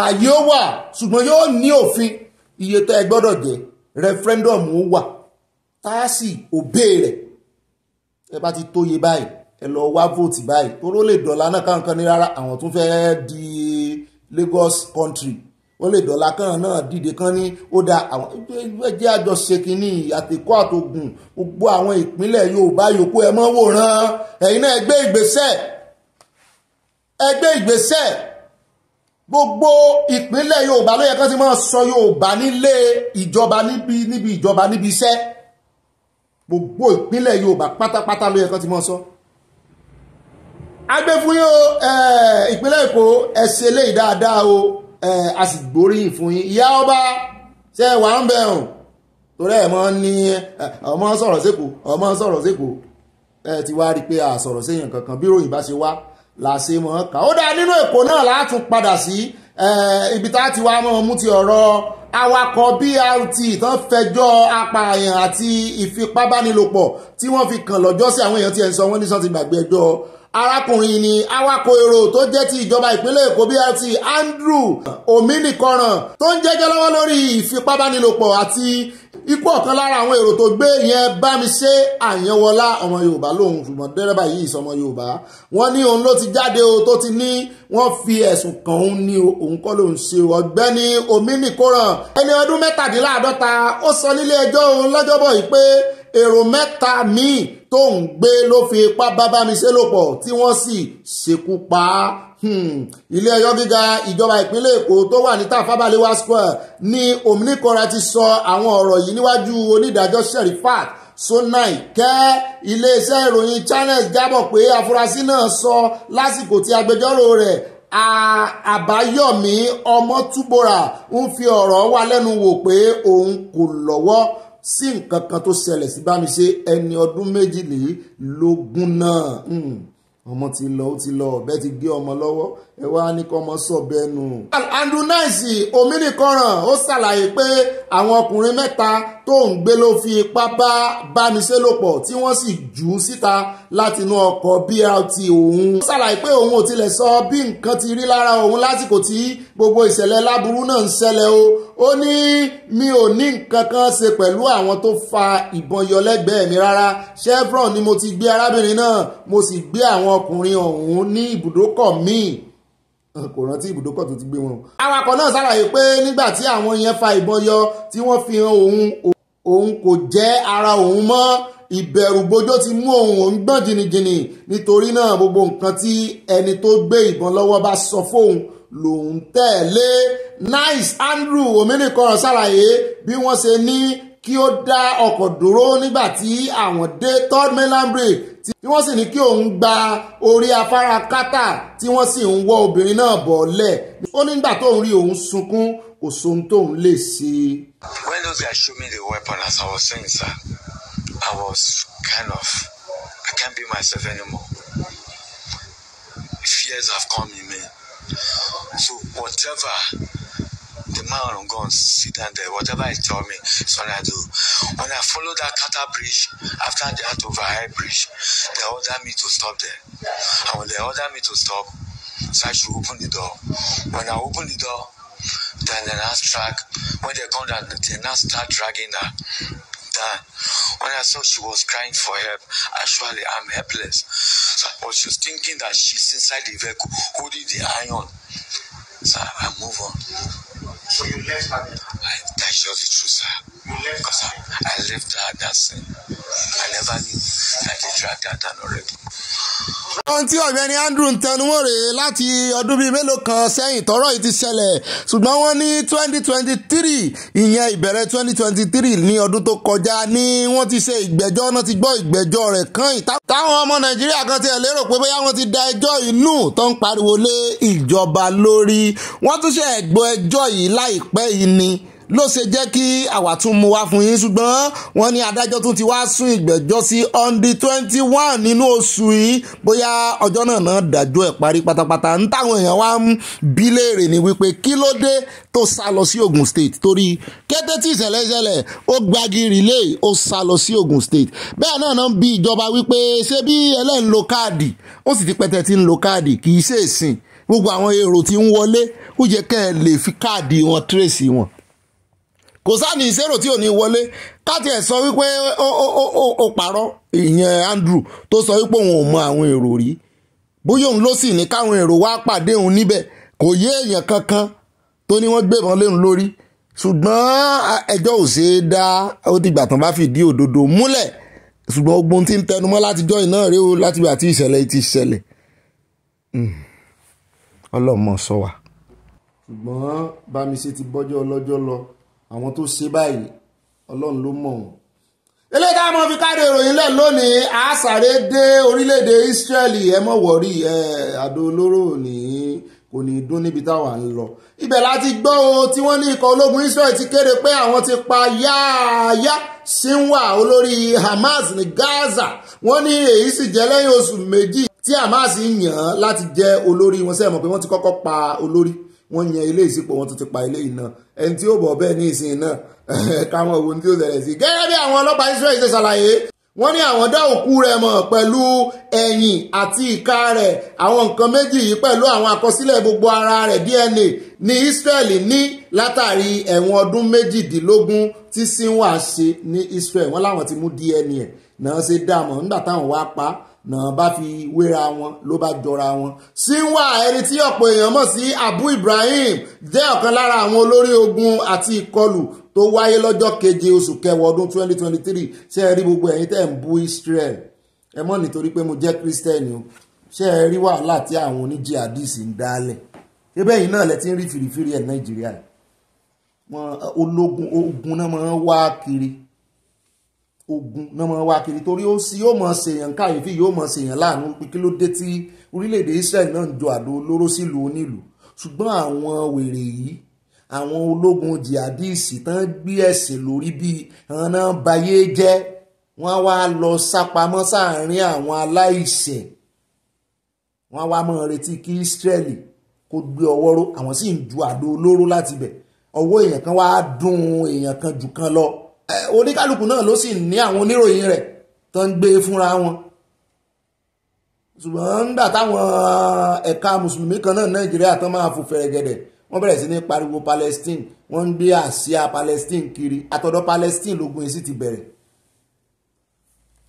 ààyè ó wà ṣùgbọ́n yóò ní òfin iye tó ẹ gbọ́dọ̀ jẹ́ referendum ó wà tá a sì òbé rẹ̀ ẹ bá ti tóye báyìí ẹ lọ wá vóòtì báyìí toró lè dọ̀la náà káwọn kan ní rárá àwọn tún fẹ́ di Lagos country ó lè dọ̀la kan náà dìde kan ní ó da àwọn ẹgbẹ́ jẹ́ àjọṣe kínní àtẹ̀kọ́ àtògùn gbogbo àwọn ìpínlẹ̀ Yorùbá yòókù ẹ mọ́ wòran ẹ̀yin náà ẹ gbé ìgbésẹ̀ ẹ ìgbésẹ̀ gbogbo ìpínlẹ̀ yorùbá ló yẹ kán ti máa sọ yorùbá nílé ìjọba níbi níbi ìjọba níbi iṣẹ́ gbogbo ìpínlẹ̀ yorùbá pátápátá ló yẹ kán ti máa sọ. agbé fún o eh, ìpínlẹ̀ èkó ẹ ṣe eléyìí dáadáa o eh, a sì gbóríyìn fún yín ìyá ọba ṣe wà ń bẹ̀ hàn torí ẹ̀ mọ́ ní eh, ọmọ sọ̀rọ̀ sẹ́kọ̀ọ́ ọmọ sọ̀rọ̀ sẹ́kọ̀ọ́ ẹ ti wá rí i pé a sọ̀rọ̀ séèyàn kankan bí ròyìn bá ṣe wá làṣẹ mọ̀ ọ́n kà ó dáa nínú èkó náà láti padà sí eh, ibi tá a ti wá mọ́ mú ti ọ̀rọ̀ awakọ̀ BRT tán fẹjọ́ apààyàn àti ìfipábánilòpọ̀ tí wọ́n fi kàn lọ́jọ́ sí àwọn èèyàn tí ẹ̀ ń ní sọ́ọ́ ti gbàgbé ẹjọ́ arákùnrin ni awakọ̀ èrò tó jẹ́ ti ìjọba ìpínlẹ̀ èkó BRT Andrew Ominikoran tó ń jẹ́jọ́ lọ́wọ́ lórí ìfipábánilòpọ̀ àti ikú ọ̀kan lára àwọn èrò tó gbé yẹn bá mi ṣe àyànwọlá ọmọ yorùbá lòun ṣùgbọ́n dẹ́rẹ́bà yìí sọmọ yorùbá wọ́n ní òun ló ti jáde o tó ti ní wọ́n fi ẹ̀sùn kàn òun ní òun kọ́ lòun ṣe ọ̀gbẹ́ni omi nìkóràn ẹni ọdún mẹ́tàdínláàdọ́ta ó sọ nílé ẹjọ́ òun lọ́jọ́bọ̀ yìí pé èrò mẹ́ta míì tó ń gbé ló fi ipá bábámiṣélòpọ̀ tí wọ́n sì ṣekú pa á hmm. ilé ẹjọ́ gíga ìjọba ìpínlẹ̀ èkó tó wà ní tafa balewa square ní omnikanra ti sọ àwọn ọ̀rọ̀ yìí níwájú onídàájọ́ sherifat sonai kẹ́ iléeṣẹ́ ìròyìn channels jábọ̀ pé afurasí náà sọ lásìkò tí agbẹjọ́rò rẹ̀ àbáyọ̀mí ọmọtúbọ̀rà ń fi ọ̀rọ̀ wá lẹ́nu wò pé òun kò lọ́wọ́ sí nǹkan kan tó ṣẹlẹ̀ sí Bámiṣé ẹni ọdún méjìlélógún náà hmm. ọmọ ti lọ ó ti lọ ọ̀bẹ ti gé ọmọ lọ́wọ́ ẹ wá ní kí ọmọ sọ̀bẹ nù. Andrew Nice omínìkanràn ó ṣàlàyé pé àwọn ọkùnrin mẹ́ta tó ń gbé ló fi ipá bá bániṣẹ́lòpọ̀ tí wọ́n sì jù ú síta látinú ọkọ̀ BRT òun. ó ṣàlàyé pé òun ò tilẹ̀ sọ bí nǹkan ti rí lára òun lásìkò tí gbogbo ìṣẹ̀lẹ̀ láburú náà ń ṣẹlẹ̀ o. ó ní mi ò ní nǹkan kan ṣe pẹ̀lú àwọn tó fa ìbọn yọ lẹ́gbẹ̀ẹ́ mi rárá chevron ni mo ti gbé arábìnrin náà mo sì gbé àwọn ọkùnrin ọ̀hún ní ibùdókọ̀ míì kò rántí ibùdókọ̀ tó ti gbé wọn. awakọ̀ náà ṣàlàyé pé nígbà tí àwọn yẹn fa ìbọn yọ tí wọ́n fi hàn òun òun kò jẹ́ ara òun mọ́ ìbẹ̀rùbojo ti mú òun òun gbọ́n jìnnìjìnnì nítorí náà gbogbo nǹkan tí ẹni tó gbé ìbọn lọ́wọ́ bá sọ fóun lòun tẹ̀lé nice andrew ominikan ṣàlàyé bí wọ́n ṣe ní kí ó dá ọkọ̀ dúró nígbà tí àwọn dé third mainland break tí wọ́n sì ní kí òun gba orí afárá kátà tí wọ́n sì ń wọ́ obìnrin náà bọ̀ọ́lẹ̀ ó nígbà tóun rí òun sunkún kò sóhun tóun lè ṣe. when those guys show me the weapon as I was saying sir I was kind of I can't be myself anymore fears have come in me so whatever the man on gun sit down there, whatever he told me, so I do. When I follow that Qatar bridge, after the that high bridge, they order me to stop there. And when they order me to stop, so I should open the door. When I open the door, then they now track. When they come down, they now start dragging her down. When I saw she was crying for help, actually I'm helpless. So I was just thinking that she's inside the vehicle holding the iron. So I move on. So you left her there? I, that's just the truth, sir. You left her? I, I left her dancing. I never knew that they dragged her down already ohun tí ọ̀gbẹ́ni Andrew ń tẹnumọ́ rèé láti ọdún bíi mélòó kan sẹ́yìn tọ́rọ̀ yìí ti ṣẹlẹ̀ ṣùgbọ́n wọ́n ní twenty twenty three ìyẹn ìbẹ̀rẹ̀ twenty twenty three ní ọdún tó kọjá ni wọ́n ti ṣe ìgbẹ́jọ́ náà ti gbọ́ ìgbẹ́jọ́ rẹ̀ kan ìta. táwọn ọmọ Nàìjíríà kan ti ẹ̀ lérò pé bóyá wọ́n ti da ẹjọ́ inú tó ń pariwo lé ìjọba lórí wọ́n tún ṣe ẹ̀gbọ́ ẹjọ́ yìí láìpẹ́ yìí ni ló ṣe jẹ́ kí àwa tún mú wá fún yín ṣùgbọ́n wọ́n ní adájọ́ tún ti wá sún ìgbẹ́jọ́ sí ọ̀ndì twenty one nínú oṣù yìí bóyá ọjọ́ náà náà dájọ́ ẹ̀ parí pátápátá ń táwọn èèyàn wá ń bi léèrè ni wípé kí ló dé tó sá lọ sí Ogun State torí kété tí ìṣẹ̀lẹ̀ ṣẹlẹ̀ ó gbagiri lé ó sá lọ sí Ogun State bẹ́ẹ̀ náà náà ń bi ìjọba wípé ṣé bí ẹlẹ́ń lo káàdì ó sì ti pẹ́tẹ́ tí ń lo káàdì kì í ṣèṣìn gbogbo àwọn èrò tí ń wọlé ó yẹ kẹ́ lè fi káàdì wọn tírèsì wọn kò sáàní ìṣèrò tí ò ní wọlé káti ẹ̀ sọ wípé ó parọ́ ìyẹn Andrew tó sọ wípé òun ò mọ àwọn èrò rí bóyá òun ló sì ní káwọn èrò wá pàdé òun níbẹ̀ kò yé èèyàn kankan tó ní wọ́n gbébọn léun lórí ṣùgbọ́n ẹjọ́ ò ṣeé dá ó dìgbà tán bá fìdí òdodo múlẹ̀ ṣùgbọ́n ogun tí ń tẹnumọ́ láti jọ́ iná rèé o láti gbà tí ìṣẹ̀lẹ̀ ti ṣẹlẹ̀ hmm. ọlọ́mọ sọ wa. ṣùgbọ́n bámi ṣe ti bọ́jọ́ ọlọ́jọ́ lọ àwọn tó ṣe báyìí ọlọ́run ló mọ̀ ọ́n. eléyìí ká mọ̀ fi káre ìròyìn lẹ̀ lónìí àásàré dé orílẹ̀-èdè Israeli ẹ mọ̀ wọ̀rí ẹ àdó olóró ní kò ní dún níbi táwa ń lọ. ibẹ̀ láti gbọ́ o tí wọ́n ní ikọ̀ ológun Israel ti kéde pé àwọn ti pa yááyá Sinwa olórí Hamas ní Gaza wọ́n ní èyí sì jẹ́ lẹ́yìn oṣù méjì tí Hamas yàn láti jẹ́ olórí wọn sẹ́yìn mọ̀ pé wọ́n ti kọ́kọ́ pa olórí wọ́n yan ilé ìsìnkú wọn tó ti pa ilé yìí náà ẹni tí ó bọ̀ bẹ́ẹ̀ ní ìsìn náà káwọn ohun tí ó ṣẹlẹ̀ sí gẹ́gẹ́ bí àwọn ọlọ́pàá Israel ṣe ṣàlàyé wọ́n ní àwọn dá òkú rẹ̀ mọ̀ pẹ̀lú ẹ̀yìn àti ìka rẹ̀ àwọn nǹkan méjì yìí pẹ̀lú àwọn àkọsílẹ̀ gbogbo ara rẹ̀ DNA ní Israel ní látàrí ẹ̀wọ̀n ọdún méjìdínlógún tí sinwa ṣe ní Israel wọ́n láwọn ti mú DNA náà ṣe dààmú nígbà táwọn wá pa á náà bá fi wéra wọn ló bá jọra wọn. Sinwa ẹni tí ọ̀pọ̀ èèyàn mọ̀ sí Abu Ibrahim jẹ́ ọ̀kan lára àwọn olórí ogun àti ìkọlù tó wáyé lọ́jọ́ keje oṣù kẹwàá ọdún 2023 ṣé ẹ rí gbogbo ẹ̀yin tẹ́ ń bú Israel ẹ mọ̀ nítorí pé mo jẹ́ Christian o ṣé ẹ rí wàhálà tí àwọn oníjihadis ń dálẹ̀ ṣé bẹ́ẹ̀ yìí náà lẹ ti ń rí fìrìfìrì ẹ̀ Nàìjíríà ogun náà máa ń wá kiri ogun náà mọ wá kiri torí ó sì yóò mọ ṣèyàn káyìífì yóò mọ ṣèyàn láàánú pé kí ló dé tí orílẹ̀-èdè Israel náà ń jọ àdó olóró sílùú onílùú ṣùgbọ́n àwọn wèrè yìí àwọn ológun jihadisi tán gbé ẹ̀sìn lórí bí àwọn náà bayé jẹ́ wọ́n wá lọ sápamọ́ sáàárín àwọn aláìṣẹ̀ wọ́n wá mọ́ retí kí Israel kó gbé ọwọ́ ró àwọn sì ń ju àdó olóró láti bẹ̀ ọwọ́ èèyàn kan wá dùn èèyàn kan jù kan lọ Eh, oníkálukú náà ló sì ní àwọn oníròyìn rẹ̀ tó ń gbé fúnra wọn ṣùgbọ́n nígbà táwọn eh, ẹ̀ka mùsùlùmí kan náà nàìjíríà tán máa fò fẹ̀rẹ̀gẹ̀dẹ̀ wọ́n bẹ̀rẹ̀ sí ní pariwo palestine wọ́n ń gbé àsíá palestine kiri àtọ̀dọ̀ palestine lógun èsì ti bẹ̀rẹ̀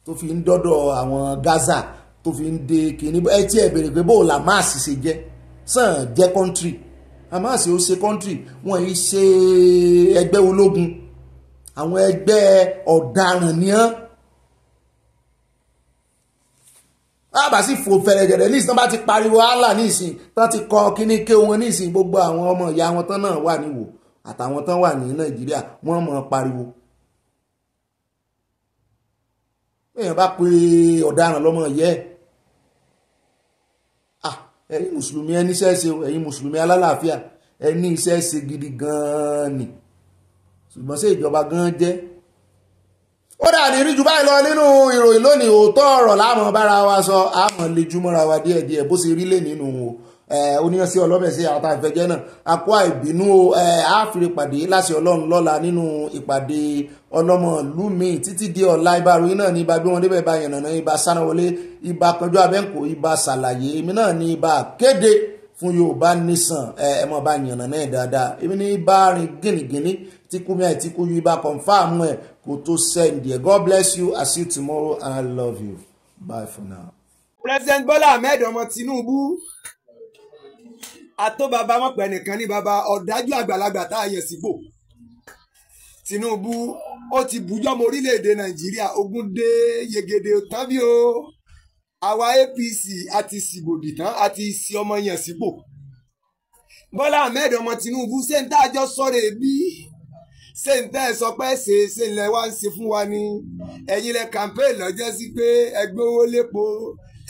tó fi ń dọ́dọ̀ àwọn gaza tó fi ń de kìíní ẹ tí ẹ bèrè pé bóòlù hamas ṣe jẹ́ sàn jẹ́ kọ́ńtì hamas ó ṣe kọ́ńtì wọ́n yìí ṣe ẹgbẹ́ ológun àwọn ẹgbẹ́ ọ̀daràn ni án àbá sì fò fẹ̀rẹ̀gẹ̀rẹ̀ ní ìsìn bá ti pariwo hálà ní ìsìn tán ti kọ kíní ké wọn ní ìsìn gbogbo àwọn ọmọ ìyá wọn tán náà wà níwò àtàwọn tán wà ní nàìjíríà wọ́n mọ̀ pariwo èèyàn bá pe ọ̀daràn lọ́mọ yẹ́ ẹ̀yin mùsùlùmí ẹni iṣẹ́ ṣe ẹ̀yin mùsùlùmí alálàáfíà ẹni iṣẹ́ ṣe gidi gan-an ni ṣùgbọ́n sí ìjọba gan jẹ́ ó dà ní rí jù báyìí lọ nínú ìròyìn lónìí òótọ́ ọ̀rọ̀ láàmú bára wa sọ àmọ́ lè ju mọ́ra wa díẹ̀díẹ̀ bó ṣe rí lè nínú o oníyanṣẹ́ ọlọ́bẹ̀ sí àwọn àfẹ́jẹ́ náà akọ ìbínú àáfìrí pàdé láṣẹ ọlọ́run lọ́la nínú ìpàdé ọlọ́mọ ìlú mi títí di ọ̀la ibà ròyìn náà ní ibà bí wọ́n débẹ̀ ibà yànnàná ibà sánáwọlé ibà kanjú abẹ́ǹkó ibà sàlàyé èmi náà ní ibà kéde fún yorùbá nation ẹ mọ bá yànnà náà dáadáa èmi ní bá rìn gínigíní tí kúmi àti kúyú ibà confam ẹ kò tó send ẹ god bless you i see you tomorrow and i love you bye for now. president bola ahmed ọmọ tinubu àtó mọ̀pẹ́ nìkan ní bàbá ọ̀dájú àgbàlagbà tá a yẹ síbò tinubu ó ti bùjọ́ mọ́ orílẹ̀-èdè nàìjíríà ogun dé yegede tàbí o àwa APC àti sìbòdì tán àti ìsì ọmọ yàn síbò Bọ́lá Ahmed ọmọ Tinubu ṣèǹtà àjọ sọ̀rọ̀ èbí ṣèǹtà ẹ̀ sọ pé ṣe ṣe ńlẹ̀ wá ń ṣe fún wa ni ẹ̀yin lẹ campaign lọ́jọ́ sí pé ẹgbẹ́ owó lépo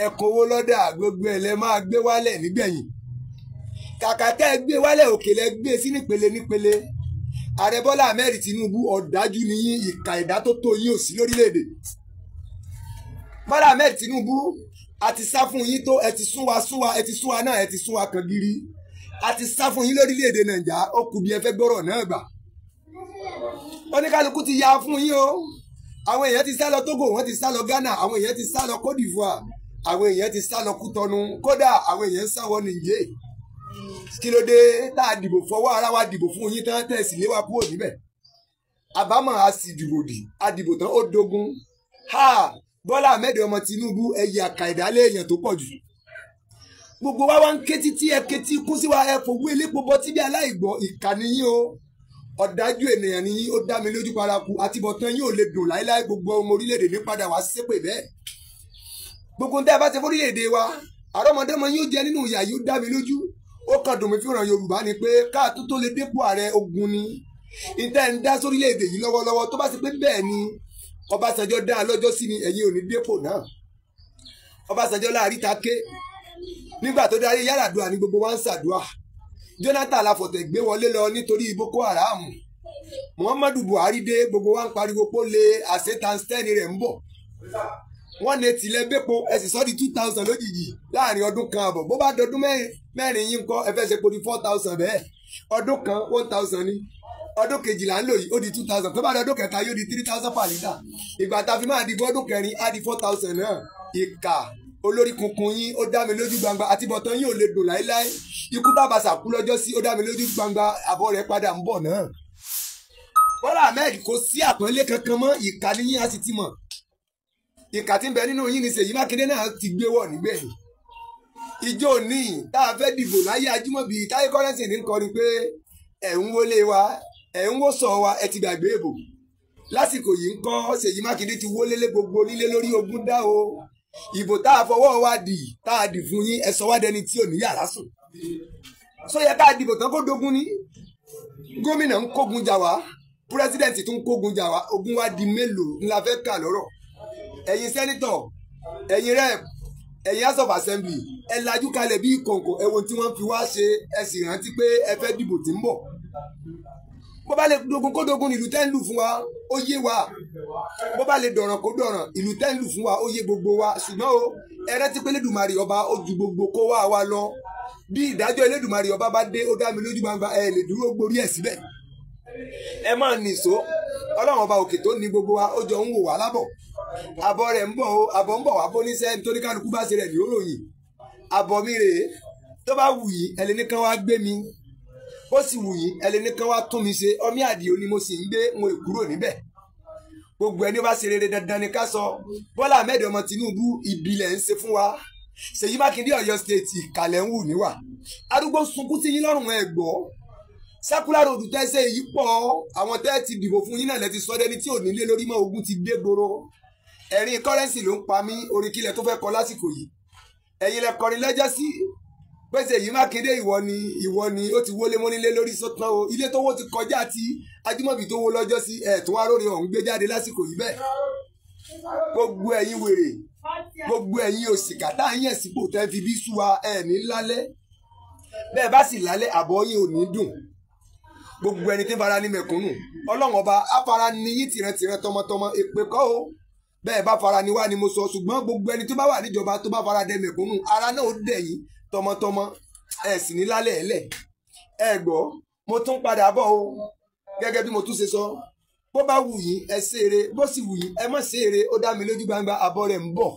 ẹ̀kọ́ owó lọ́dà gbogbo ẹ̀ lẹ máa gbé wálẹ̀ nígbẹ̀yìn kàkà tẹ́ ẹ gbé wálẹ̀ òkè lẹ gbé e sí nípele nípele ààrẹ Bọ́lá Ahmed Tinubu ọ̀dájú nìyí ìkà ẹ̀dá tó yín ò sí lórílẹ̀ bọ́dà ahmed tinubu a ti sá fún yín tó ẹ ti sún wa sún wa ẹ ti sún wa náà ẹ ti sún wa kan gírí a ti sá fún yín lórílẹ̀ nàìjà ó kù bí ẹ fẹ́ gbọ́rọ̀ náà gbà oníkálukú ti ya fún yín o àwọn èèyàn ti sá lọ togo wọ́n ti sá lọ ghana àwọn èèyàn ti sá lọ cote d'ivoire àwọn èèyàn ti sá lọ kútọnu kódà àwọn èèyàn sá wọ nìyẹn kí ló dé tá a dìbò fọwọ́ ara wa dìbò fún yín tán tẹ̀sí léwá kúrò níbẹ̀ àbámọ̀ a sì dìbò dì a dìbò tán ó dogun ha Bọ́lá Ahmed ọmọ Tinubu ẹyẹ àkà ìdálé èèyàn tó pọ̀ jù gbogbo wa wá ń ké títí ẹ ké tí kú sí wa ẹ fòwú elépo bọ́ tí aláìgbọ́ ìkà nìyí o ọ̀dájú ènìyàn nìyí ó dá mi lójú paraku àtibọ̀tán yóò lè dùn láéláé gbogbo ọmọ orílẹ̀-èdè ní padà wá ṣépè bẹ́ẹ̀ gbogbo ń tẹ́ bá fórílẹ̀-èdè wa àrọ́mọdọ́mọ yóò jẹ nínú ìyà yóò dá mi lójú ó kàn dùn mí fìràn Yorùbá ni pé káàtó tó lè dépò ààrẹ ogun ni ìtẹ́ ń dá sórílẹ̀-èdè yìí lọ́wọ́lọ́wọ́ tó bá ṣe pé bẹ́ẹ̀ ni Ọbásanjọ́ dá a lọ́jọ́ sí ni ẹ̀yin ò ní dépò náà Ọbásanjọ́ láàríta ké nígbà tó darí Yar'Adua ni gbogbo wa ń ṣàdúà Jonathan aláfọ̀tẹ̀ gbé wọlé lọ nítorí Boko Haram Muhammadu Buhari dé gbogbo wa ń pariwo pé ó lé àṣetánstẹ́ni rẹ̀ ń bọ̀ wọ́n ní tilẹ̀ bẹ́pọ̀ ẹ sì two thousand lójijì láàrin ọdún kan àbọ̀ bó bá dọdún mẹ́rin yín kọ́ ẹ fẹ́ ṣe poli four thousand bẹ́ẹ̀ ọdún kan one thousand ni ọdún kejìlá ń lò yìí ó di two thousand tó bá di ọdún kẹta yóò di three thousand per litre ìgbà tá a fi máa dìbò ọdún kẹrin á di four thousand náà ìkà olórí kunkun yín ó dá mi lójú gbangba àtibọ̀tán yín ò lè dùn láéláé ikú bàbá sàkú lọ́jọ́ sí ó dá mi lójú gbangba àbọ̀ rẹ̀ padà ń bọ̀ náà. Bọ́lá Ahmed kò sí àpọ́nlé kankan mọ́ ìkà ni yín á sì ti mọ̀ ìkà tí ń bẹ nínú yín ni Ṣèyí Mákindé náà ti gbé wọ̀ nígbẹ̀yìn ìjọ òní tá a fẹ́ dìbò láyé ajímọ̀bí táyé kọ́rẹ́nsì ní kọrin pé ẹ̀ ń wọlé wa ẹ̀ ń wòsàn wa ẹ ti gbàgbé èbò lásìkò yìí ń kọ́ Ṣèyí Mákindé ti wọlé lé gbogbo onílé lórí ogún dá o ìbò tá a fọwọ́ wa dì tá a dì fún yín ẹ sọ wá dẹni tí ò ní yàrá sùn sọ yẹ ká dìbò tán kó dogun ní gómìnà ń kógun jà wá pírẹsidẹ̀ntì tún kógun jà wá ogun wa di mélòó ńlá fẹ́ kà lọ́rọ̀ ẹ̀yin sẹ́nitọ̀ ẹ̀yin rẹ́ẹ̀pù ẹ̀yin house of assembly ẹ lajú kalẹ̀ bí kọ̀ǹkọ̀ ẹ wo tí wọ́n fi wá ṣe ẹ sì rántí pé ẹ fẹ́ dìbò tí ń bọ̀ bó bá lè dogun kó dogun ìlú tẹ́ ń lù fún wa ó yé wa bó bá lè dọ̀ràn kó dọ̀ràn ìlú tẹ́ ń lù fún wa ó yé gbogbo wa ṣùgbọ́n o ẹ rántí pé Elédùmarè ọba ó ju gbogbo kó wá wa lọ bí ìdájọ́ Elédùmarè ọba bá dé ó dá mi lójú gbangba ẹ lè dúró gborí ẹ̀ síbẹ̀ ẹ máa nìṣó ọlọ́run ọba òkè tó ní gbogbo wa ó jọ ń wò wá lábọ̀ àbọ̀ rẹ̀ ń bọ̀ o àbọ̀ ń bọ̀ wá bóníṣẹ́ nítorí kálukú bá ṣe rẹ̀ ní òròyìn àbọ̀ mi rèé tó bá wù yín ẹlẹ́ni kan wá gbé mi ó sì wù yín ẹlẹ́ni wá tún mi ṣe ọmí àdìo ni mo sì ń gbé mo kúrò níbẹ̀ gbogbo ẹni ó bá ṣe rere dandan ni ká sọ Bọ́lá Ahmed ọmọ Tinubu ìbílẹ̀ ń ṣe fún wa Ṣèyí Mákindé Ọ̀yọ́ stéètì ìkàlẹ̀ ń wù níwà arúgbó sunkún sí yín lọ́rùn ẹ̀ gbọ́ sákúlárò tẹ́sẹ̀ yìí pọ̀ àwọn tẹ́ẹ̀ ti dìbò fún yín náà lẹ́ ti sọ́dẹ́ni tí ò nílé lórí mọ́ ogun ti dé gbòòrò ẹ̀rín kọ́rẹ́nsì ló ń pa mí orí kílẹ̀ tó fẹ́ kọ lásìkò yìí ẹ̀yin lẹ kọrin lẹ́jọ́ sí pèsè yìí mákindé ìwọ ni ìwọ ni ó ti wọlé mọ́nílé lórí sọ́tàn o ilé tó wó ti kọjá ti ajímọ̀bì tó wó lọ́jọ́ sí ẹ̀ tó wá rórin ọ̀hún gbé jáde lásìkò yìí bẹ́ẹ̀ gbogbo ẹ̀yin wèrè gbogbo ẹ̀yin òṣìkà tá à ń yẹ̀ sípò tẹ́ fi bí súwa ẹ̀ ní lálẹ́ bẹ́ẹ̀ bá sì lálẹ́ àbọ̀ yín ò ní dùn gbogbo ẹni tí fara ní mẹ̀kúnnù ọlọ́run ọba afara ni yín tìrẹ̀tìrẹ̀ tọmọtọmọ èpè kọ́ o bẹ́ẹ̀ bá fara ni wá ni mo sọ ṣùgbọ́n gbogbo ẹni tó bá wà níjọba tó bá fara dẹ mẹ̀kúnnù ara náà ó dẹ̀ yín tọmọtọmọ ẹ sì ní lálẹ́ ẹ̀lẹ̀ ẹ gbọ́ mo tún padà bọ̀ o gẹ́gẹ́ bí mo tún ṣe sọ bó bá wù yín ẹ ṣeré bó sì wù yín ẹ má ṣeré ó dá mi lójú gbangba àbọ̀ rẹ̀ ń bọ̀.